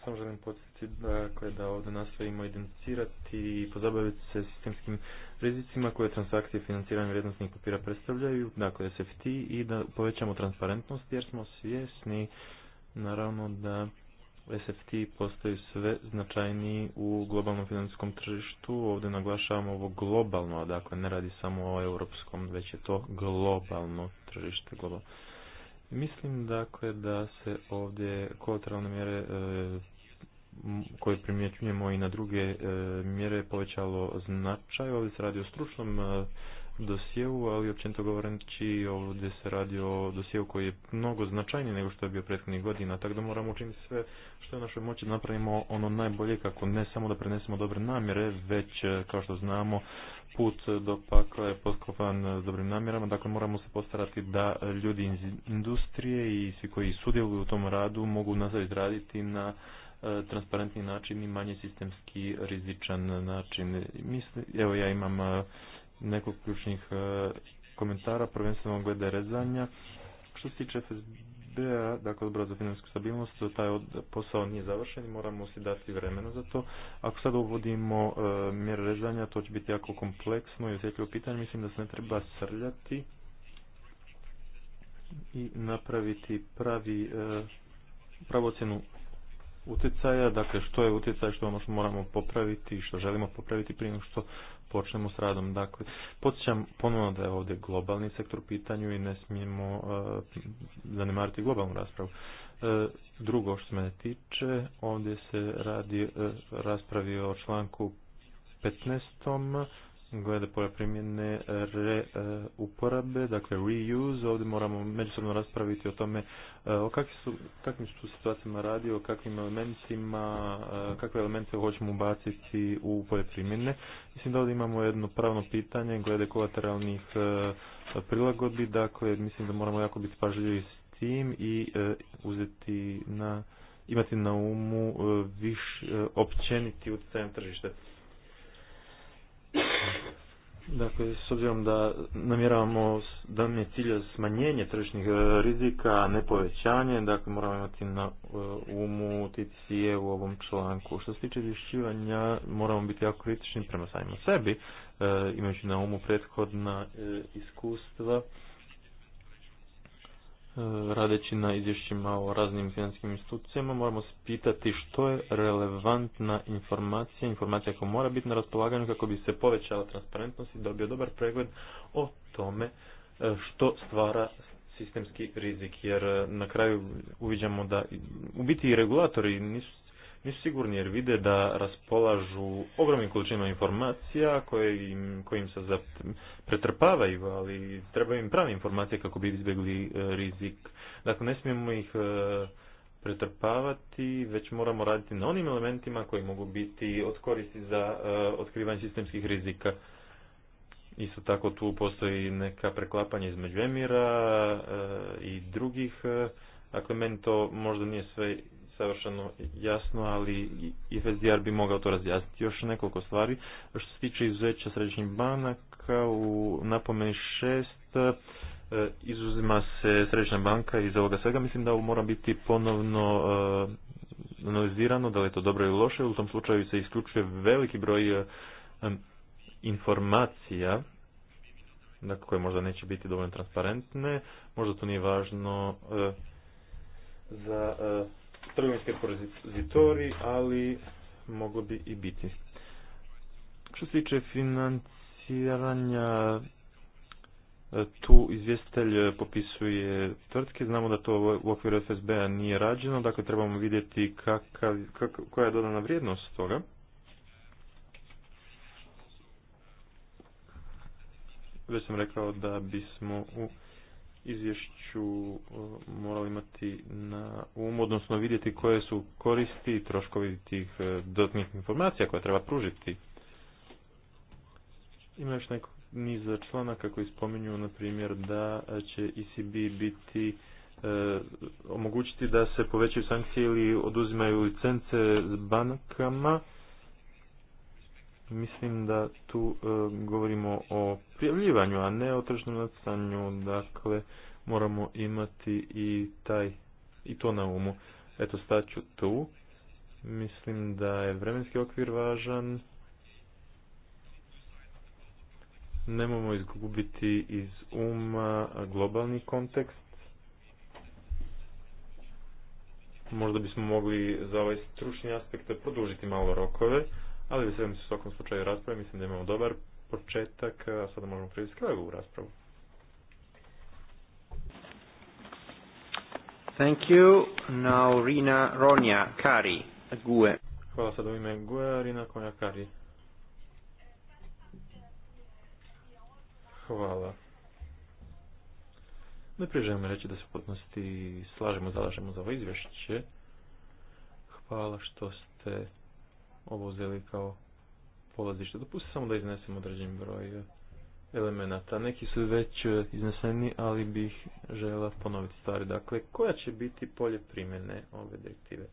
Samo želim podsjetiti dakle, da ovdje nastojimo identificirati i pozabaviti se sistemskim rizicima koje transakcije financiranja vrijednostnih papira predstavljaju, dakle SFT, i da povećamo transparentnost jer smo svjesni Naravno da SFT postaju sve značajniji u globalnom financijskom tržištu. Ovdje naglašavamo ovo globalno, dakle ne radi samo o europskom, već je to globalno tržište. Globalno. Mislim dakle da se ovdje kolateralne mjere e, koje primjećujemo i na druge e, mjere povećalo značaj. Ovdje se radi o stručnom e, dosjeu, ali općenito govoreći ovdje se radi o dosjeu koji je mnogo značajniji nego što je bio prethodnih godina, tako da moramo učiniti sve što je u našoj moći da napravimo ono najbolje kako ne samo da prenesemo dobre namjere, već e, kao što znamo put do pakla je s dobrim namjerama, dakle moramo se postarati da ljudi iz industrije i svi koji sudjeluju u tom radu mogu nastaviti raditi na e, transparentni način i manje sistemski rizičan način. Mislim, evo ja imam e, nekog ključnih e, komentara, prvenstveno glede rezanja. Što se tiče FSB-a, dakle odbora za financijsku stabilnost, taj posao nije završen i moramo si dati vremena za to. Ako sad uvodimo e, mjere rezanja, to će biti jako kompleksno i osjetljivo pitanje. Mislim da se ne treba srljati i napraviti pravi e, ocjenu utjecaja, dakle što je utjecaj, što ono što moramo popraviti, što želimo popraviti prije nego što počnemo s radom. Dakle, podsjećam ponovno da je ovdje globalni sektor u pitanju i ne smijemo e, zanimariti globalnu raspravu. E, drugo što se tiče, ovdje se radi e, raspravi o članku 15 glede poljoprimjene primjene e, uporabe, dakle reuse, ovdje moramo međusobno raspraviti o tome e, o su, kakvim su situacijama radi, o kakvim elementima, e, kakve elemente hoćemo ubaciti u poljoprimjene. Mislim da ovdje imamo jedno pravno pitanje glede kolateralnih prilagodbi, dakle mislim da moramo jako biti pažljivi s tim i uzeti na imati na umu viš općeniti utjecajem tržište. Dakle, s obzirom da namjeravamo da nam je cilj smanjenje tržišnih e, rizika, a ne povećanje, dakle moramo imati na e, umu TCE u ovom članku. Što se tiče izvješćivanja, moramo biti jako kritični prema samima sebi, e, imajući na umu prethodna iskustva radeći na izvješćima o raznim financijskim institucijama, moramo se pitati što je relevantna informacija, informacija koja mora biti na raspolaganju kako bi se povećala transparentnost i dobio dobar pregled o tome e, što stvara sistemski rizik, jer e, na kraju uviđamo da u biti i regulatori nisu nisu sigurni jer vide da raspolažu ogromnim količinama informacija koje kojim se pretrpavaju, ali trebaju im prave informacije kako bi izbjegli e, rizik. Dakle, ne smijemo ih e, pretrpavati, već moramo raditi na onim elementima koji mogu biti od koristi za e, otkrivanje sistemskih rizika. Isto tako tu postoji neka preklapanja između emira i drugih Dakle, meni to možda nije sve savršeno jasno, ali FSDR bi mogao to razjasniti. Još nekoliko stvari. Što se tiče izuzeća središnjih banaka, u napomeni šest e, izuzima se središnja banka iz ovoga svega. Mislim da ovo mora biti ponovno e, analizirano, da li je to dobro ili loše. U tom slučaju se isključuje veliki broj e, informacija na koje možda neće biti dovoljno transparentne. Možda to nije važno za trgovinski prozitori, ali moglo bi i biti. Što se tiče financiranja, tu izvjestitelj popisuje tvrtke, znamo da to u okviru FSB-a nije rađeno, dakle trebamo vidjeti koja je dodana vrijednost toga. Već sam rekao da bismo u izvješću e, morali imati na umu, odnosno vidjeti koje su koristi i troškovi tih e, dodatnih informacija koje treba pružiti. Ima još neko niz članaka koji spominju, na primjer, da će ECB biti e, omogućiti da se povećaju sankcije ili oduzimaju licence s bankama mislim da tu e, govorimo o prijavljivanju, a ne o tržnom natjecanju. Dakle, moramo imati i taj i to na umu. Eto, staću tu. Mislim da je vremenski okvir važan. Nemamo izgubiti iz uma globalni kontekst. Možda bismo mogli za ovaj stručni aspekt produžiti malo rokove ali veselim se u svakom slučaju rasprave, mislim da imamo dobar početak, a sada možemo priviti kraju u raspravu. Thank you. Now Rina Ronja Kari, Gue. Hvala sad u ime Gue, Rina Konja, Kari. Hvala. ne želim reći da se potnosti slažemo, zalažemo za ovo izvješće. Hvala što ste ovo uzeli kao polazište. Dopusti samo da iznesem određen broj eh, elemenata. Neki su već eh, izneseni, ali bih žela ponoviti stvari. Dakle, koja će biti polje primjene ove direktive?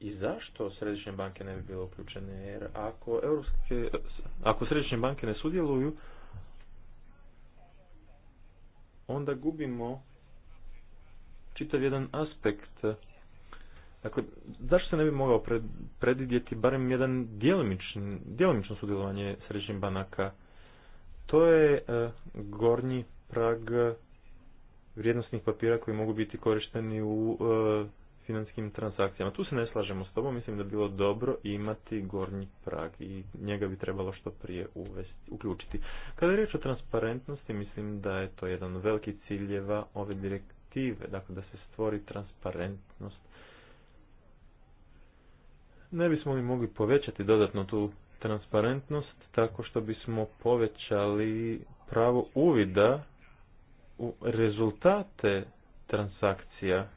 I zašto središnje banke ne bi bilo uključene? Jer ako, europske, ako središnje banke ne sudjeluju, onda gubimo čitav jedan aspekt Dakle, zašto se ne bi mogao predvidjeti barem jedan djelomično sudjelovanje središnjih banaka? To je e, gornji prag vrijednostnih papira koji mogu biti korišteni u e, financijskim transakcijama. Tu se ne slažemo s tobom, mislim da bi bilo dobro imati gornji prag i njega bi trebalo što prije uvesti, uključiti. Kada je riječ o transparentnosti, mislim da je to jedan od velikih ciljeva ove direktive, dakle da se stvori transparentnost ne bismo li mogli povećati dodatno tu transparentnost tako što bismo povećali pravo uvida u rezultate transakcija.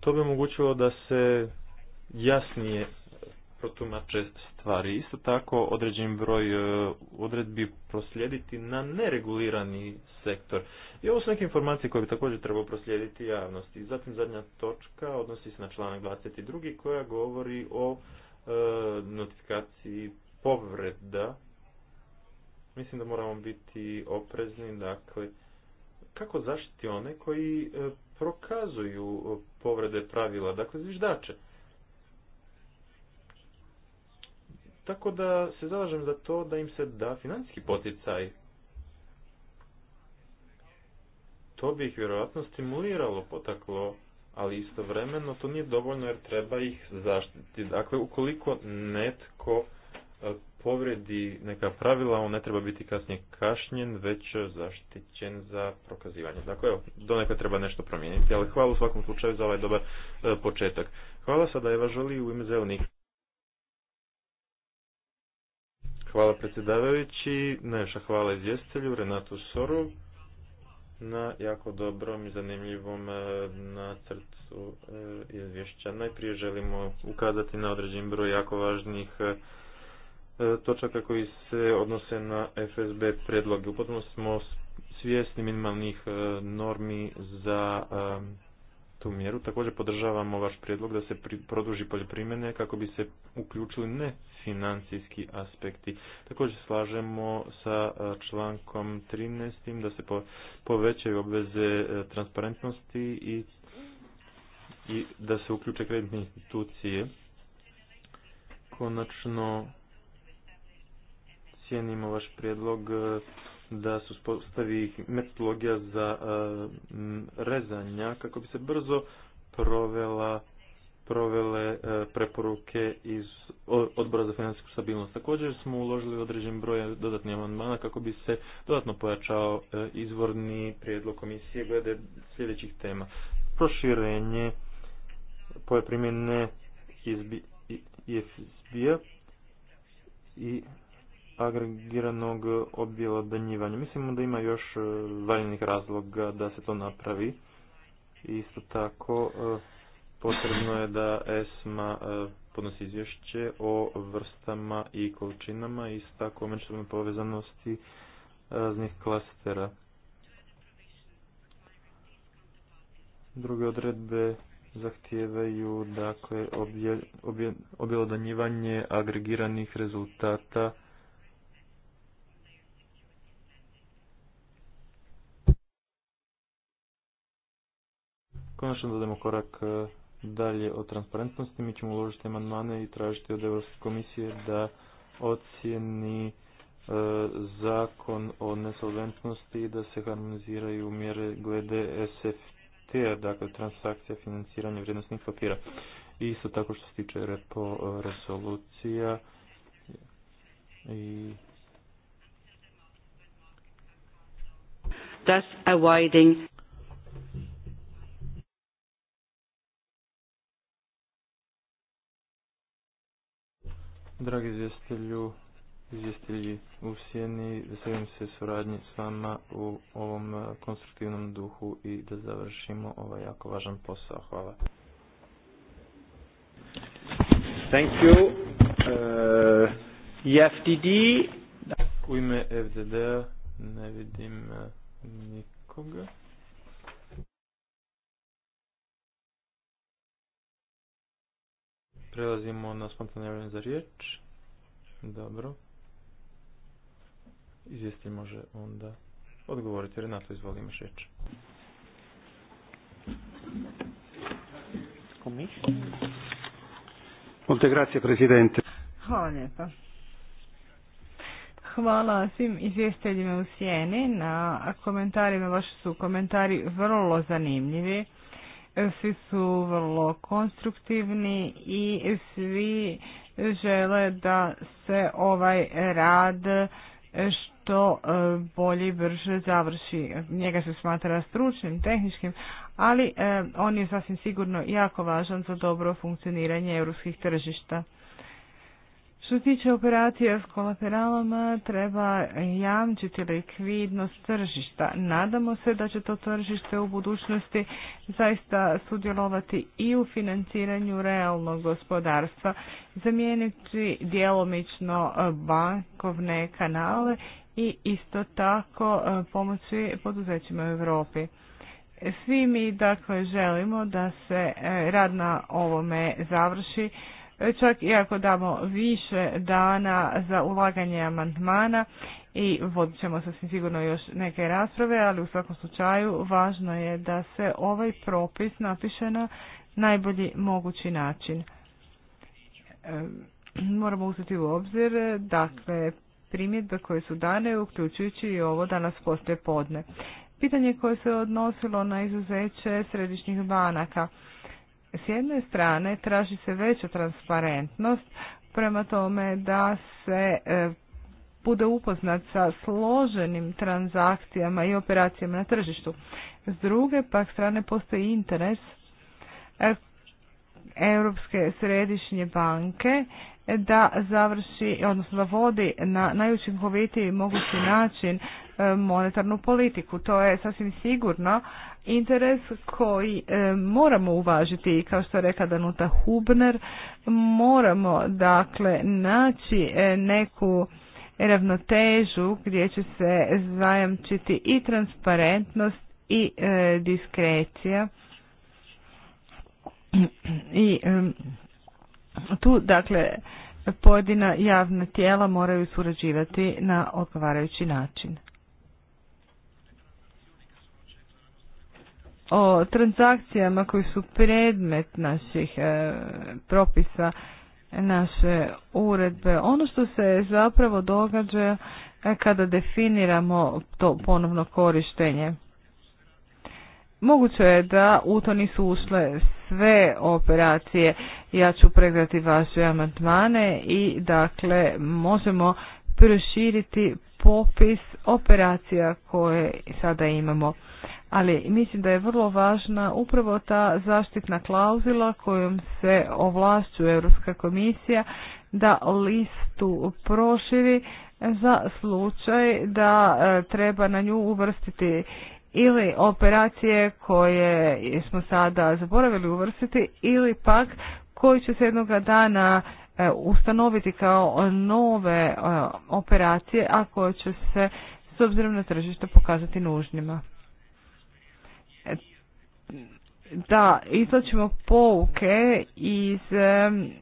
To bi omogućilo da se jasnije protumače stvari. Isto tako određen broj e, odredbi proslijediti na neregulirani sektor. I ovo su neke informacije koje bi također trebao proslijediti javnosti. Zatim zadnja točka odnosi se na članak 22. koja govori o e, notifikaciji povreda. Mislim da moramo biti oprezni, dakle, kako zaštiti one koji e, prokazuju povrede pravila, dakle zviždače. Tako da se zalažem za to da im se da financijski poticaj. To bi ih vjerojatno stimuliralo, potaklo, ali istovremeno to nije dovoljno jer treba ih zaštiti. Dakle, ukoliko netko e, povredi neka pravila, on ne treba biti kasnije kašnjen, već zaštićen za prokazivanje. Dakle, evo, neka treba nešto promijeniti, ali hvala u svakom slučaju za ovaj dobar e, početak. Hvala sada Eva Želi, u ime zelenika. Hvala predsjedavajući, najviša hvala izvjestitelju Renatu Soru na jako dobrom i zanimljivom e, nacrtu e, izvješća. Najprije želimo ukazati na određen broj jako važnih e, točaka koji se odnose na FSB predloge. upotno smo svjesni minimalnih normi za tu mjeru. Također podržavamo vaš predlog da se produži poljoprimjene kako bi se uključili ne financijski aspekti. Također slažemo sa e, člankom 13. da se povećaju obveze e, transparentnosti i, i da se uključe kreditne institucije. Konačno cijenimo vaš prijedlog e, da se uspostavi metodologija za rezanja kako bi se brzo provela provele e, preporuke iz odbora za financijsku stabilnost. Također smo uložili određen broj dodatnih amandmana kako bi se dodatno pojačao e, izvorni prijedlog komisije glede sljedećih tema. Proširenje poje primjene IFSB-a i agregiranog objelodanjivanja. Mislimo da ima još e, valjenih razloga da se to napravi. Isto tako potrebno je da ESMA e, podnosi izvješće o vrstama i količinama i s tako povezanosti e, raznih klastera. Druge odredbe zahtijevaju dakle, objelodanjivanje agregiranih rezultata Konačno dodajemo korak e, Dalje o transparentnosti mi ćemo uložiti amandmane i tražiti od Europske komisije da ocjeni e, zakon o nesolventnosti i da se harmoniziraju mjere glede sft dakle transakcija financiranja vrijednostnih papira. I isto tako što se tiče repo e, resolucija i thus avoiding Dragi izvjestitelju, izvjestitelji u Sjeni, veselim se suradnji s vama u ovom e, konstruktivnom duhu i da završimo ovaj jako važan posao. Hvala. Thank you. E, e u ime fdd ne vidim nikoga. Prelazimo na spontane javljanje za riječ. Dobro. Izvjestitelj može onda odgovoriti. Renato, izvoli imaš riječ. Molte grazie, Presidente. Hvala lijepa. Hvala svim izvjestiteljima u sjeni na komentarima. Vaši su komentari vrlo zanimljivi svi su vrlo konstruktivni i svi žele da se ovaj rad što e, bolje i brže završi. Njega se smatra stručnim, tehničkim, ali e, on je sasvim sigurno jako važan za dobro funkcioniranje europskih tržišta. Što tiče operacija s kolateralama, treba jamčiti likvidnost tržišta. Nadamo se da će to tržište u budućnosti zaista sudjelovati i u financiranju realnog gospodarstva, zamijeniti djelomično bankovne kanale i isto tako e, pomoći poduzećima u Europi. Svi mi dakle želimo da se e, rad na ovome završi čak i ako damo više dana za ulaganje amandmana i vodit ćemo sasvim sigurno još neke rasprave, ali u svakom slučaju važno je da se ovaj propis napiše na najbolji mogući način. Moramo uzeti u obzir, dakle, primjedbe koje su dane, uključujući i ovo danas postoje podne. Pitanje koje se odnosilo na izuzeće središnjih banaka. S jedne strane traži se veća transparentnost prema tome da se e, bude upoznat sa složenim transakcijama i operacijama na tržištu. S druge pak strane postoji interes e, Europske središnje banke da završi, odnosno da vodi na najučinkovitiji mogući način e, monetarnu politiku. To je sasvim sigurno interes koji e, moramo uvažiti i kao što je rekla Danuta Hubner, moramo dakle naći e, neku ravnotežu gdje će se zajamčiti i transparentnost i e, diskrecija <clears throat> i tu dakle pojedina javna tijela moraju surađivati na odgovarajući način. o transakcijama koji su predmet naših e, propisa naše uredbe. Ono što se zapravo događa e, kada definiramo to ponovno korištenje. Moguće je da u to nisu ušle sve operacije. Ja ću pregledati vaše amandmane i dakle možemo proširiti popis operacija koje sada imamo ali mislim da je vrlo važna upravo ta zaštitna klauzula kojom se ovlašćuje Europska komisija da listu proširi za slučaj da e, treba na nju uvrstiti ili operacije koje smo sada zaboravili uvrstiti ili pak koji će se jednoga dana e, ustanoviti kao nove e, operacije, a koje će se s obzirom na tržište pokazati nužnjima da izlačimo pouke iz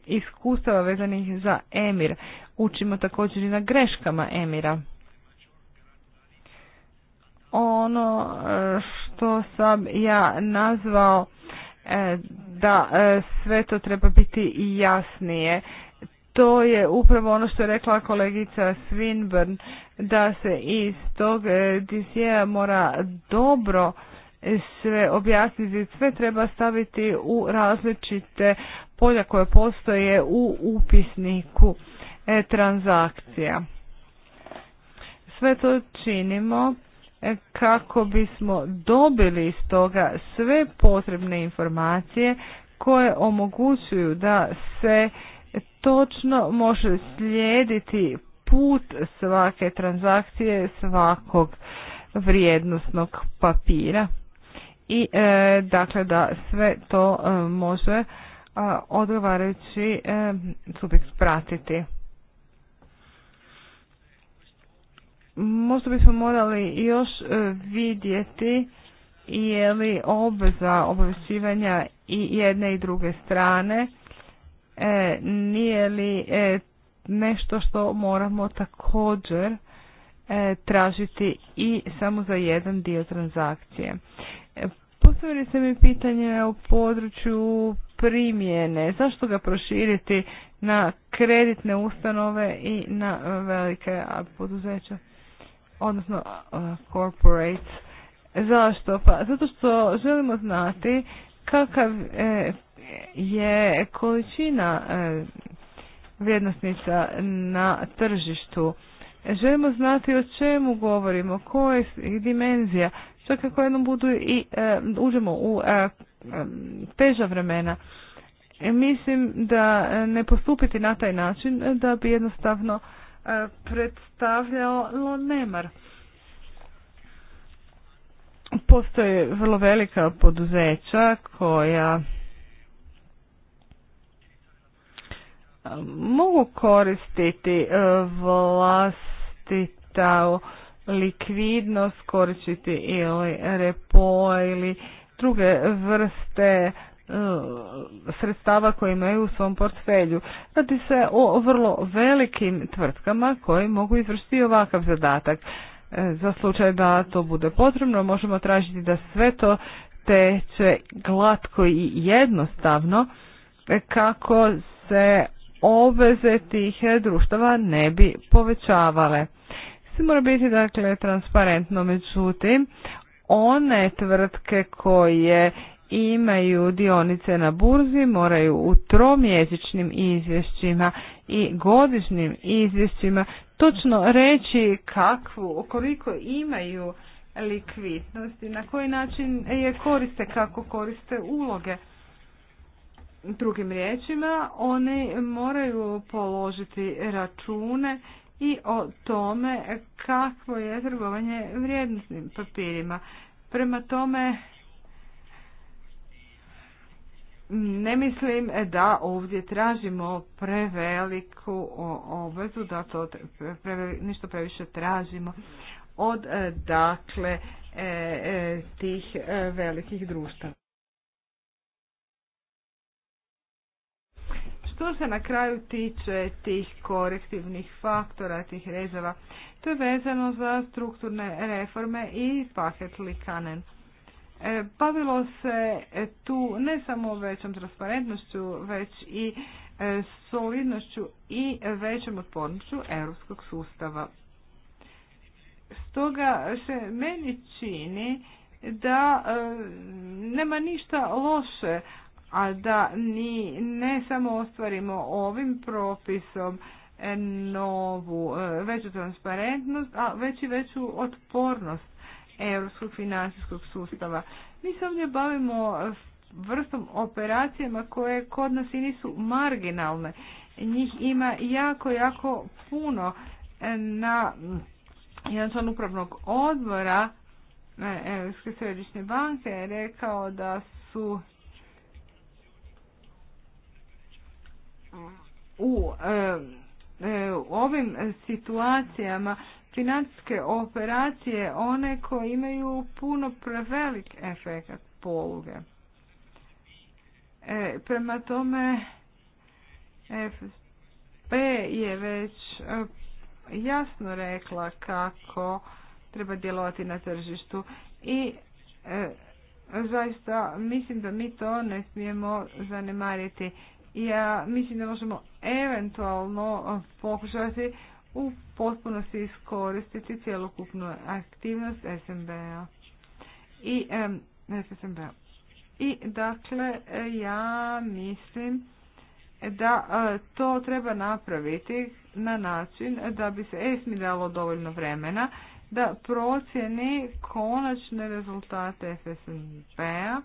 iskustava vezanih za Emir. Učimo također i na greškama Emira. Ono e, što sam ja nazvao e, da e, sve to treba biti jasnije. To je upravo ono što je rekla kolegica Swinburne, da se iz tog disjeja mora dobro sve objasniti, sve treba staviti u različite polja koje postoje u upisniku e, transakcija. Sve to činimo e, kako bismo dobili iz toga sve potrebne informacije koje omogućuju da se točno može slijediti put svake transakcije svakog vrijednosnog papira i e, dakle da sve to e, može e, odgovarajući e, pratiti. Možda bismo morali još e, vidjeti je li obveza obavješćivanja i jedne i druge strane, nije li nešto što moramo također tražiti i samo za jedan dio transakcije. Postavili ste mi pitanje o području primjene. Zašto ga proširiti na kreditne ustanove i na velike poduzeća, odnosno corporate? Zašto? Pa zato što želimo znati kakav e, je količina e, vrijednosnica na tržištu. Želimo znati o čemu govorimo, koja je dimenzija, čak ako jednom budu i e, uđemo u e, e, teža vremena. E, mislim da ne postupiti na taj način da bi jednostavno predstavljao nemar. Postoje vrlo velika poduzeća koja mogu koristiti vlastita likvidnost koristiti ili repo ili druge vrste e, sredstava koje imaju u svom portfelju. Radi se o vrlo velikim tvrtkama koje mogu izvršiti ovakav zadatak. E, za slučaj da to bude potrebno, možemo tražiti da sve to teče glatko i jednostavno e, kako se obveze tih društava ne bi povećavale. Sve mora biti dakle transparentno, međutim one tvrtke koje imaju dionice na burzi moraju u tromjesečnim izvješćima i godišnjim izvješćima točno reći kakvu, koliko imaju likvidnosti, na koji način je koriste, kako koriste uloge. Drugim riječima, one moraju položiti račune i o tome kakvo je trgovanje vrijednostnim papirima. Prema tome, ne mislim da ovdje tražimo preveliku obvezu, da to ništa previše tražimo od e, dakle e, e, tih velikih društava. Što se na kraju tiče tih korektivnih faktora, tih rezova, to je vezano za strukturne reforme i paket Likanen. E, bavilo se e, tu ne samo većom transparentnošću, već i e, solidnošću i većom otpornošću europskog sustava. Stoga se meni čini da nema ništa loše a da ni ne samo ostvarimo ovim propisom e, novu e, veću transparentnost, a već i veću otpornost europskog financijskog sustava. Mi se ovdje bavimo vrstom operacijama koje kod nas i nisu marginalne. Njih ima jako, jako puno e, na jedan član upravnog odbora Europske središnje banke je rekao da su u ovim situacijama financijske operacije one koje imaju puno prevelik efekt poluge. E, prema tome FSP je već jasno rekla kako treba djelovati na tržištu i zaista mislim da mi to ne smijemo zanemariti. Ja mislim da možemo eventualno pokušati u potpunosti iskoristiti cjelokupnu aktivnost SMB-a i SMB. I dakle, ja mislim da e, to treba napraviti na način da bi se ESMI dalo dovoljno vremena da procjeni konačne rezultate fsmp a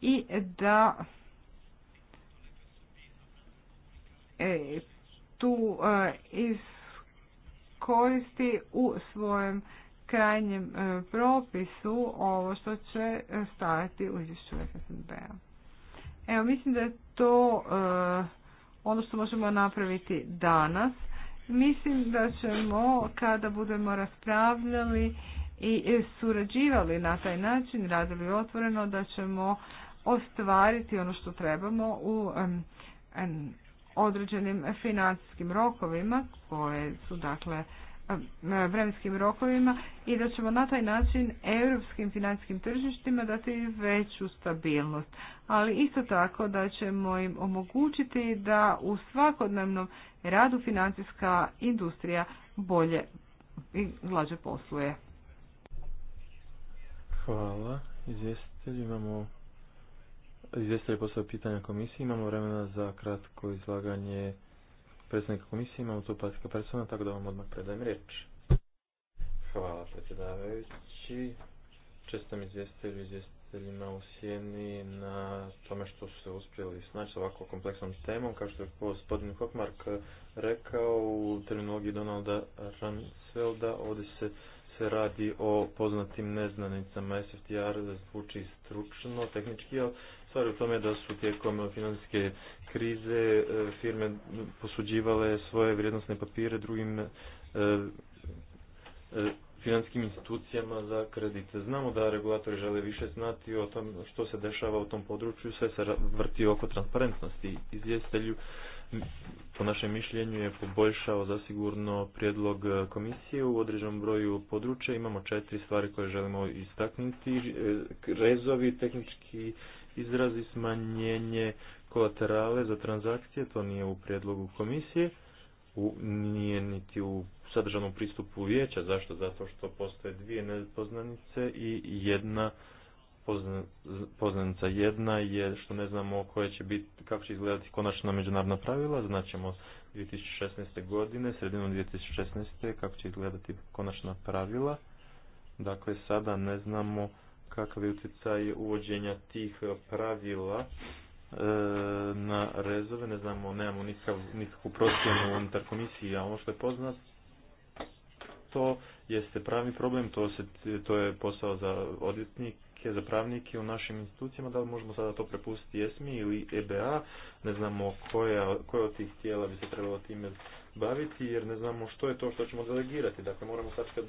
i da E, tu e, iskoristi u svojem krajnjem e, propisu ovo što će stajati u izvješću FSB-a. Evo, mislim da je to ono što možemo napraviti danas. Mislim da ćemo, kada budemo raspravljali i surađivali na taj način, radili otvoreno, da ćemo ostvariti ono što trebamo u određenim financijskim rokovima koje su dakle vremenskim rokovima i da ćemo na taj način europskim financijskim tržištima dati veću stabilnost. Ali isto tako da ćemo im omogućiti da u svakodnevnom radu financijska industrija bolje i glađe posluje. Hvala. Izvjestitelj imamo Izvjestitelj postavio pitanja komisiji, imamo vremena za kratko izlaganje predsjednika komisije, imamo tu patika persona, tako da vam odmah predajem riječ. Hvala predsjedavajući. Čestam izvjestitelju, izvjestiteljima u Sjeni na tome što su se uspjeli snaći s ovako kompleksnom temom. Kao što je gospodin Hopmark rekao u terminologiji Donalda Ransvelda, ovdje se se radi o poznatim neznanicama SFTR, zvuči stručno, tehnički, ali Stvar u tome da su tijekom financijske krize e, firme posuđivale svoje vrijednostne papire drugim e, e, financijskim institucijama za kredite. Znamo da regulatori žele više znati o tom što se dešava u tom području, sve se vrti oko transparentnosti. Izvjestitelju po našem mišljenju je poboljšao zasigurno prijedlog komisije u određenom broju područja. Imamo četiri stvari koje želimo istaknuti. Rezovi, tehnički izrazi smanjenje kolaterale za transakcije, to nije u prijedlogu komisije, u, nije niti u sadržanom pristupu vijeća. Zašto? Zato što postoje dvije nepoznanice i jedna pozna, poznanica jedna je što ne znamo koje će biti, kako će izgledati konačna međunarodna pravila, znaćemo 2016. godine, sredinom 2016. kako će izgledati konačna pravila. Dakle, sada ne znamo kakav je utjecaj uvođenja tih pravila e, na rezove, ne znamo, nemamo nikakvu procjenu unutar komisije, a ono što je poznat, to jeste pravni problem, to, se, to je posao za odvjetnike, za pravnike u našim institucijama, da li možemo sada to prepustiti ESMI ili EBA, ne znamo koja, koje od tih tijela bi se trebalo time baviti, jer ne znamo što je to što ćemo delegirati, dakle moramo sačekati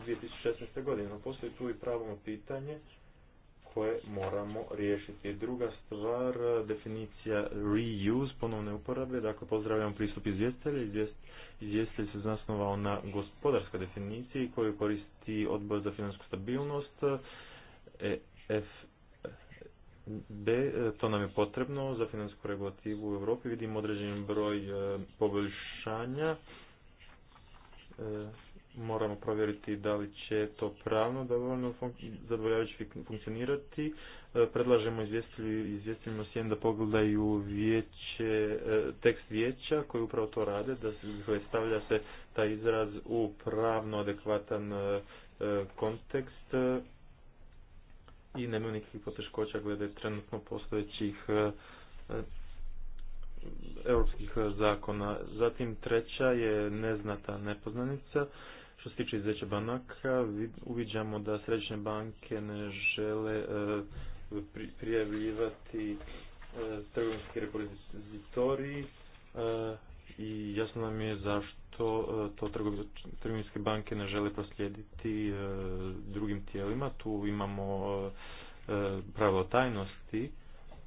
2016. godine, no postoji tu i pravno pitanje, koje moramo riješiti. Druga stvar, definicija reuse, ponovne uporabe, dakle pozdravljam pristup izvjestelja. izvjestitelj se zasnovao na gospodarskoj definiciji koju koristi odbor za financijsku stabilnost, e FB, to nam je potrebno za financijsku regulativu u Europi. Vidimo određen broj e, poboljšanja e, moramo provjeriti da li će to pravno dovoljno zadovoljavajući funkcionirati. E, predlažemo izvjestiteljima sjen da pogledaju vijeće, e, tekst vijeća koji upravo to rade, da se stavlja se taj izraz u pravno adekvatan e, kontekst i nema nikakvih poteškoća glede trenutno postojećih europskih zakona. Zatim treća je neznata nepoznanica što se tiče izveća banaka, uviđamo da središnje banke ne žele e, prijavljivati e, trgovinski repozitorij e, i jasno nam je zašto to trgovinske banke ne žele proslijediti drugim tijelima. Tu imamo pravo tajnosti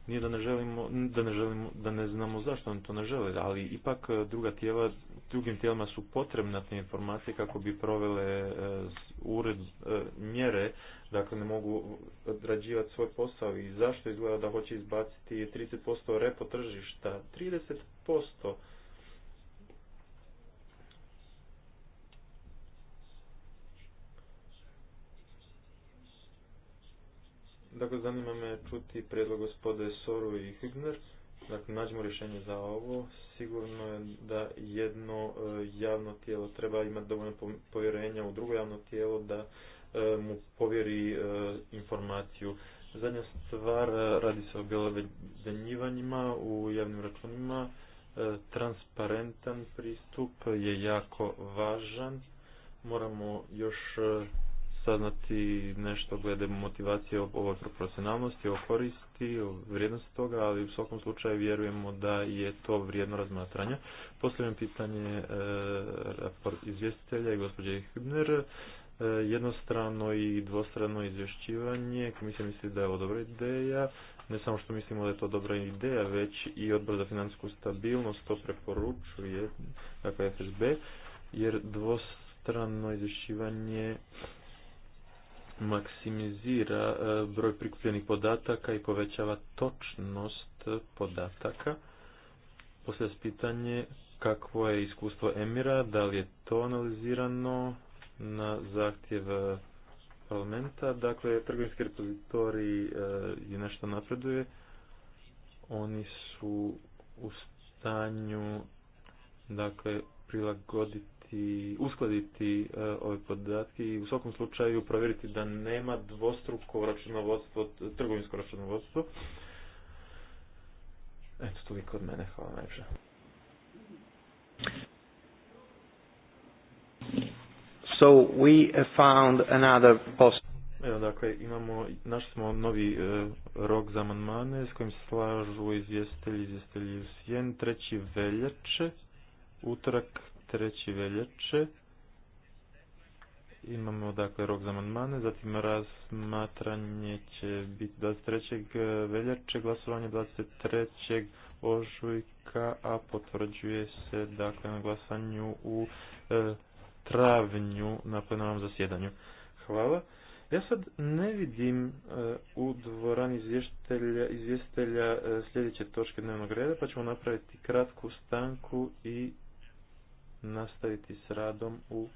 nije da ne želimo, da ne želimo, da ne znamo zašto oni to ne žele, ali ipak e, druga tijela, drugim tijelima su potrebne te informacije kako bi provele e, ured e, mjere, dakle ne mogu odrađivati svoj posao i zašto izgleda da hoće izbaciti 30% repo tržišta, 30% Dakle, zanima me čuti predlog gospode Soru i Hübner. Dakle, nađemo rješenje za ovo. Sigurno je da jedno e, javno tijelo treba imati dovoljno povjerenja u drugo javno tijelo da e, mu povjeri e, informaciju. Zadnja stvar radi se o bjelovedenjivanjima u javnim računima. Transparentan pristup je jako važan. Moramo još saznati nešto glede motivacije o ovoj proporcionalnosti, o koristi, o vrijednosti toga, ali u svakom slučaju vjerujemo da je to vrijedno razmatranja. Posljedno pitanje e, izvjestitelja i gospođe Hübner e, jednostrano i dvostrano izvješćivanje. Komisija misli da je ovo dobra ideja. Ne samo što mislimo da je to dobra ideja, već i odbor za financijsku stabilnost to preporučuje, dakle FSB, jer dvostrano izvješćivanje maksimizira e, broj prikupljenih podataka i povećava točnost e, podataka. Poslije pitanje kakvo je iskustvo Emira, da li je to analizirano na zahtjev e, parlamenta. Dakle, trgovinski repozitorij je nešto napreduje. Oni su u stanju dakle, prilagoditi i uskladiti e, ove podatke i u svakom slučaju provjeriti da nema dvostruko računovodstvo, trgovinsko računovodstvo. Eto, toliko od mene. Hvala najviše. So we found another post. Evo, dakle, imamo, našli smo novi e, rok za amandmane s kojim se slažu izvjestelji, izvjestelji u sjen, treći veljače, utorak 3. veljače. Imamo dakle rok za amandmane, zatim razmatranje će biti 23. veljače, glasovanje 23. ožujka, a potvrđuje se dakle na glasanju u e, travnju na plenarnom zasjedanju. Hvala. Ja sad ne vidim e, u dvorani izvjestitelja, e, sljedeće točke dnevnog reda, pa ćemo napraviti kratku stanku i nastaviti s radom u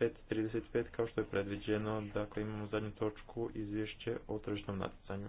5.35 kao što je predviđeno. Dakle, imamo zadnju točku izvješće o tržišnom natjecanju.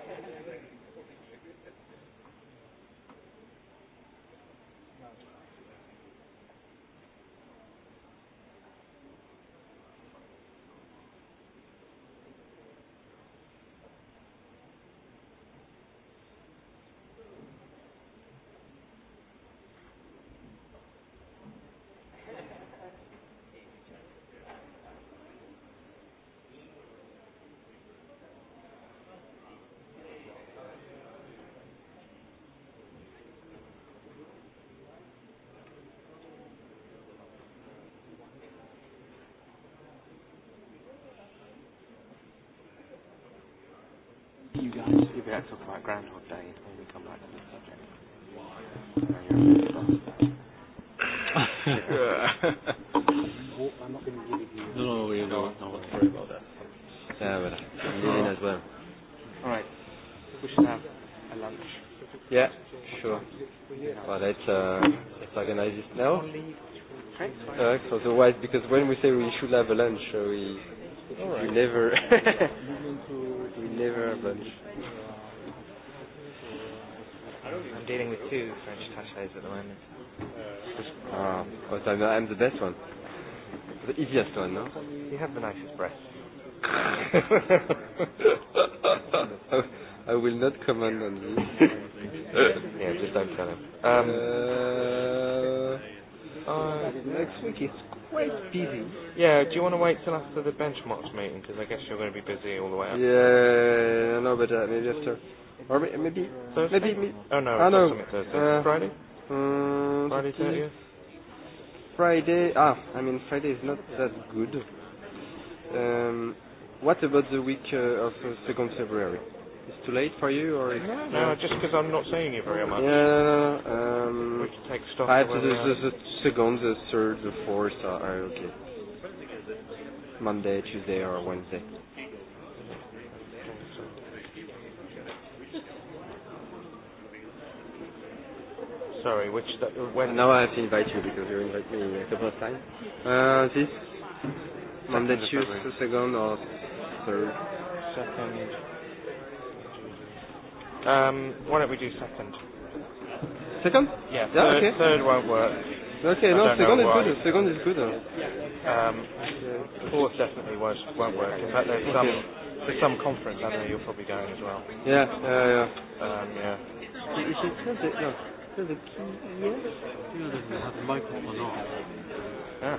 Hvala <laughs> you guys. Give it talk about Groundhog Day when we come back to the subject. No, no, we don't. no, don't worry about that. Yeah, but I'm leaving as well. All right. We should have a lunch. Yeah, sure. But it's, uh, it's organized now. Uh, otherwise, because when we say we should have a lunch, uh, we, we never... <laughs> <laughs> but I'm dealing with two French attachés at the moment. Ah, oh, so I'm the best one. The easiest one, no? You have the nicest breasts. <laughs> I will not comment on this. yeah, just don't tell him. Um, uh, uh next week is Wait. Busy. Yeah, do you want to wait till after the benchmarks meeting? Because I guess you're going to be busy all the way up. Yeah, I know about that. Uh, maybe after. Or maybe. Thursday? Maybe. maybe oh, no. I know. Thursday. Uh, Friday? Um, Friday 30 Friday. Ah, I mean, Friday is not that good. Um, what about the week uh, of uh, 2nd February? It's too late for you, or? No, no, just because I'm not saying you very much. Yeah, um, we can take stock. I have to do the, the second, the third, the fourth. Uh, are ah, okay. Monday, Tuesday, or Wednesday. Sorry, which the, when? Now I have to invite you because you invited me a couple of times. Uh, this Monday, Tuesday, second or third. Second. Um, why don't we do second? Second? Yeah. yeah third, okay. third won't work. Okay, I no, second is why. good. Second is good. Um, fourth definitely won't, won't work. In fact, there's okay. some there's some conference. I know you're probably going as well. Yeah, yeah, yeah. Um, yeah. Is it, is the, no. Is key here? You know, have the microphone on. Yeah.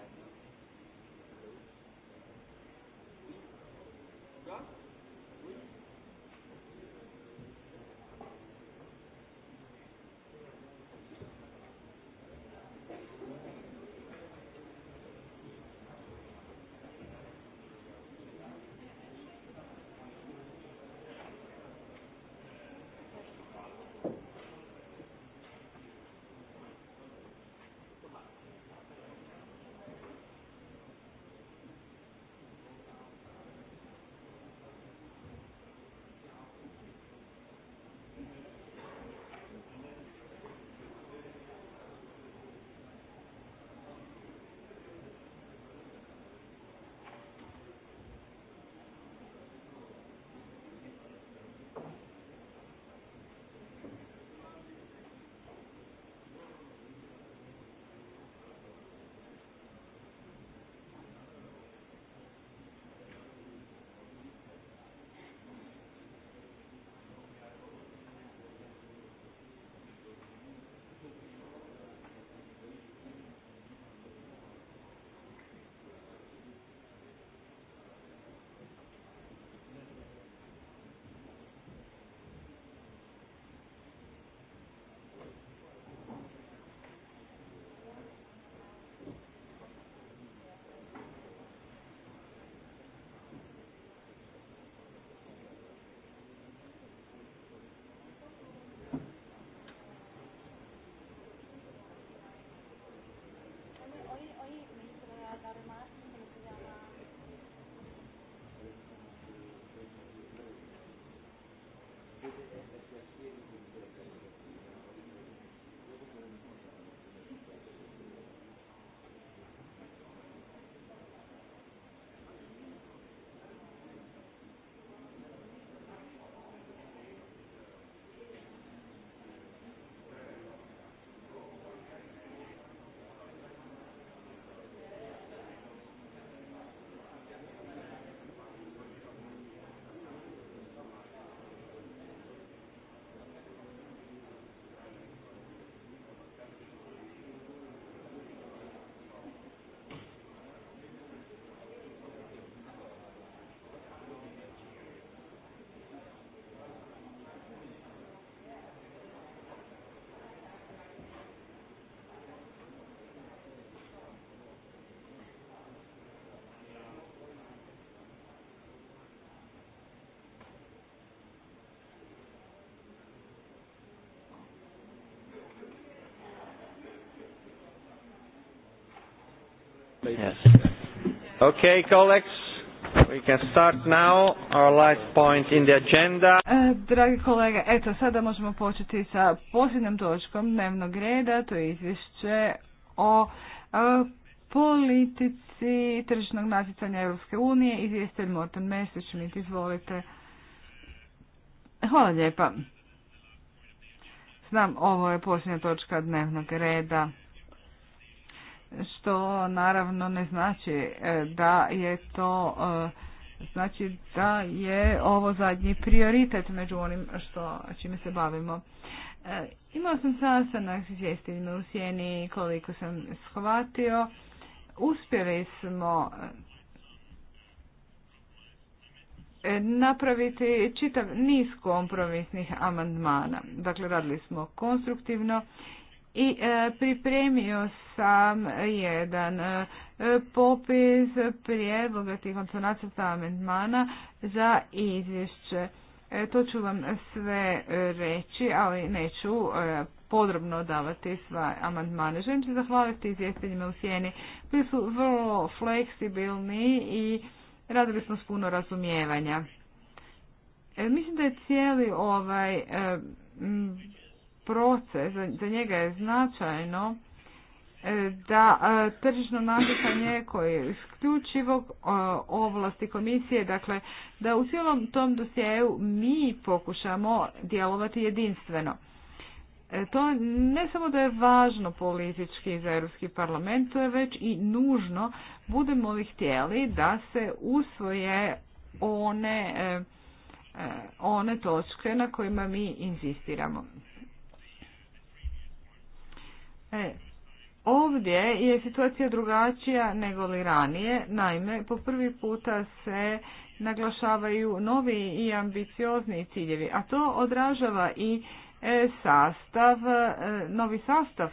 da Yes. Okay, colleagues, we can start now our last point in the agenda. E, dragi kolege, eto sada možemo početi sa posljednjom točkom dnevnog reda, to je izvješće o e, politici tržišnog natjecanja Europske unije. Izvjestitelj Morten Mesečnik, izvolite. Hvala lijepa. Znam, ovo je posljednja točka dnevnog reda što naravno ne znači e, da je to e, znači da je ovo zadnji prioritet među onim što čime se bavimo. E, imao sam sastanak s izvjestiteljima u sjeni koliko sam shvatio. Uspjeli smo napraviti čitav niz kompromisnih amandmana. Dakle, radili smo konstruktivno i e, pripremio sam jedan e, popis prijedloga tih nacrta amendmana za izvješće. E, to ću vam sve reći, ali neću podrobno davati sva amandmane. Želim se zahvaliti izvjestiteljima u sjeni. Bili su vrlo fleksibilni i radili smo s puno razumijevanja. Mislim da je cijeli ovaj proces, za njega je značajno e, da e, tržišno natjecanje koje je isključivo e, ovlasti komisije, dakle da u cijelom tom dosjeju mi pokušamo djelovati jedinstveno. To ne samo da je važno politički za Europski parlament, to je već i nužno budemo li htjeli da se usvoje one, one točke na kojima mi inzistiramo. E, ovdje je situacija drugačija nego li ranije, naime po prvi puta se naglašavaju novi i ambiciozni ciljevi, a to odražava i e, sastav, e, novi sastav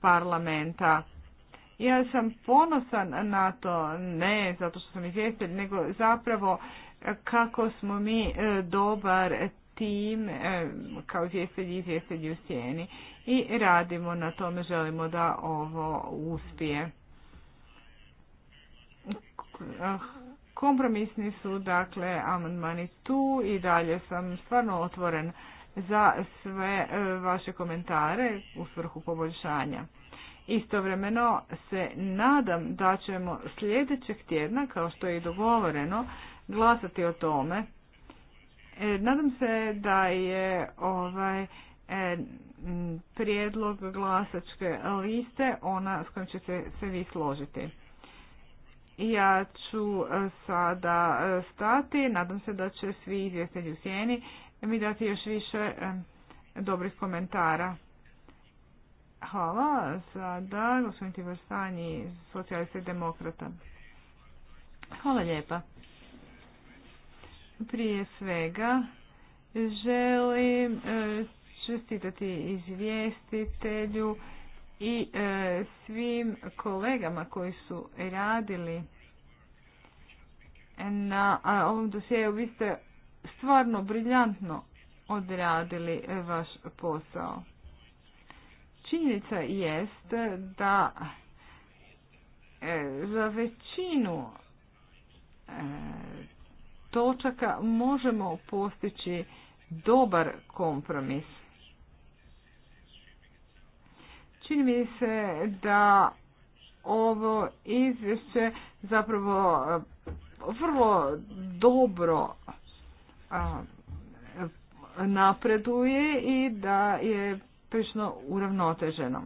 parlamenta. Ja sam ponosan na to, ne zato što sam izvjestelj, nego zapravo kako smo mi dobar tim kao izvjestelji i izvjestelji u sjeni i radimo na tome, želimo da ovo uspije. Kompromisni su dakle amandmani tu i dalje sam stvarno otvoren za sve e, vaše komentare u svrhu poboljšanja. Istovremeno se nadam da ćemo sljedećeg tjedna, kao što je i dogovoreno, glasati o tome. E, nadam se da je ovaj E, prijedlog glasačke liste, ona s kojim ćete se vi složiti. Ja ću e, sada e, stati, nadam se da će svi izvjestelji u sjeni mi dati još više dobrih komentara. Hvala, sada gospodin Tibor Stanji, socijalista i demokrata. Hvala lijepa. Prije svega želim čestitati izvjestitelju i e, svim kolegama koji su radili na a, ovom dosjeu. Vi ste stvarno briljantno odradili e, vaš posao. Činjenica jest da e, za većinu e, točaka možemo postići dobar kompromis. Čini mi se da ovo izvješće zapravo e, vrlo dobro e, napreduje i da je prično uravnoteženo.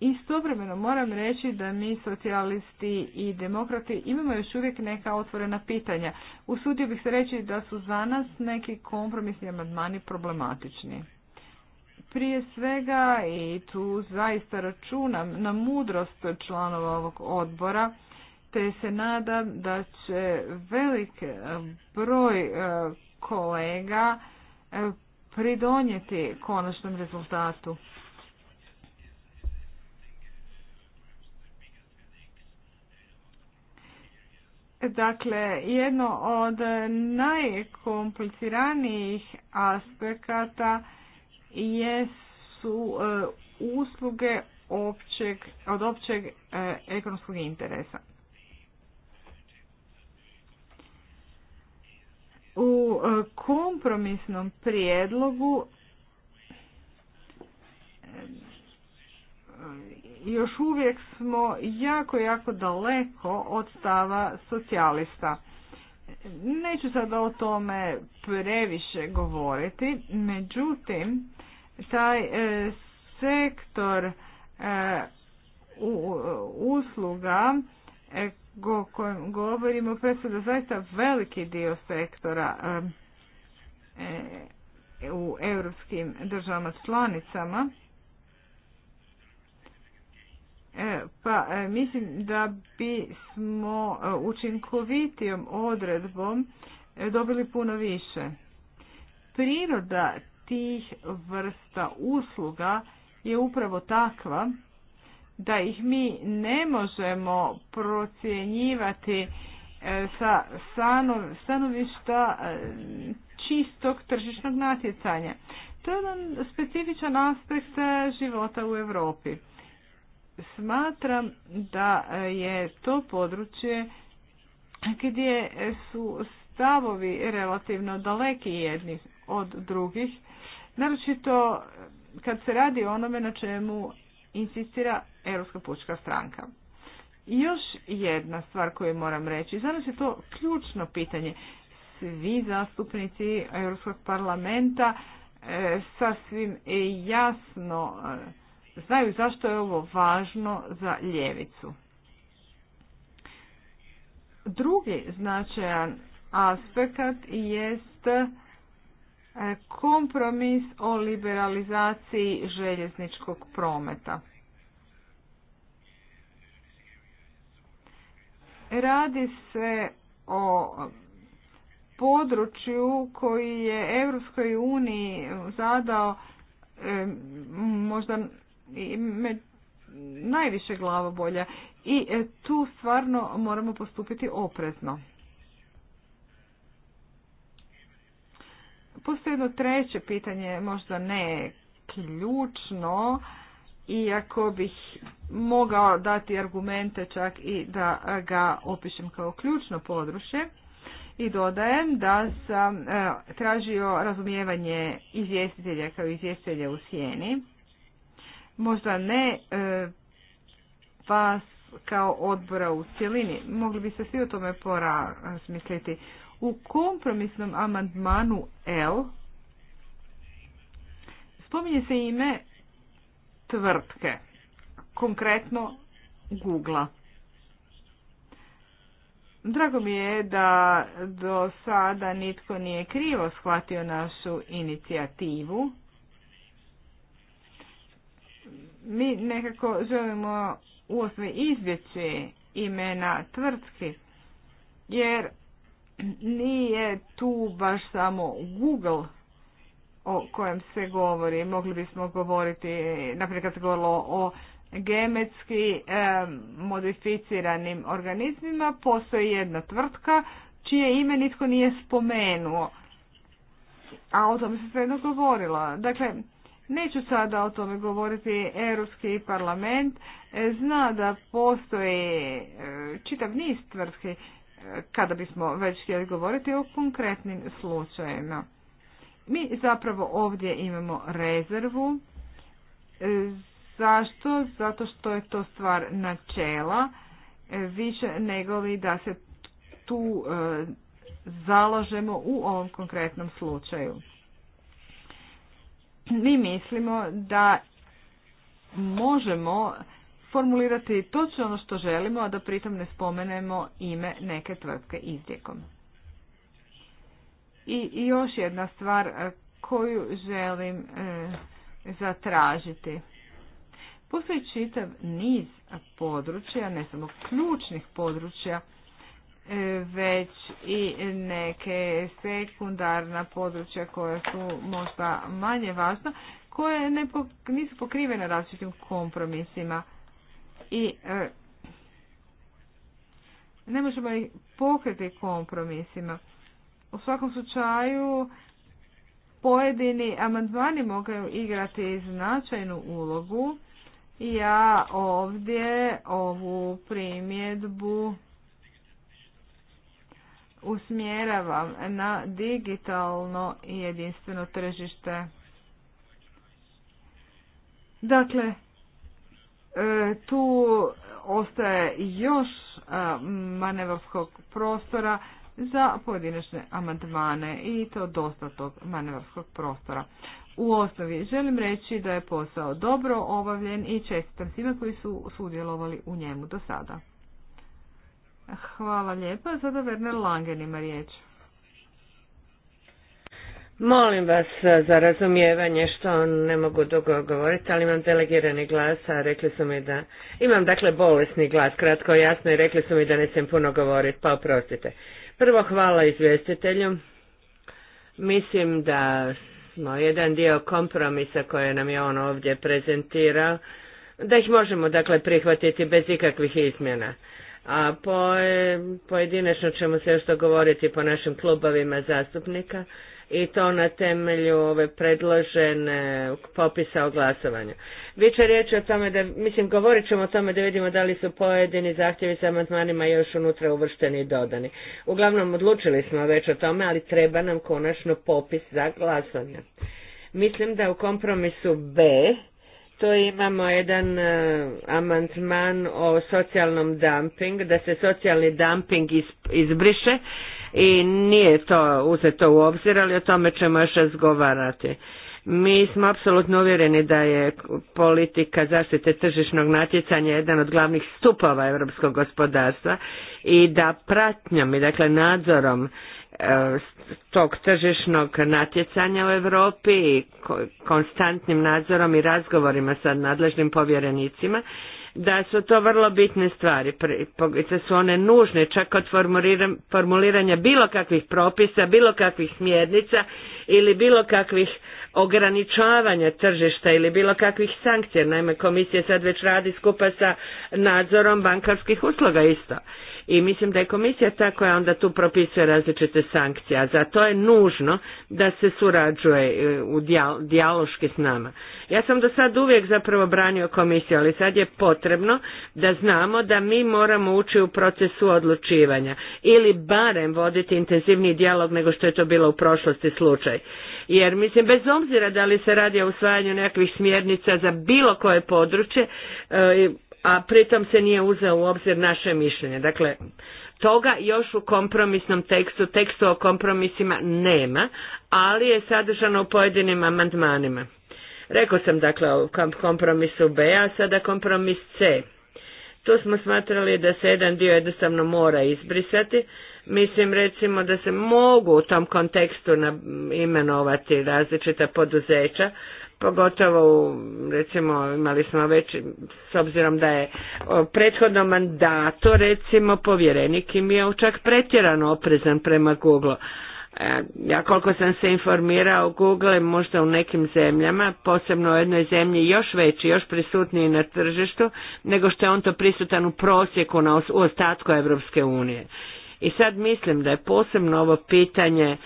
Istovremeno moram reći da mi socijalisti i demokrati imamo još uvijek neka otvorena pitanja. Usudio bih se reći da su za nas neki kompromisni amandmani problematični prije svega i tu zaista računam na mudrost članova ovog odbora te se nadam da će velik e, broj e, kolega e, pridonijeti konačnom rezultatu. Dakle, jedno od najkompliciranijih aspekata jesu e, usluge općeg, od općeg e, ekonomskog interesa. U e, kompromisnom prijedlogu još uvijek smo jako, jako daleko od stava socijalista. Neću sada o tome previše govoriti, međutim, taj e, sektor e, usluga e, o kojem govorimo predstavlja zaista veliki dio sektora u europskim državama članicama. Pa mislim da bismo učinkovitijom odredbom dobili puno više. Priroda tih vrsta usluga je upravo takva da ih mi ne možemo procjenjivati e, sa stanovišta e, čistog tržišnog natjecanja. To je jedan specifičan aspekt e, života u Europi. Smatram da je to područje gdje su stavovi relativno daleki jedni od drugih naročito eh, kad se radi o onome na čemu insistira Europska pučka stranka. još jedna stvar koju moram reći, za je to ključno pitanje. Svi zastupnici Europskog parlamenta e, sasvim jasno e, znaju zašto je ovo važno za ljevicu. Drugi značajan aspekt jest E, kompromis o liberalizaciji željezničkog prometa. Radi se o području koji je Europskoj uniji zadao e, možda najviše glavobolja i e, tu stvarno moramo postupiti oprezno. Postoji jedno treće pitanje, možda ne ključno, iako bih mogao dati argumente čak i da ga opišem kao ključno područje. I dodajem da sam e, tražio razumijevanje izvjestitelja kao izvjestitelja u sjeni. Možda ne e, vas kao odbora u cijelini, Mogli bi se svi o tome porazmisliti. U kompromisnom amandmanu L spominje se ime tvrtke, konkretno Google-a. Drago mi je da do sada nitko nije krivo shvatio našu inicijativu. Mi nekako želimo u osnovi izbjeći imena tvrtki, jer nije tu baš samo Google o kojem se govori. Mogli bismo govoriti, naprijed kad se govorilo o genetski modificiranim organizmima, postoji jedna tvrtka čije ime nitko nije spomenuo. A o tome se svejedno govorilo. Dakle, neću sada o tome govoriti. Europski parlament e, zna da postoji e, čitav niz tvrtki kada bismo već htjeli govoriti o konkretnim slučajevima. Mi zapravo ovdje imamo rezervu. E, zašto? Zato što je to stvar načela e, više nego li da se tu e, založemo u ovom konkretnom slučaju. Mi mislimo da možemo formulirati točno ono što želimo, a da pritom ne spomenemo ime neke tvrtke izrijekom. I, I još jedna stvar e, koju želim e, zatražiti. Postoji čitav niz područja, ne samo ključnih područja, e, već i neke sekundarna područja koja su možda manje važna, koje nisu pokrivene različitim kompromisima i e, ne možemo ih pokriti kompromisima. U svakom slučaju pojedini amandmani mogu igrati značajnu ulogu. Ja ovdje ovu primjedbu usmjeravam na digitalno i jedinstveno tržište. Dakle, E, tu ostaje još e, manevarskog prostora za pojedinačne amandmane i to dosta tog manevarskog prostora. U osnovi želim reći da je posao dobro obavljen i čestitam svima koji su sudjelovali u njemu do sada. Hvala lijepa. Sada Werner Langen ima riječ. Molim vas za razumijevanje što ne mogu dugo govoriti, ali imam delegirani glas, a rekli su mi da... Imam dakle bolesni glas, kratko jasno, i rekli su mi da ne puno govoriti, pa oprostite. Prvo hvala izvjestitelju. Mislim da smo jedan dio kompromisa koje nam je on ovdje prezentirao, da ih možemo dakle prihvatiti bez ikakvih izmjena. A po, e, pojedinačno ćemo se još dogovoriti po našim klubovima zastupnika i to na temelju ove predložene popisa o glasovanju. će riječ o tome da, mislim, govorit ćemo o tome da vidimo da li su pojedini zahtjevi sa amandmanima još unutra uvršteni i dodani. Uglavnom, odlučili smo već o tome, ali treba nam konačno popis za glasovanje. Mislim da u kompromisu B to imamo jedan uh, amandman o socijalnom dumping, da se socijalni dumping izbriše i nije to uzeto u obzir, ali o tome ćemo još razgovarati. Mi smo apsolutno uvjereni da je politika zaštite tržišnog natjecanja jedan od glavnih stupova europskog gospodarstva i da pratnjom i dakle nadzorom e, tog tržišnog natjecanja u Europi i konstantnim nadzorom i razgovorima sa nadležnim povjerenicima da su to vrlo bitne stvari, da su one nužne čak od formuliranja bilo kakvih propisa, bilo kakvih smjernica ili bilo kakvih ograničavanja tržišta ili bilo kakvih sankcija. Naime, komisija sad već radi skupa sa nadzorom bankarskih usluga isto i mislim da je komisija ta koja onda tu propisuje različite sankcije, a za to je nužno da se surađuje e, u dijaloški s nama. Ja sam do sad uvijek zapravo branio komisiju, ali sad je potrebno da znamo da mi moramo ući u procesu odlučivanja ili barem voditi intenzivni dijalog nego što je to bilo u prošlosti slučaj. Jer mislim, bez obzira da li se radi o usvajanju nekakvih smjernica za bilo koje područje, e, a pritom se nije uzeo u obzir naše mišljenje. Dakle, toga još u kompromisnom tekstu, tekstu o kompromisima nema, ali je sadržano u pojedinim amandmanima. Rekao sam dakle o kompromisu B, a sada kompromis C. Tu smo smatrali da se jedan dio jednostavno mora izbrisati. Mislim recimo da se mogu u tom kontekstu imenovati različita poduzeća pogotovo u, recimo imali smo već s obzirom da je o prethodnom mandatu recimo povjerenik im je čak pretjerano oprezan prema Google. E, ja koliko sam se informirao, Google je možda u nekim zemljama, posebno u jednoj zemlji još veći, još prisutniji na tržištu, nego što je on to prisutan u prosjeku na, u ostatku Evropske unije. I sad mislim da je posebno ovo pitanje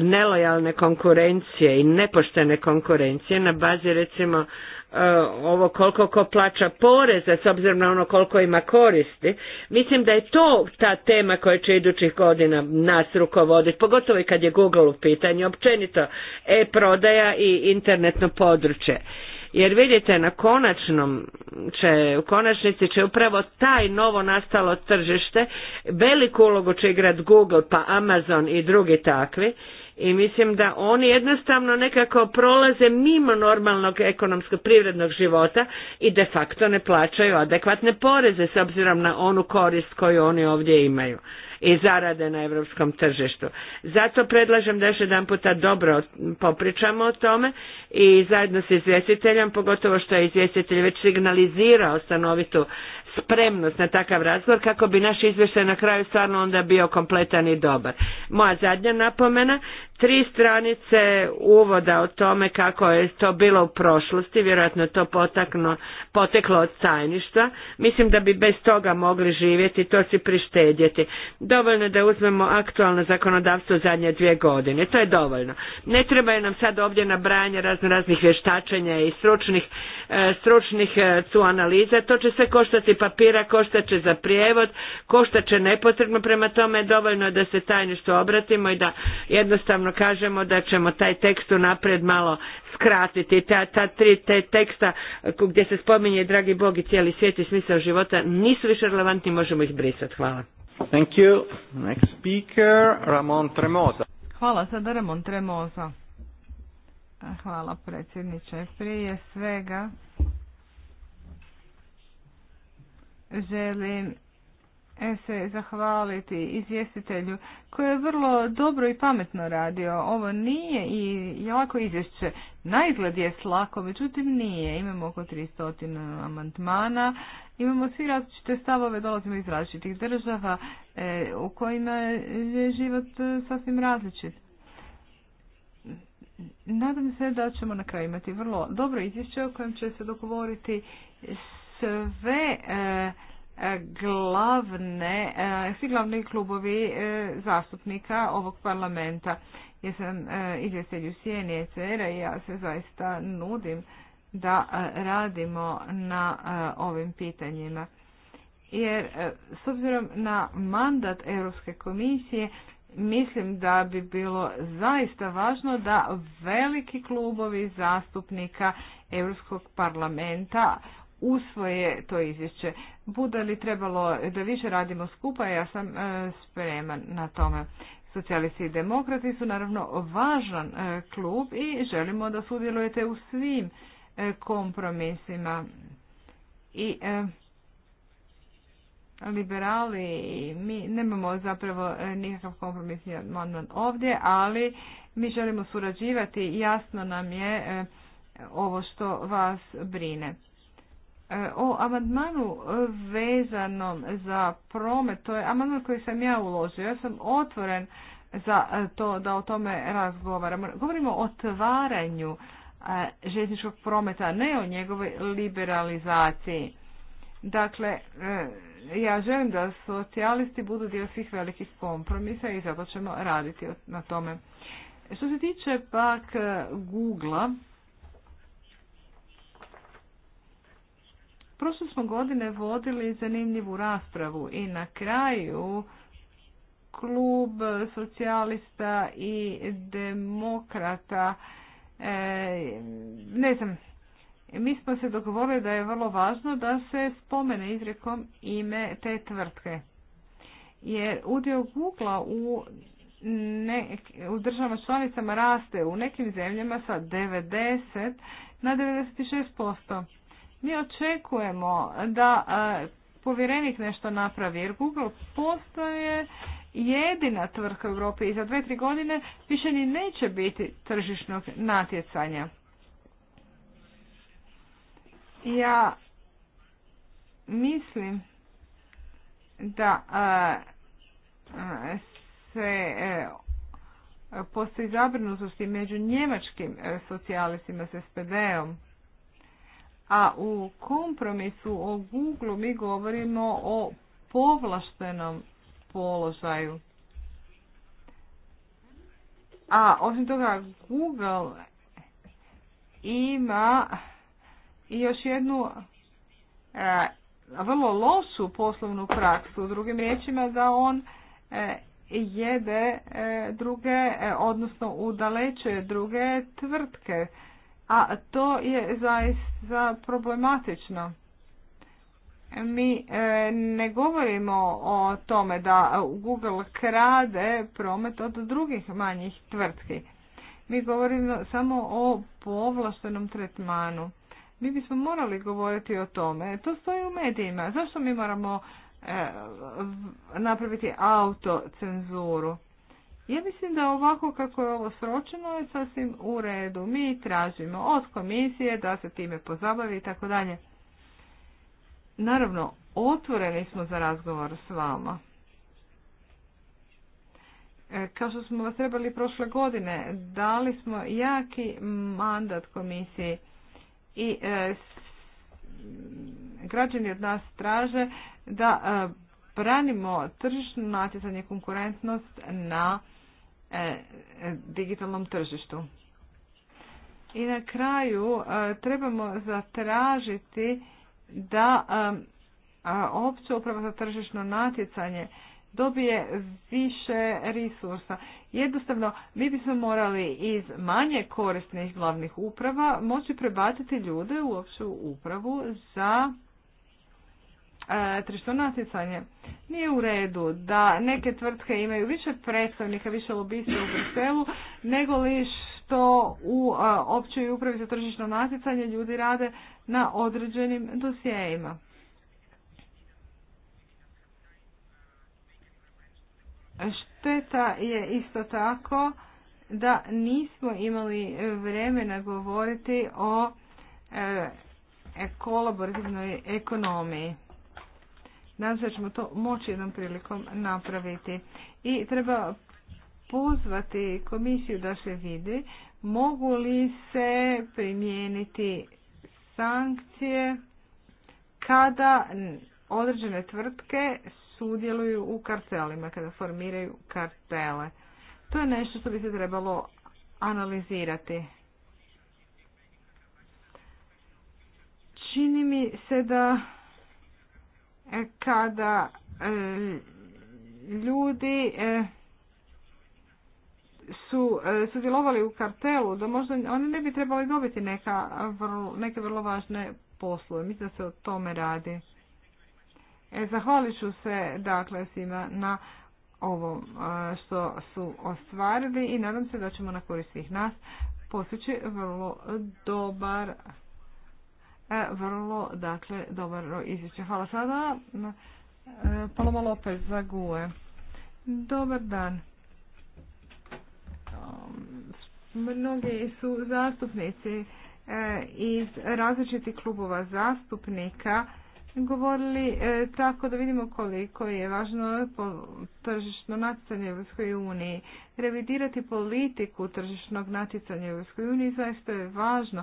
nelojalne konkurencije i nepoštene konkurencije na bazi recimo e, ovo koliko ko plaća poreza s obzirom na ono koliko ima koristi. Mislim da je to ta tema koja će idućih godina nas rukovoditi, pogotovo i kad je Google u pitanju, općenito e-prodaja i internetno područje. Jer vidite, na konačnom će, u konačnici će upravo taj novo nastalo tržište, veliku ulogu će igrati Google pa Amazon i drugi takvi, i mislim da oni jednostavno nekako prolaze mimo normalnog ekonomskog privrednog života i de facto ne plaćaju adekvatne poreze s obzirom na onu korist koju oni ovdje imaju i zarade na europskom tržištu. Zato predlažem da još jedan puta dobro popričamo o tome i zajedno s izvjestiteljem, pogotovo što je izvjestitelj već signalizirao stanovitu spremnost na takav razgovor kako bi naš izvještaj na kraju stvarno onda bio kompletan i dobar. Moja zadnja napomena, tri stranice uvoda o tome kako je to bilo u prošlosti, vjerojatno to potakno, poteklo od tajništva. Mislim da bi bez toga mogli živjeti, to si prištedjeti. Dovoljno je da uzmemo aktualno zakonodavstvo zadnje dvije godine, to je dovoljno. Ne je nam sad ovdje nabrajanje razno raznih vještačenja i stručnih, e, stručnih e, tu analiza, to će se koštati papira, koštat će za prijevod, koštat će nepotrebno, prema tome je dovoljno da se tajništvo obratimo i da jednostavno kažemo da ćemo taj tekst unaprijed malo skratiti. Ta, ta tri te teksta gdje se spominje dragi Bog i cijeli svijet i smisao života nisu više relevantni, možemo ih brisati. Hvala. Thank you. Next speaker, Ramon Tremosa. Hvala, sada Ramon Tremosa. Hvala predsjedniče. Prije svega želim E, se zahvaliti izvjestitelju koji je vrlo dobro i pametno radio. Ovo nije i jako izvješće. Naizgled je slako, međutim nije. Imamo oko 300 amantmana, imamo svi različite stavove, dolazimo iz različitih država e, u kojima je život sasvim različit. Nadam se da ćemo na kraju imati vrlo dobro izvješće o kojem će se dogovoriti sve e, glavne, eh, svi glavni klubovi eh, zastupnika ovog parlamenta. Ja sam eh, izvjestelj u i ja se zaista nudim da radimo na ovim pitanjima. Jer s obzirom na mandat Europske komisije mislim da bi bilo zaista važno da veliki klubovi zastupnika Europskog parlamenta usvoje to izvješće. Bude li trebalo da više radimo skupa, ja sam e, spreman na tome. Socijalisti i demokrati su naravno važan e, klub i želimo da sudjelujete u svim e, kompromisima. I liberali, mi nemamo zapravo nikakav kompromisni amandman ovdje, ali mi želimo surađivati, jasno nam je ovo što vas brine. E, o amandmanu e, vezanom za promet, to je amandman koji sam ja uložio. Ja sam otvoren za e, to da o tome razgovaramo. Govorimo o otvaranju željezničkog prometa, ne o njegovoj liberalizaciji. Dakle, ja želim da socijalisti budu dio svih velikih kompromisa i zato ćemo raditi na tome. Što se tiče pak google Prošle smo godine vodili zanimljivu raspravu i na kraju klub socijalista i demokrata, e, ne znam, mi smo se dogovorili da je vrlo važno da se spomene izrekom ime te tvrtke. Jer udio Google u, ne, u državama članicama raste u nekim zemljama sa 90 na 96%. Mi očekujemo da e, povjerenik nešto napravi, jer Google postoje jedina tvrtka u Europi i za dve, tri godine više ni neće biti tržišnog natjecanja. Ja mislim da e, se e, postoji zabrinutosti među njemačkim socijalistima s SPD-om a u kompromisu o Google mi govorimo o povlaštenom položaju. A osim toga Google ima i još jednu e, vrlo lošu poslovnu praksu. Drugim riječima da on e, jede e, druge, odnosno udalećuje druge tvrtke a to je zaista problematično. Mi e, ne govorimo o tome da Google krade promet od drugih manjih tvrtki. Mi govorimo samo o povlaštenom tretmanu. Mi bismo morali govoriti o tome. To stoji u medijima. Zašto mi moramo e, napraviti autocenzuru? Ja mislim da ovako kako je ovo sročeno je sasvim u redu. Mi tražimo od komisije da se time pozabavi i tako dalje. Naravno, otvoreni smo za razgovor s vama. E, kao što smo vas trebali prošle godine, dali smo jaki mandat komisiji i e, građani od nas traže da e, branimo tržišno natjecanje konkurentnost na E, e, digitalnom tržištu. I na kraju e, trebamo zatražiti da opća uprava za tržišno natjecanje dobije više resursa. Jednostavno, mi bismo morali iz manje korisnih glavnih uprava moći prebaciti ljude u opću upravu za tržišno natjecanje nije u redu da neke tvrtke imaju više predstavnika, više lobista u Briselu, nego li što u općoj upravi za tržišno natjecanje ljudi rade na određenim dosjejima. Šteta je isto tako da nismo imali vremena govoriti o e, e, kolaborativnoj ekonomiji. Nadam se da ćemo to moći jednom prilikom napraviti. I treba pozvati komisiju da se vidi mogu li se primijeniti sankcije kada određene tvrtke sudjeluju u kartelima, kada formiraju kartele. To je nešto što bi se trebalo analizirati. Čini mi se da kada e, ljudi e, su e, sudjelovali u kartelu, da možda oni ne bi trebali dobiti neka, neke vrlo važne poslove. Mislim da se o tome radi. E, zahvalit ću se dakle svima na ovo što su ostvarili i nadam se da ćemo na korist svih nas postići vrlo dobar E, vrlo dakle, dobro izvješće. Hvala sada. E, Paloma Lopez za GUE. Dobar dan. Um, mnogi su zastupnici e, iz različitih klubova zastupnika govorili tako da vidimo koliko je važno tržišno natjecanje u EU. Revidirati politiku tržišnog natjecanja u EU zaista je važno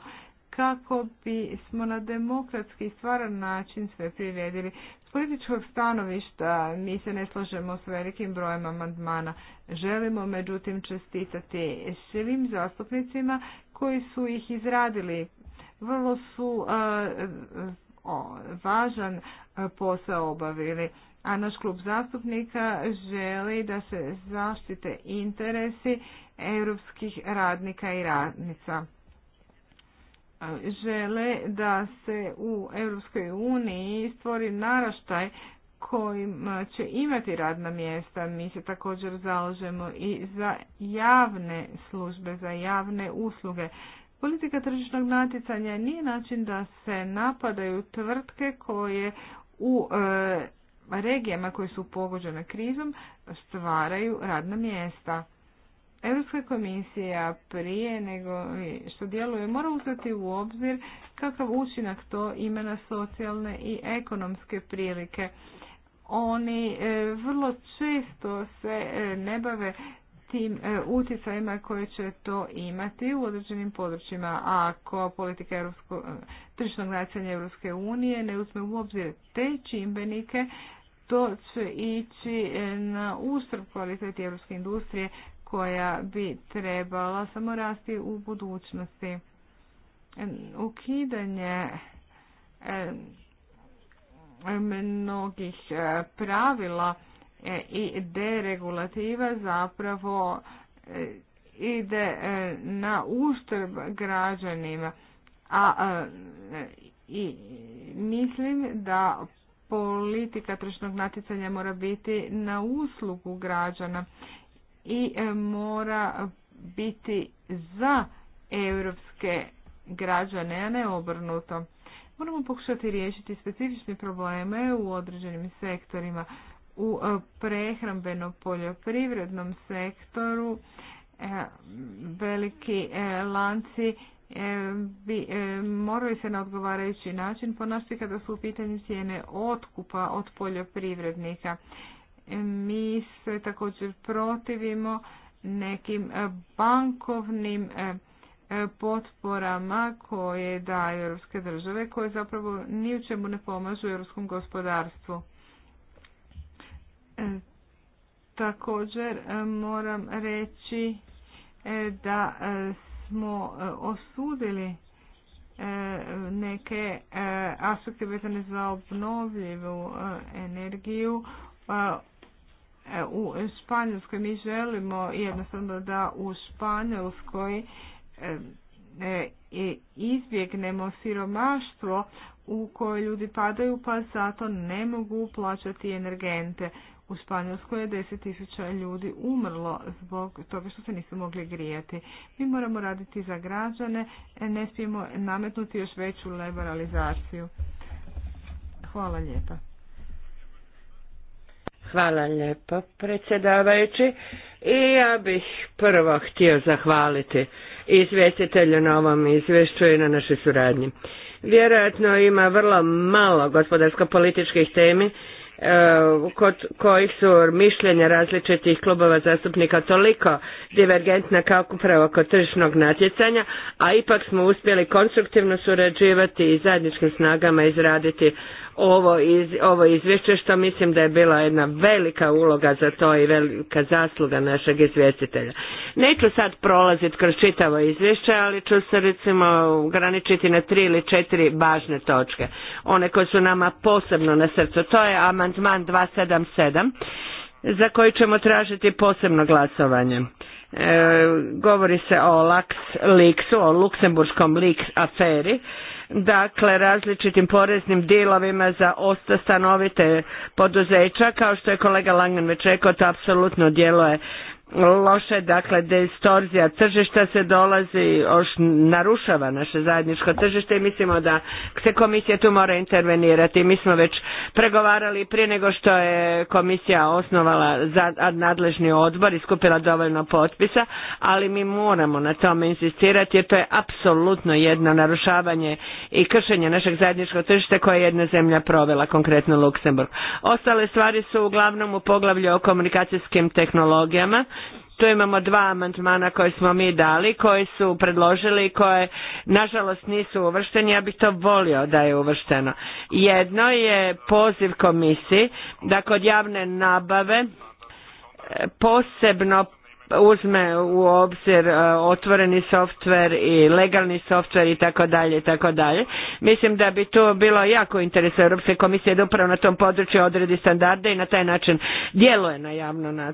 kako bi smo na demokratski i stvaran način sve priredili. S političkog stanovišta mi se ne slažemo s velikim brojem amandmana. Želimo međutim čestitati svim zastupnicima koji su ih izradili. Vrlo su e, važan e, posao obavili. A naš klub zastupnika želi da se zaštite interesi europskih radnika i radnica žele da se u Europskoj uniji stvori naraštaj kojim će imati radna mjesta. Mi se također zalažemo i za javne službe, za javne usluge. Politika tržišnog natjecanja nije način da se napadaju tvrtke koje u e, regijama koje su pogođene krizom stvaraju radna mjesta. Europska komisija prije nego što djeluje mora uzeti u obzir kakav učinak to ima na socijalne i ekonomske prilike. Oni e, vrlo često se e, ne bave tim e, utjecajima koje će to imati u određenim područjima. Ako politika europskog tržišnog nacionalja Europske unije ne uzme u obzir te čimbenike, to će ići na ustrb kvaliteti europske industrije koja bi trebala samo rasti u budućnosti. Ukidanje mnogih e, pravila e, i deregulativa zapravo e, ide na uštrb građanima. A i mislim da politika tržišnog natjecanja mora biti na uslugu građana i e, mora biti za europske građane, a ne obrnuto. Moramo pokušati riješiti specifične probleme u određenim sektorima. U e, prehrambeno-poljoprivrednom sektoru e, veliki lanci bi morali se na odgovarajući način ponašati kada su u pitanju cijene otkupa od poljoprivrednika mi se također protivimo nekim e, bankovnim e, e, potporama koje daju europske države koje zapravo ni u čemu ne pomažu europskom gospodarstvu. Također moram reći da smo osudili neke aspekte vezane za obnovljivu energiju pa E, u Španjolskoj. Mi želimo jednostavno da u Španjolskoj e, izbjegnemo siromaštvo u koje ljudi padaju pa zato ne mogu plaćati energente. U Španjolskoj je 10.000 ljudi umrlo zbog toga što se nisu mogli grijati. Mi moramo raditi za građane, e, ne smijemo nametnuti još veću liberalizaciju. Hvala lijepa. Hvala lijepo, predsjedavajući. I ja bih prvo htio zahvaliti izvjestitelju na ovom izvješću i na našoj suradnji. Vjerojatno ima vrlo malo gospodarsko-političkih temi e, kod kojih su mišljenja različitih klubova zastupnika toliko divergentna kao upravo kod tržišnog natjecanja, a ipak smo uspjeli konstruktivno surađivati i zajedničkim snagama izraditi ovo, iz, ovo izvješće što mislim da je bila jedna velika uloga za to i velika zasluga našeg izvjestitelja. Neću sad prolaziti kroz čitavo izvješće, ali ću se recimo ograničiti na tri ili četiri važne točke. One koje su nama posebno na srcu. To je amandman 277 za koji ćemo tražiti posebno glasovanje. E, govori se o Laks, Liksu, o luksemburskom Liks aferi dakle različitim poreznim dilovima za osta stanovite poduzeća, kao što je kolega Langan već rekao, to apsolutno djeluje loše, dakle distorzija tržišta se dolazi, još narušava naše zajedničko tržište i mislimo da se komisija tu mora intervenirati. Mi smo već pregovarali prije nego što je komisija osnovala za nadležni odbor i skupila dovoljno potpisa, ali mi moramo na tome insistirati jer to je apsolutno jedno narušavanje i kršenje našeg zajedničkog tržišta koje je jedna zemlja provela, konkretno Luksemburg. Ostale stvari su uglavnom u poglavlju o komunikacijskim tehnologijama tu imamo dva amandmana koje smo mi dali, koji su predložili i koje nažalost nisu uvršteni, ja bih to volio da je uvršteno. Jedno je poziv komisiji da kod javne nabave e, posebno uzme u obzir e, otvoreni softver i legalni softver i tako dalje i tako dalje. Mislim da bi to bilo jako interes Europske komisije da upravo na tom području odredi standarde i na taj način djeluje na javno na,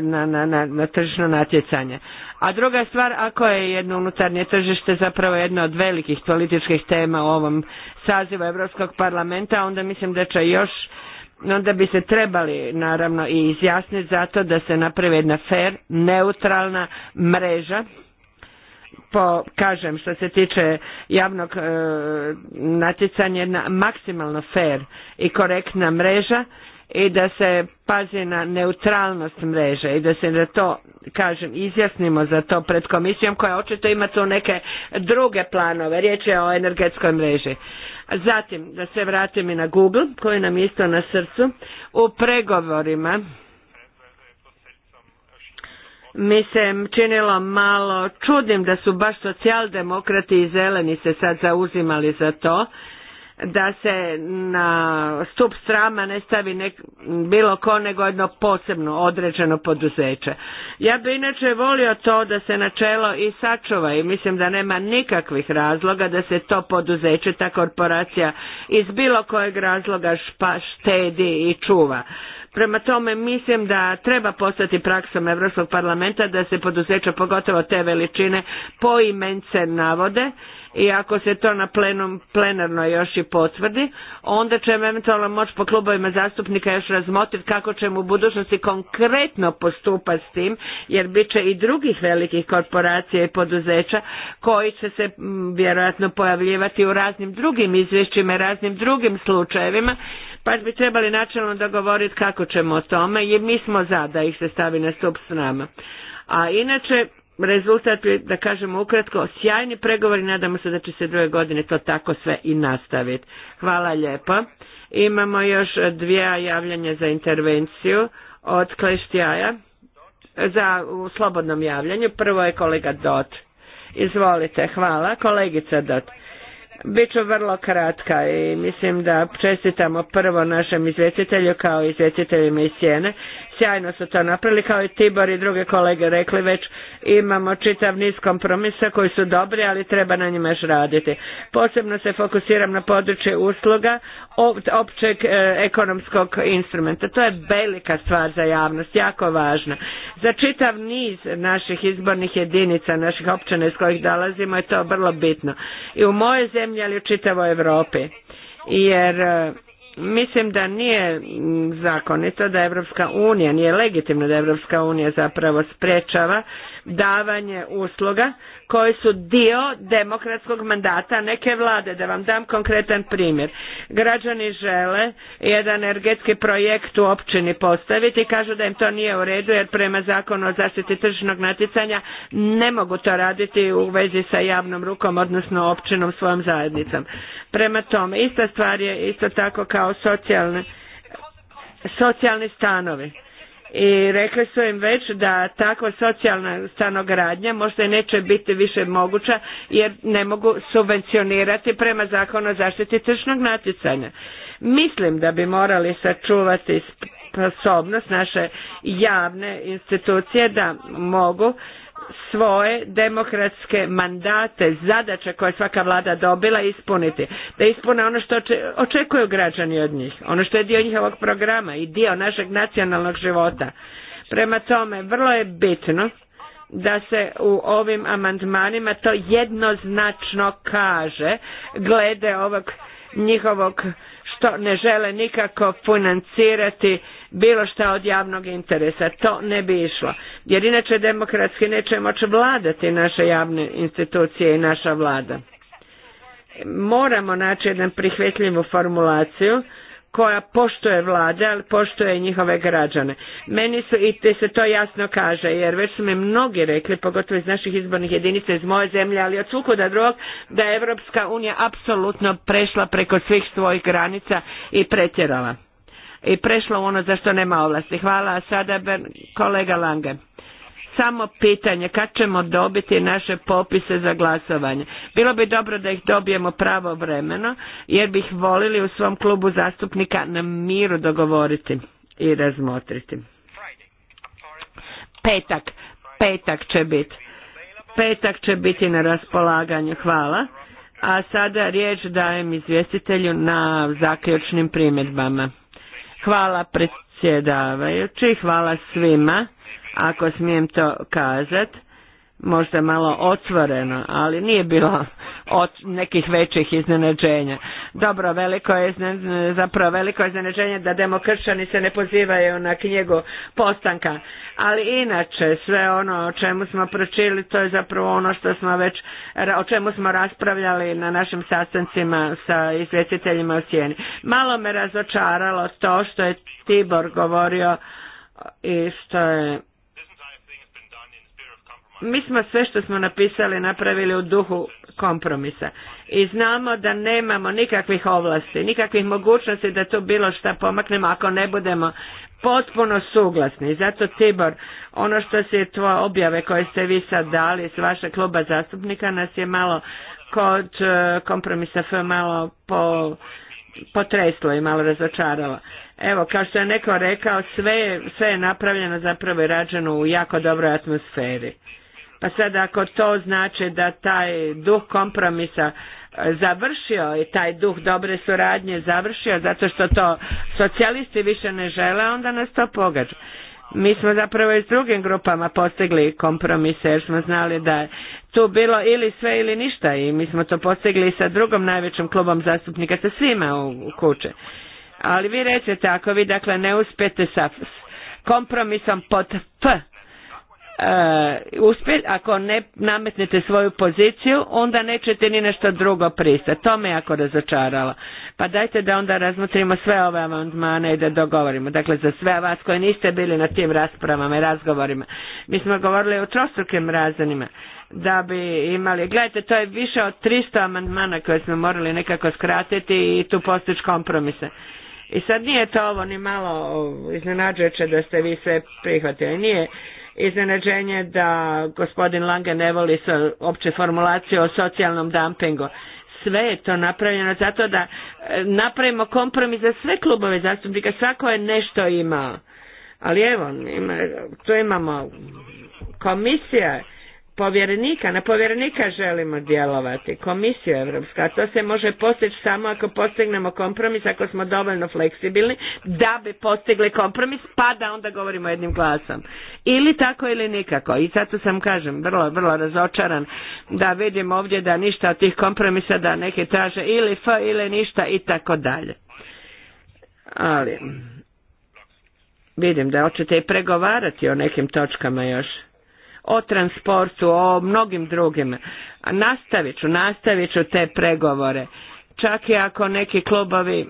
na, na, na tržišno natjecanje. A druga stvar, ako je jedno unutarnje tržište zapravo jedna od velikih političkih tema u ovom sazivu Europskog parlamenta, onda mislim da će još onda bi se trebali naravno i izjasniti zato da se napravi jedna fair, neutralna mreža po, kažem, što se tiče javnog e, natjecanja, maksimalno fair i korektna mreža i da se pazi na neutralnost mreže i da se da to, kažem, izjasnimo za to pred komisijom koja očito ima tu neke druge planove. Riječ je o energetskoj mreži. Zatim, da se vratim i na Google, koji nam je isto na srcu, u pregovorima mi se činilo malo čudim da su baš socijaldemokrati i zeleni se sad zauzimali za to da se na stup strama ne stavi bilo ko nego jedno posebno određeno poduzeće. Ja bi inače volio to da se načelo i sačuva i mislim da nema nikakvih razloga da se to poduzeće, ta korporacija iz bilo kojeg razloga špa, štedi i čuva. Prema tome mislim da treba postati praksom Europskog parlamenta da se poduzeća pogotovo te veličine poimence navode i ako se to na plenum, plenarno još i potvrdi, onda će eventualno moći po klubovima zastupnika još razmotriti kako ćemo u budućnosti konkretno postupati s tim, jer bit će i drugih velikih korporacija i poduzeća koji će se vjerojatno pojavljivati u raznim drugim izvješćima i raznim drugim slučajevima pa bi trebali načelno dogovoriti kako ćemo o tome jer mi smo za da ih se stavi na stup s nama. A inače rezultat je, da kažemo ukratko, sjajni pregovori, nadamo se da će se druge godine to tako sve i nastaviti. Hvala lijepo. Imamo još dvije javljanja za intervenciju od Kleštjaja za, u slobodnom javljanju. Prvo je kolega Dot. Izvolite, hvala. Kolegica Dot. Bit ću vrlo kratka i mislim da čestitamo prvo našem izvjestitelju kao izvjestitelju iz Sjene. Sjajno su to napravili, kao i Tibor i druge kolege rekli već, imamo čitav niz kompromisa koji su dobri, ali treba na njima još raditi. Posebno se fokusiram na područje usluga općeg e, ekonomskog instrumenta. To je velika stvar za javnost, jako važna. Za čitav niz naših izbornih jedinica, naših općina iz kojih dolazimo je to vrlo bitno. I u moje zemlji, ali u čitavoj Europi. Jer e, Mislim da nije zakonito da Evropska unija, nije legitimno da Evropska unija zapravo sprečava davanje usluga koji su dio demokratskog mandata neke vlade. Da vam dam konkretan primjer. Građani žele jedan energetski projekt u općini postaviti i kažu da im to nije u redu jer prema zakonu o zaštiti tržišnog natjecanja ne mogu to raditi u vezi sa javnom rukom, odnosno općinom svojom zajednicom. Prema tome, ista stvar je isto tako kao socijalne, socijalni stanovi i rekli su im već da takva socijalna stanogradnja možda i neće biti više moguća jer ne mogu subvencionirati prema zakonu o zaštiti tržnog natjecanja. Mislim da bi morali sačuvati sposobnost naše javne institucije da mogu svoje demokratske mandate, zadaće koje svaka vlada dobila ispuniti. Da ispune ono što očekuju građani od njih, ono što je dio njihovog programa i dio našeg nacionalnog života. Prema tome, vrlo je bitno da se u ovim amandmanima to jednoznačno kaže glede ovog njihovog što ne žele nikako financirati bilo šta od javnog interesa. To ne bi išlo. Jer inače demokratski neće moći vladati naše javne institucije i naša vlada. Moramo naći jednu prihvetljivu formulaciju koja poštuje vlade, ali poštuje njihove građane. Meni su, i te se to jasno kaže, jer već su mi mnogi rekli, pogotovo iz naših izbornih jedinica, iz moje zemlje, ali od svukuda drugog, da je Evropska unija apsolutno prešla preko svih svojih granica i pretjerala i prešlo u ono za što nema ovlasti. Hvala, a sada kolega Lange. Samo pitanje kad ćemo dobiti naše popise za glasovanje. Bilo bi dobro da ih dobijemo pravo vremeno, jer bih volili u svom klubu zastupnika na miru dogovoriti i razmotriti. Petak, petak će biti. Petak će biti na raspolaganju. Hvala. A sada riječ dajem izvjestitelju na zaključnim primjedbama. Hvala predsjedavajući, hvala svima, ako smijem to kazati možda malo otvoreno, ali nije bilo od nekih većih iznenađenja. Dobro, veliko je zapravo veliko iznenađenje da demokršćani se ne pozivaju na knjigu postanka, ali inače sve ono o čemu smo pročili to je zapravo ono što smo već o čemu smo raspravljali na našim sastancima sa izvjestiteljima u sjeni. Malo me razočaralo to što je Tibor govorio i što je mi smo sve što smo napisali napravili u duhu kompromisa i znamo da nemamo nikakvih ovlasti, nikakvih mogućnosti da tu bilo šta pomaknemo ako ne budemo potpuno suglasni. Zato Tibor, ono što se tvoje objave koje ste vi sad dali s vašeg kluba zastupnika nas je malo kod e, kompromisa F malo po, potreslo i malo razočaralo. Evo, kao što je neko rekao, sve, sve je napravljeno zapravo i rađeno u jako dobroj atmosferi. A sada ako to znači da taj duh kompromisa e, završio i taj duh dobre suradnje završio zato što to socijalisti više ne žele onda nas to pogađa. Mi smo zapravo i s drugim grupama postigli kompromise jer smo znali da je tu bilo ili sve ili ništa i mi smo to postigli sa drugom najvećim klubom zastupnika sa svima u kuće. Ali vi recite ako vi dakle ne uspijete sa kompromisom pod P Uh, uspjet, ako ne nametnete svoju poziciju, onda nećete ni nešto drugo pristati. To me jako razočaralo. Pa dajte da onda razmotrimo sve ove amandmane i da dogovorimo. Dakle, za sve vas koji niste bili na tim raspravama i razgovorima. Mi smo govorili o trostrukim razinima da bi imali, gledajte, to je više od 300 amandmana koje smo morali nekako skratiti i tu postići kompromise. I sad nije to ovo ni malo iznenađujuće da ste vi sve prihvatili. Nije iznenađenje da gospodin Lange ne voli opće formulaciju o socijalnom dumpingu. Sve je to napravljeno zato da e, napravimo kompromis za sve klubove zastupnika, svako je nešto imao. Ali evo, tu imamo komisija povjerenika, na povjerenika želimo djelovati, komisiju Evropska, to se može postići samo ako postignemo kompromis, ako smo dovoljno fleksibilni, da bi postigli kompromis, pa da onda govorimo jednim glasom. Ili tako ili nikako. I zato sam, kažem, vrlo, vrlo razočaran da vidim ovdje da ništa od tih kompromisa, da neki traže ili F ili ništa i tako dalje. Ali, vidim da hoćete i pregovarati o nekim točkama još o transportu, o mnogim drugim. Nastavit ću, nastavit ću te pregovore. Čak i ako neki klubovi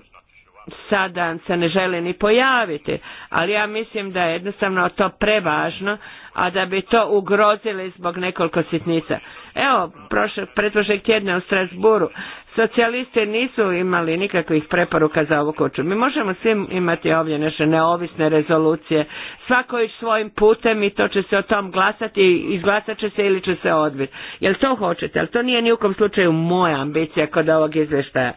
sada se ne žele ni pojaviti, ali ja mislim da je jednostavno to prevažno, a da bi to ugrozili zbog nekoliko sitnica. Evo, prošle, tjedna u Strasburu Socijaliste nisu imali nikakvih preporuka za ovu kuću. Mi možemo svi imati ovdje naše neovisne rezolucije. Svako je svojim putem i to će se o tom glasati, izglasat će se ili će se odbiti. Jel to hoćete? Ali to nije ni u kom slučaju moja ambicija kod ovog izvještaja.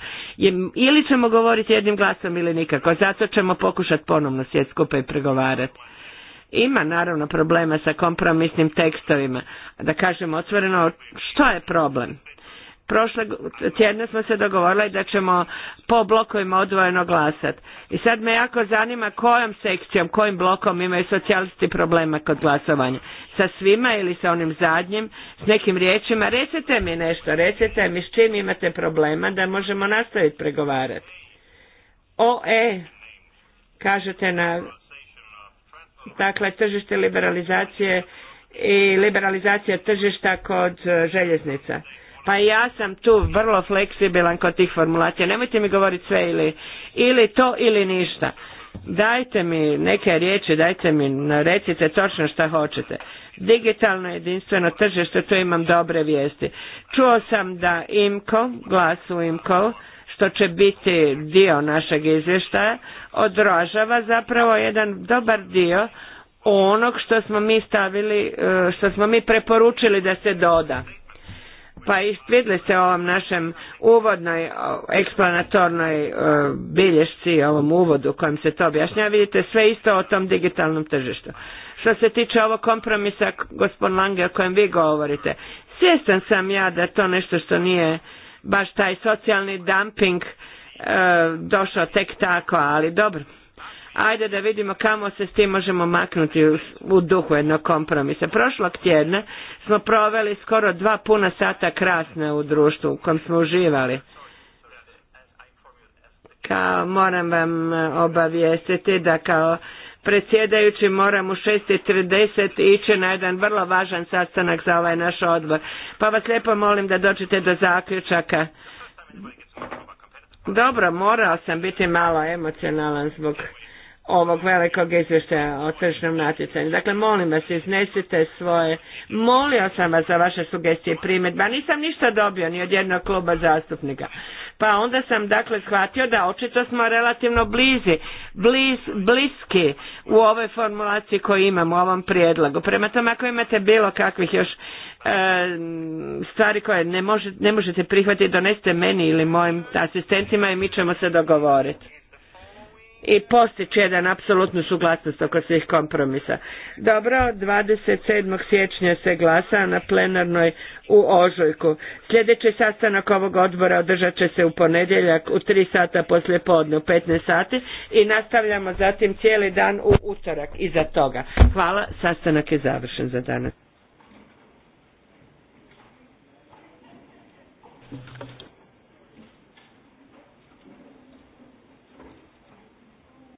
Ili ćemo govoriti jednim glasom ili nikako. Zato ćemo pokušati ponovno sjeti skupa i pregovarati. Ima naravno problema sa kompromisnim tekstovima. Da kažem otvoreno, što je problem? prošle tjedne smo se dogovorili da ćemo po blokovima odvojeno glasat. I sad me jako zanima kojom sekcijom, kojim blokom imaju socijalisti problema kod glasovanja. Sa svima ili sa onim zadnjim, s nekim riječima, recite mi nešto, recite mi s čim imate problema da možemo nastaviti pregovarati. O, e, kažete na, dakle, tržište liberalizacije i liberalizacija tržišta kod e, željeznica. Pa ja sam tu vrlo fleksibilan kod tih formulacija. Nemojte mi govoriti sve ili, ili to ili ništa. Dajte mi neke riječi, dajte mi, recite točno šta hoćete. Digitalno jedinstveno tržište, tu imam dobre vijesti. Čuo sam da IMCO, glas u IMCO, što će biti dio našeg izvještaja, odražava zapravo jedan dobar dio onog što smo mi stavili, e, što smo mi preporučili da se doda pa istvidli ste ovom našem uvodnoj, eksplanatornoj e, bilješci, ovom uvodu kojem se to objašnjava, vidite sve isto o tom digitalnom tržištu. Što se tiče ovog kompromisa, gospod Lange, o kojem vi govorite, svjestan sam ja da to nešto što nije baš taj socijalni dumping e, došao tek tako, ali dobro ajde da vidimo kamo se s tim možemo maknuti u, u duhu jednog kompromisa. Prošlog tjedna smo proveli skoro dva puna sata krasne u društvu u kojem smo uživali. Kao moram vam e, obavijestiti da kao predsjedajući moram u 6.30 ići na jedan vrlo važan sastanak za ovaj naš odbor. Pa vas lijepo molim da dođete do zaključaka. Dobro, morao sam biti malo emocionalan zbog ovog velikog izvještaja o tržnom natjecanju. Dakle, molim vas, iznesite svoje, molio sam vas za vaše sugestije i primjedbe, nisam ništa dobio ni od jednog kluba zastupnika. Pa onda sam dakle shvatio da očito smo relativno blizi, bliz, bliski u ovoj formulaciji koju imam u ovom prijedlogu. Prema tome, ako imate bilo kakvih još e, stvari koje ne, može, ne možete prihvatiti, donesite meni ili mojim asistentima i mi ćemo se dogovoriti i postići jedan apsolutnu suglasnost oko svih kompromisa. Dobro, 27. siječnja se glasa na plenarnoj u Ožujku. Sljedeći sastanak ovog odbora održat će se u ponedjeljak u 3 sata poslije podne u 15 sati i nastavljamo zatim cijeli dan u utorak iza toga. Hvala, sastanak je završen za danas.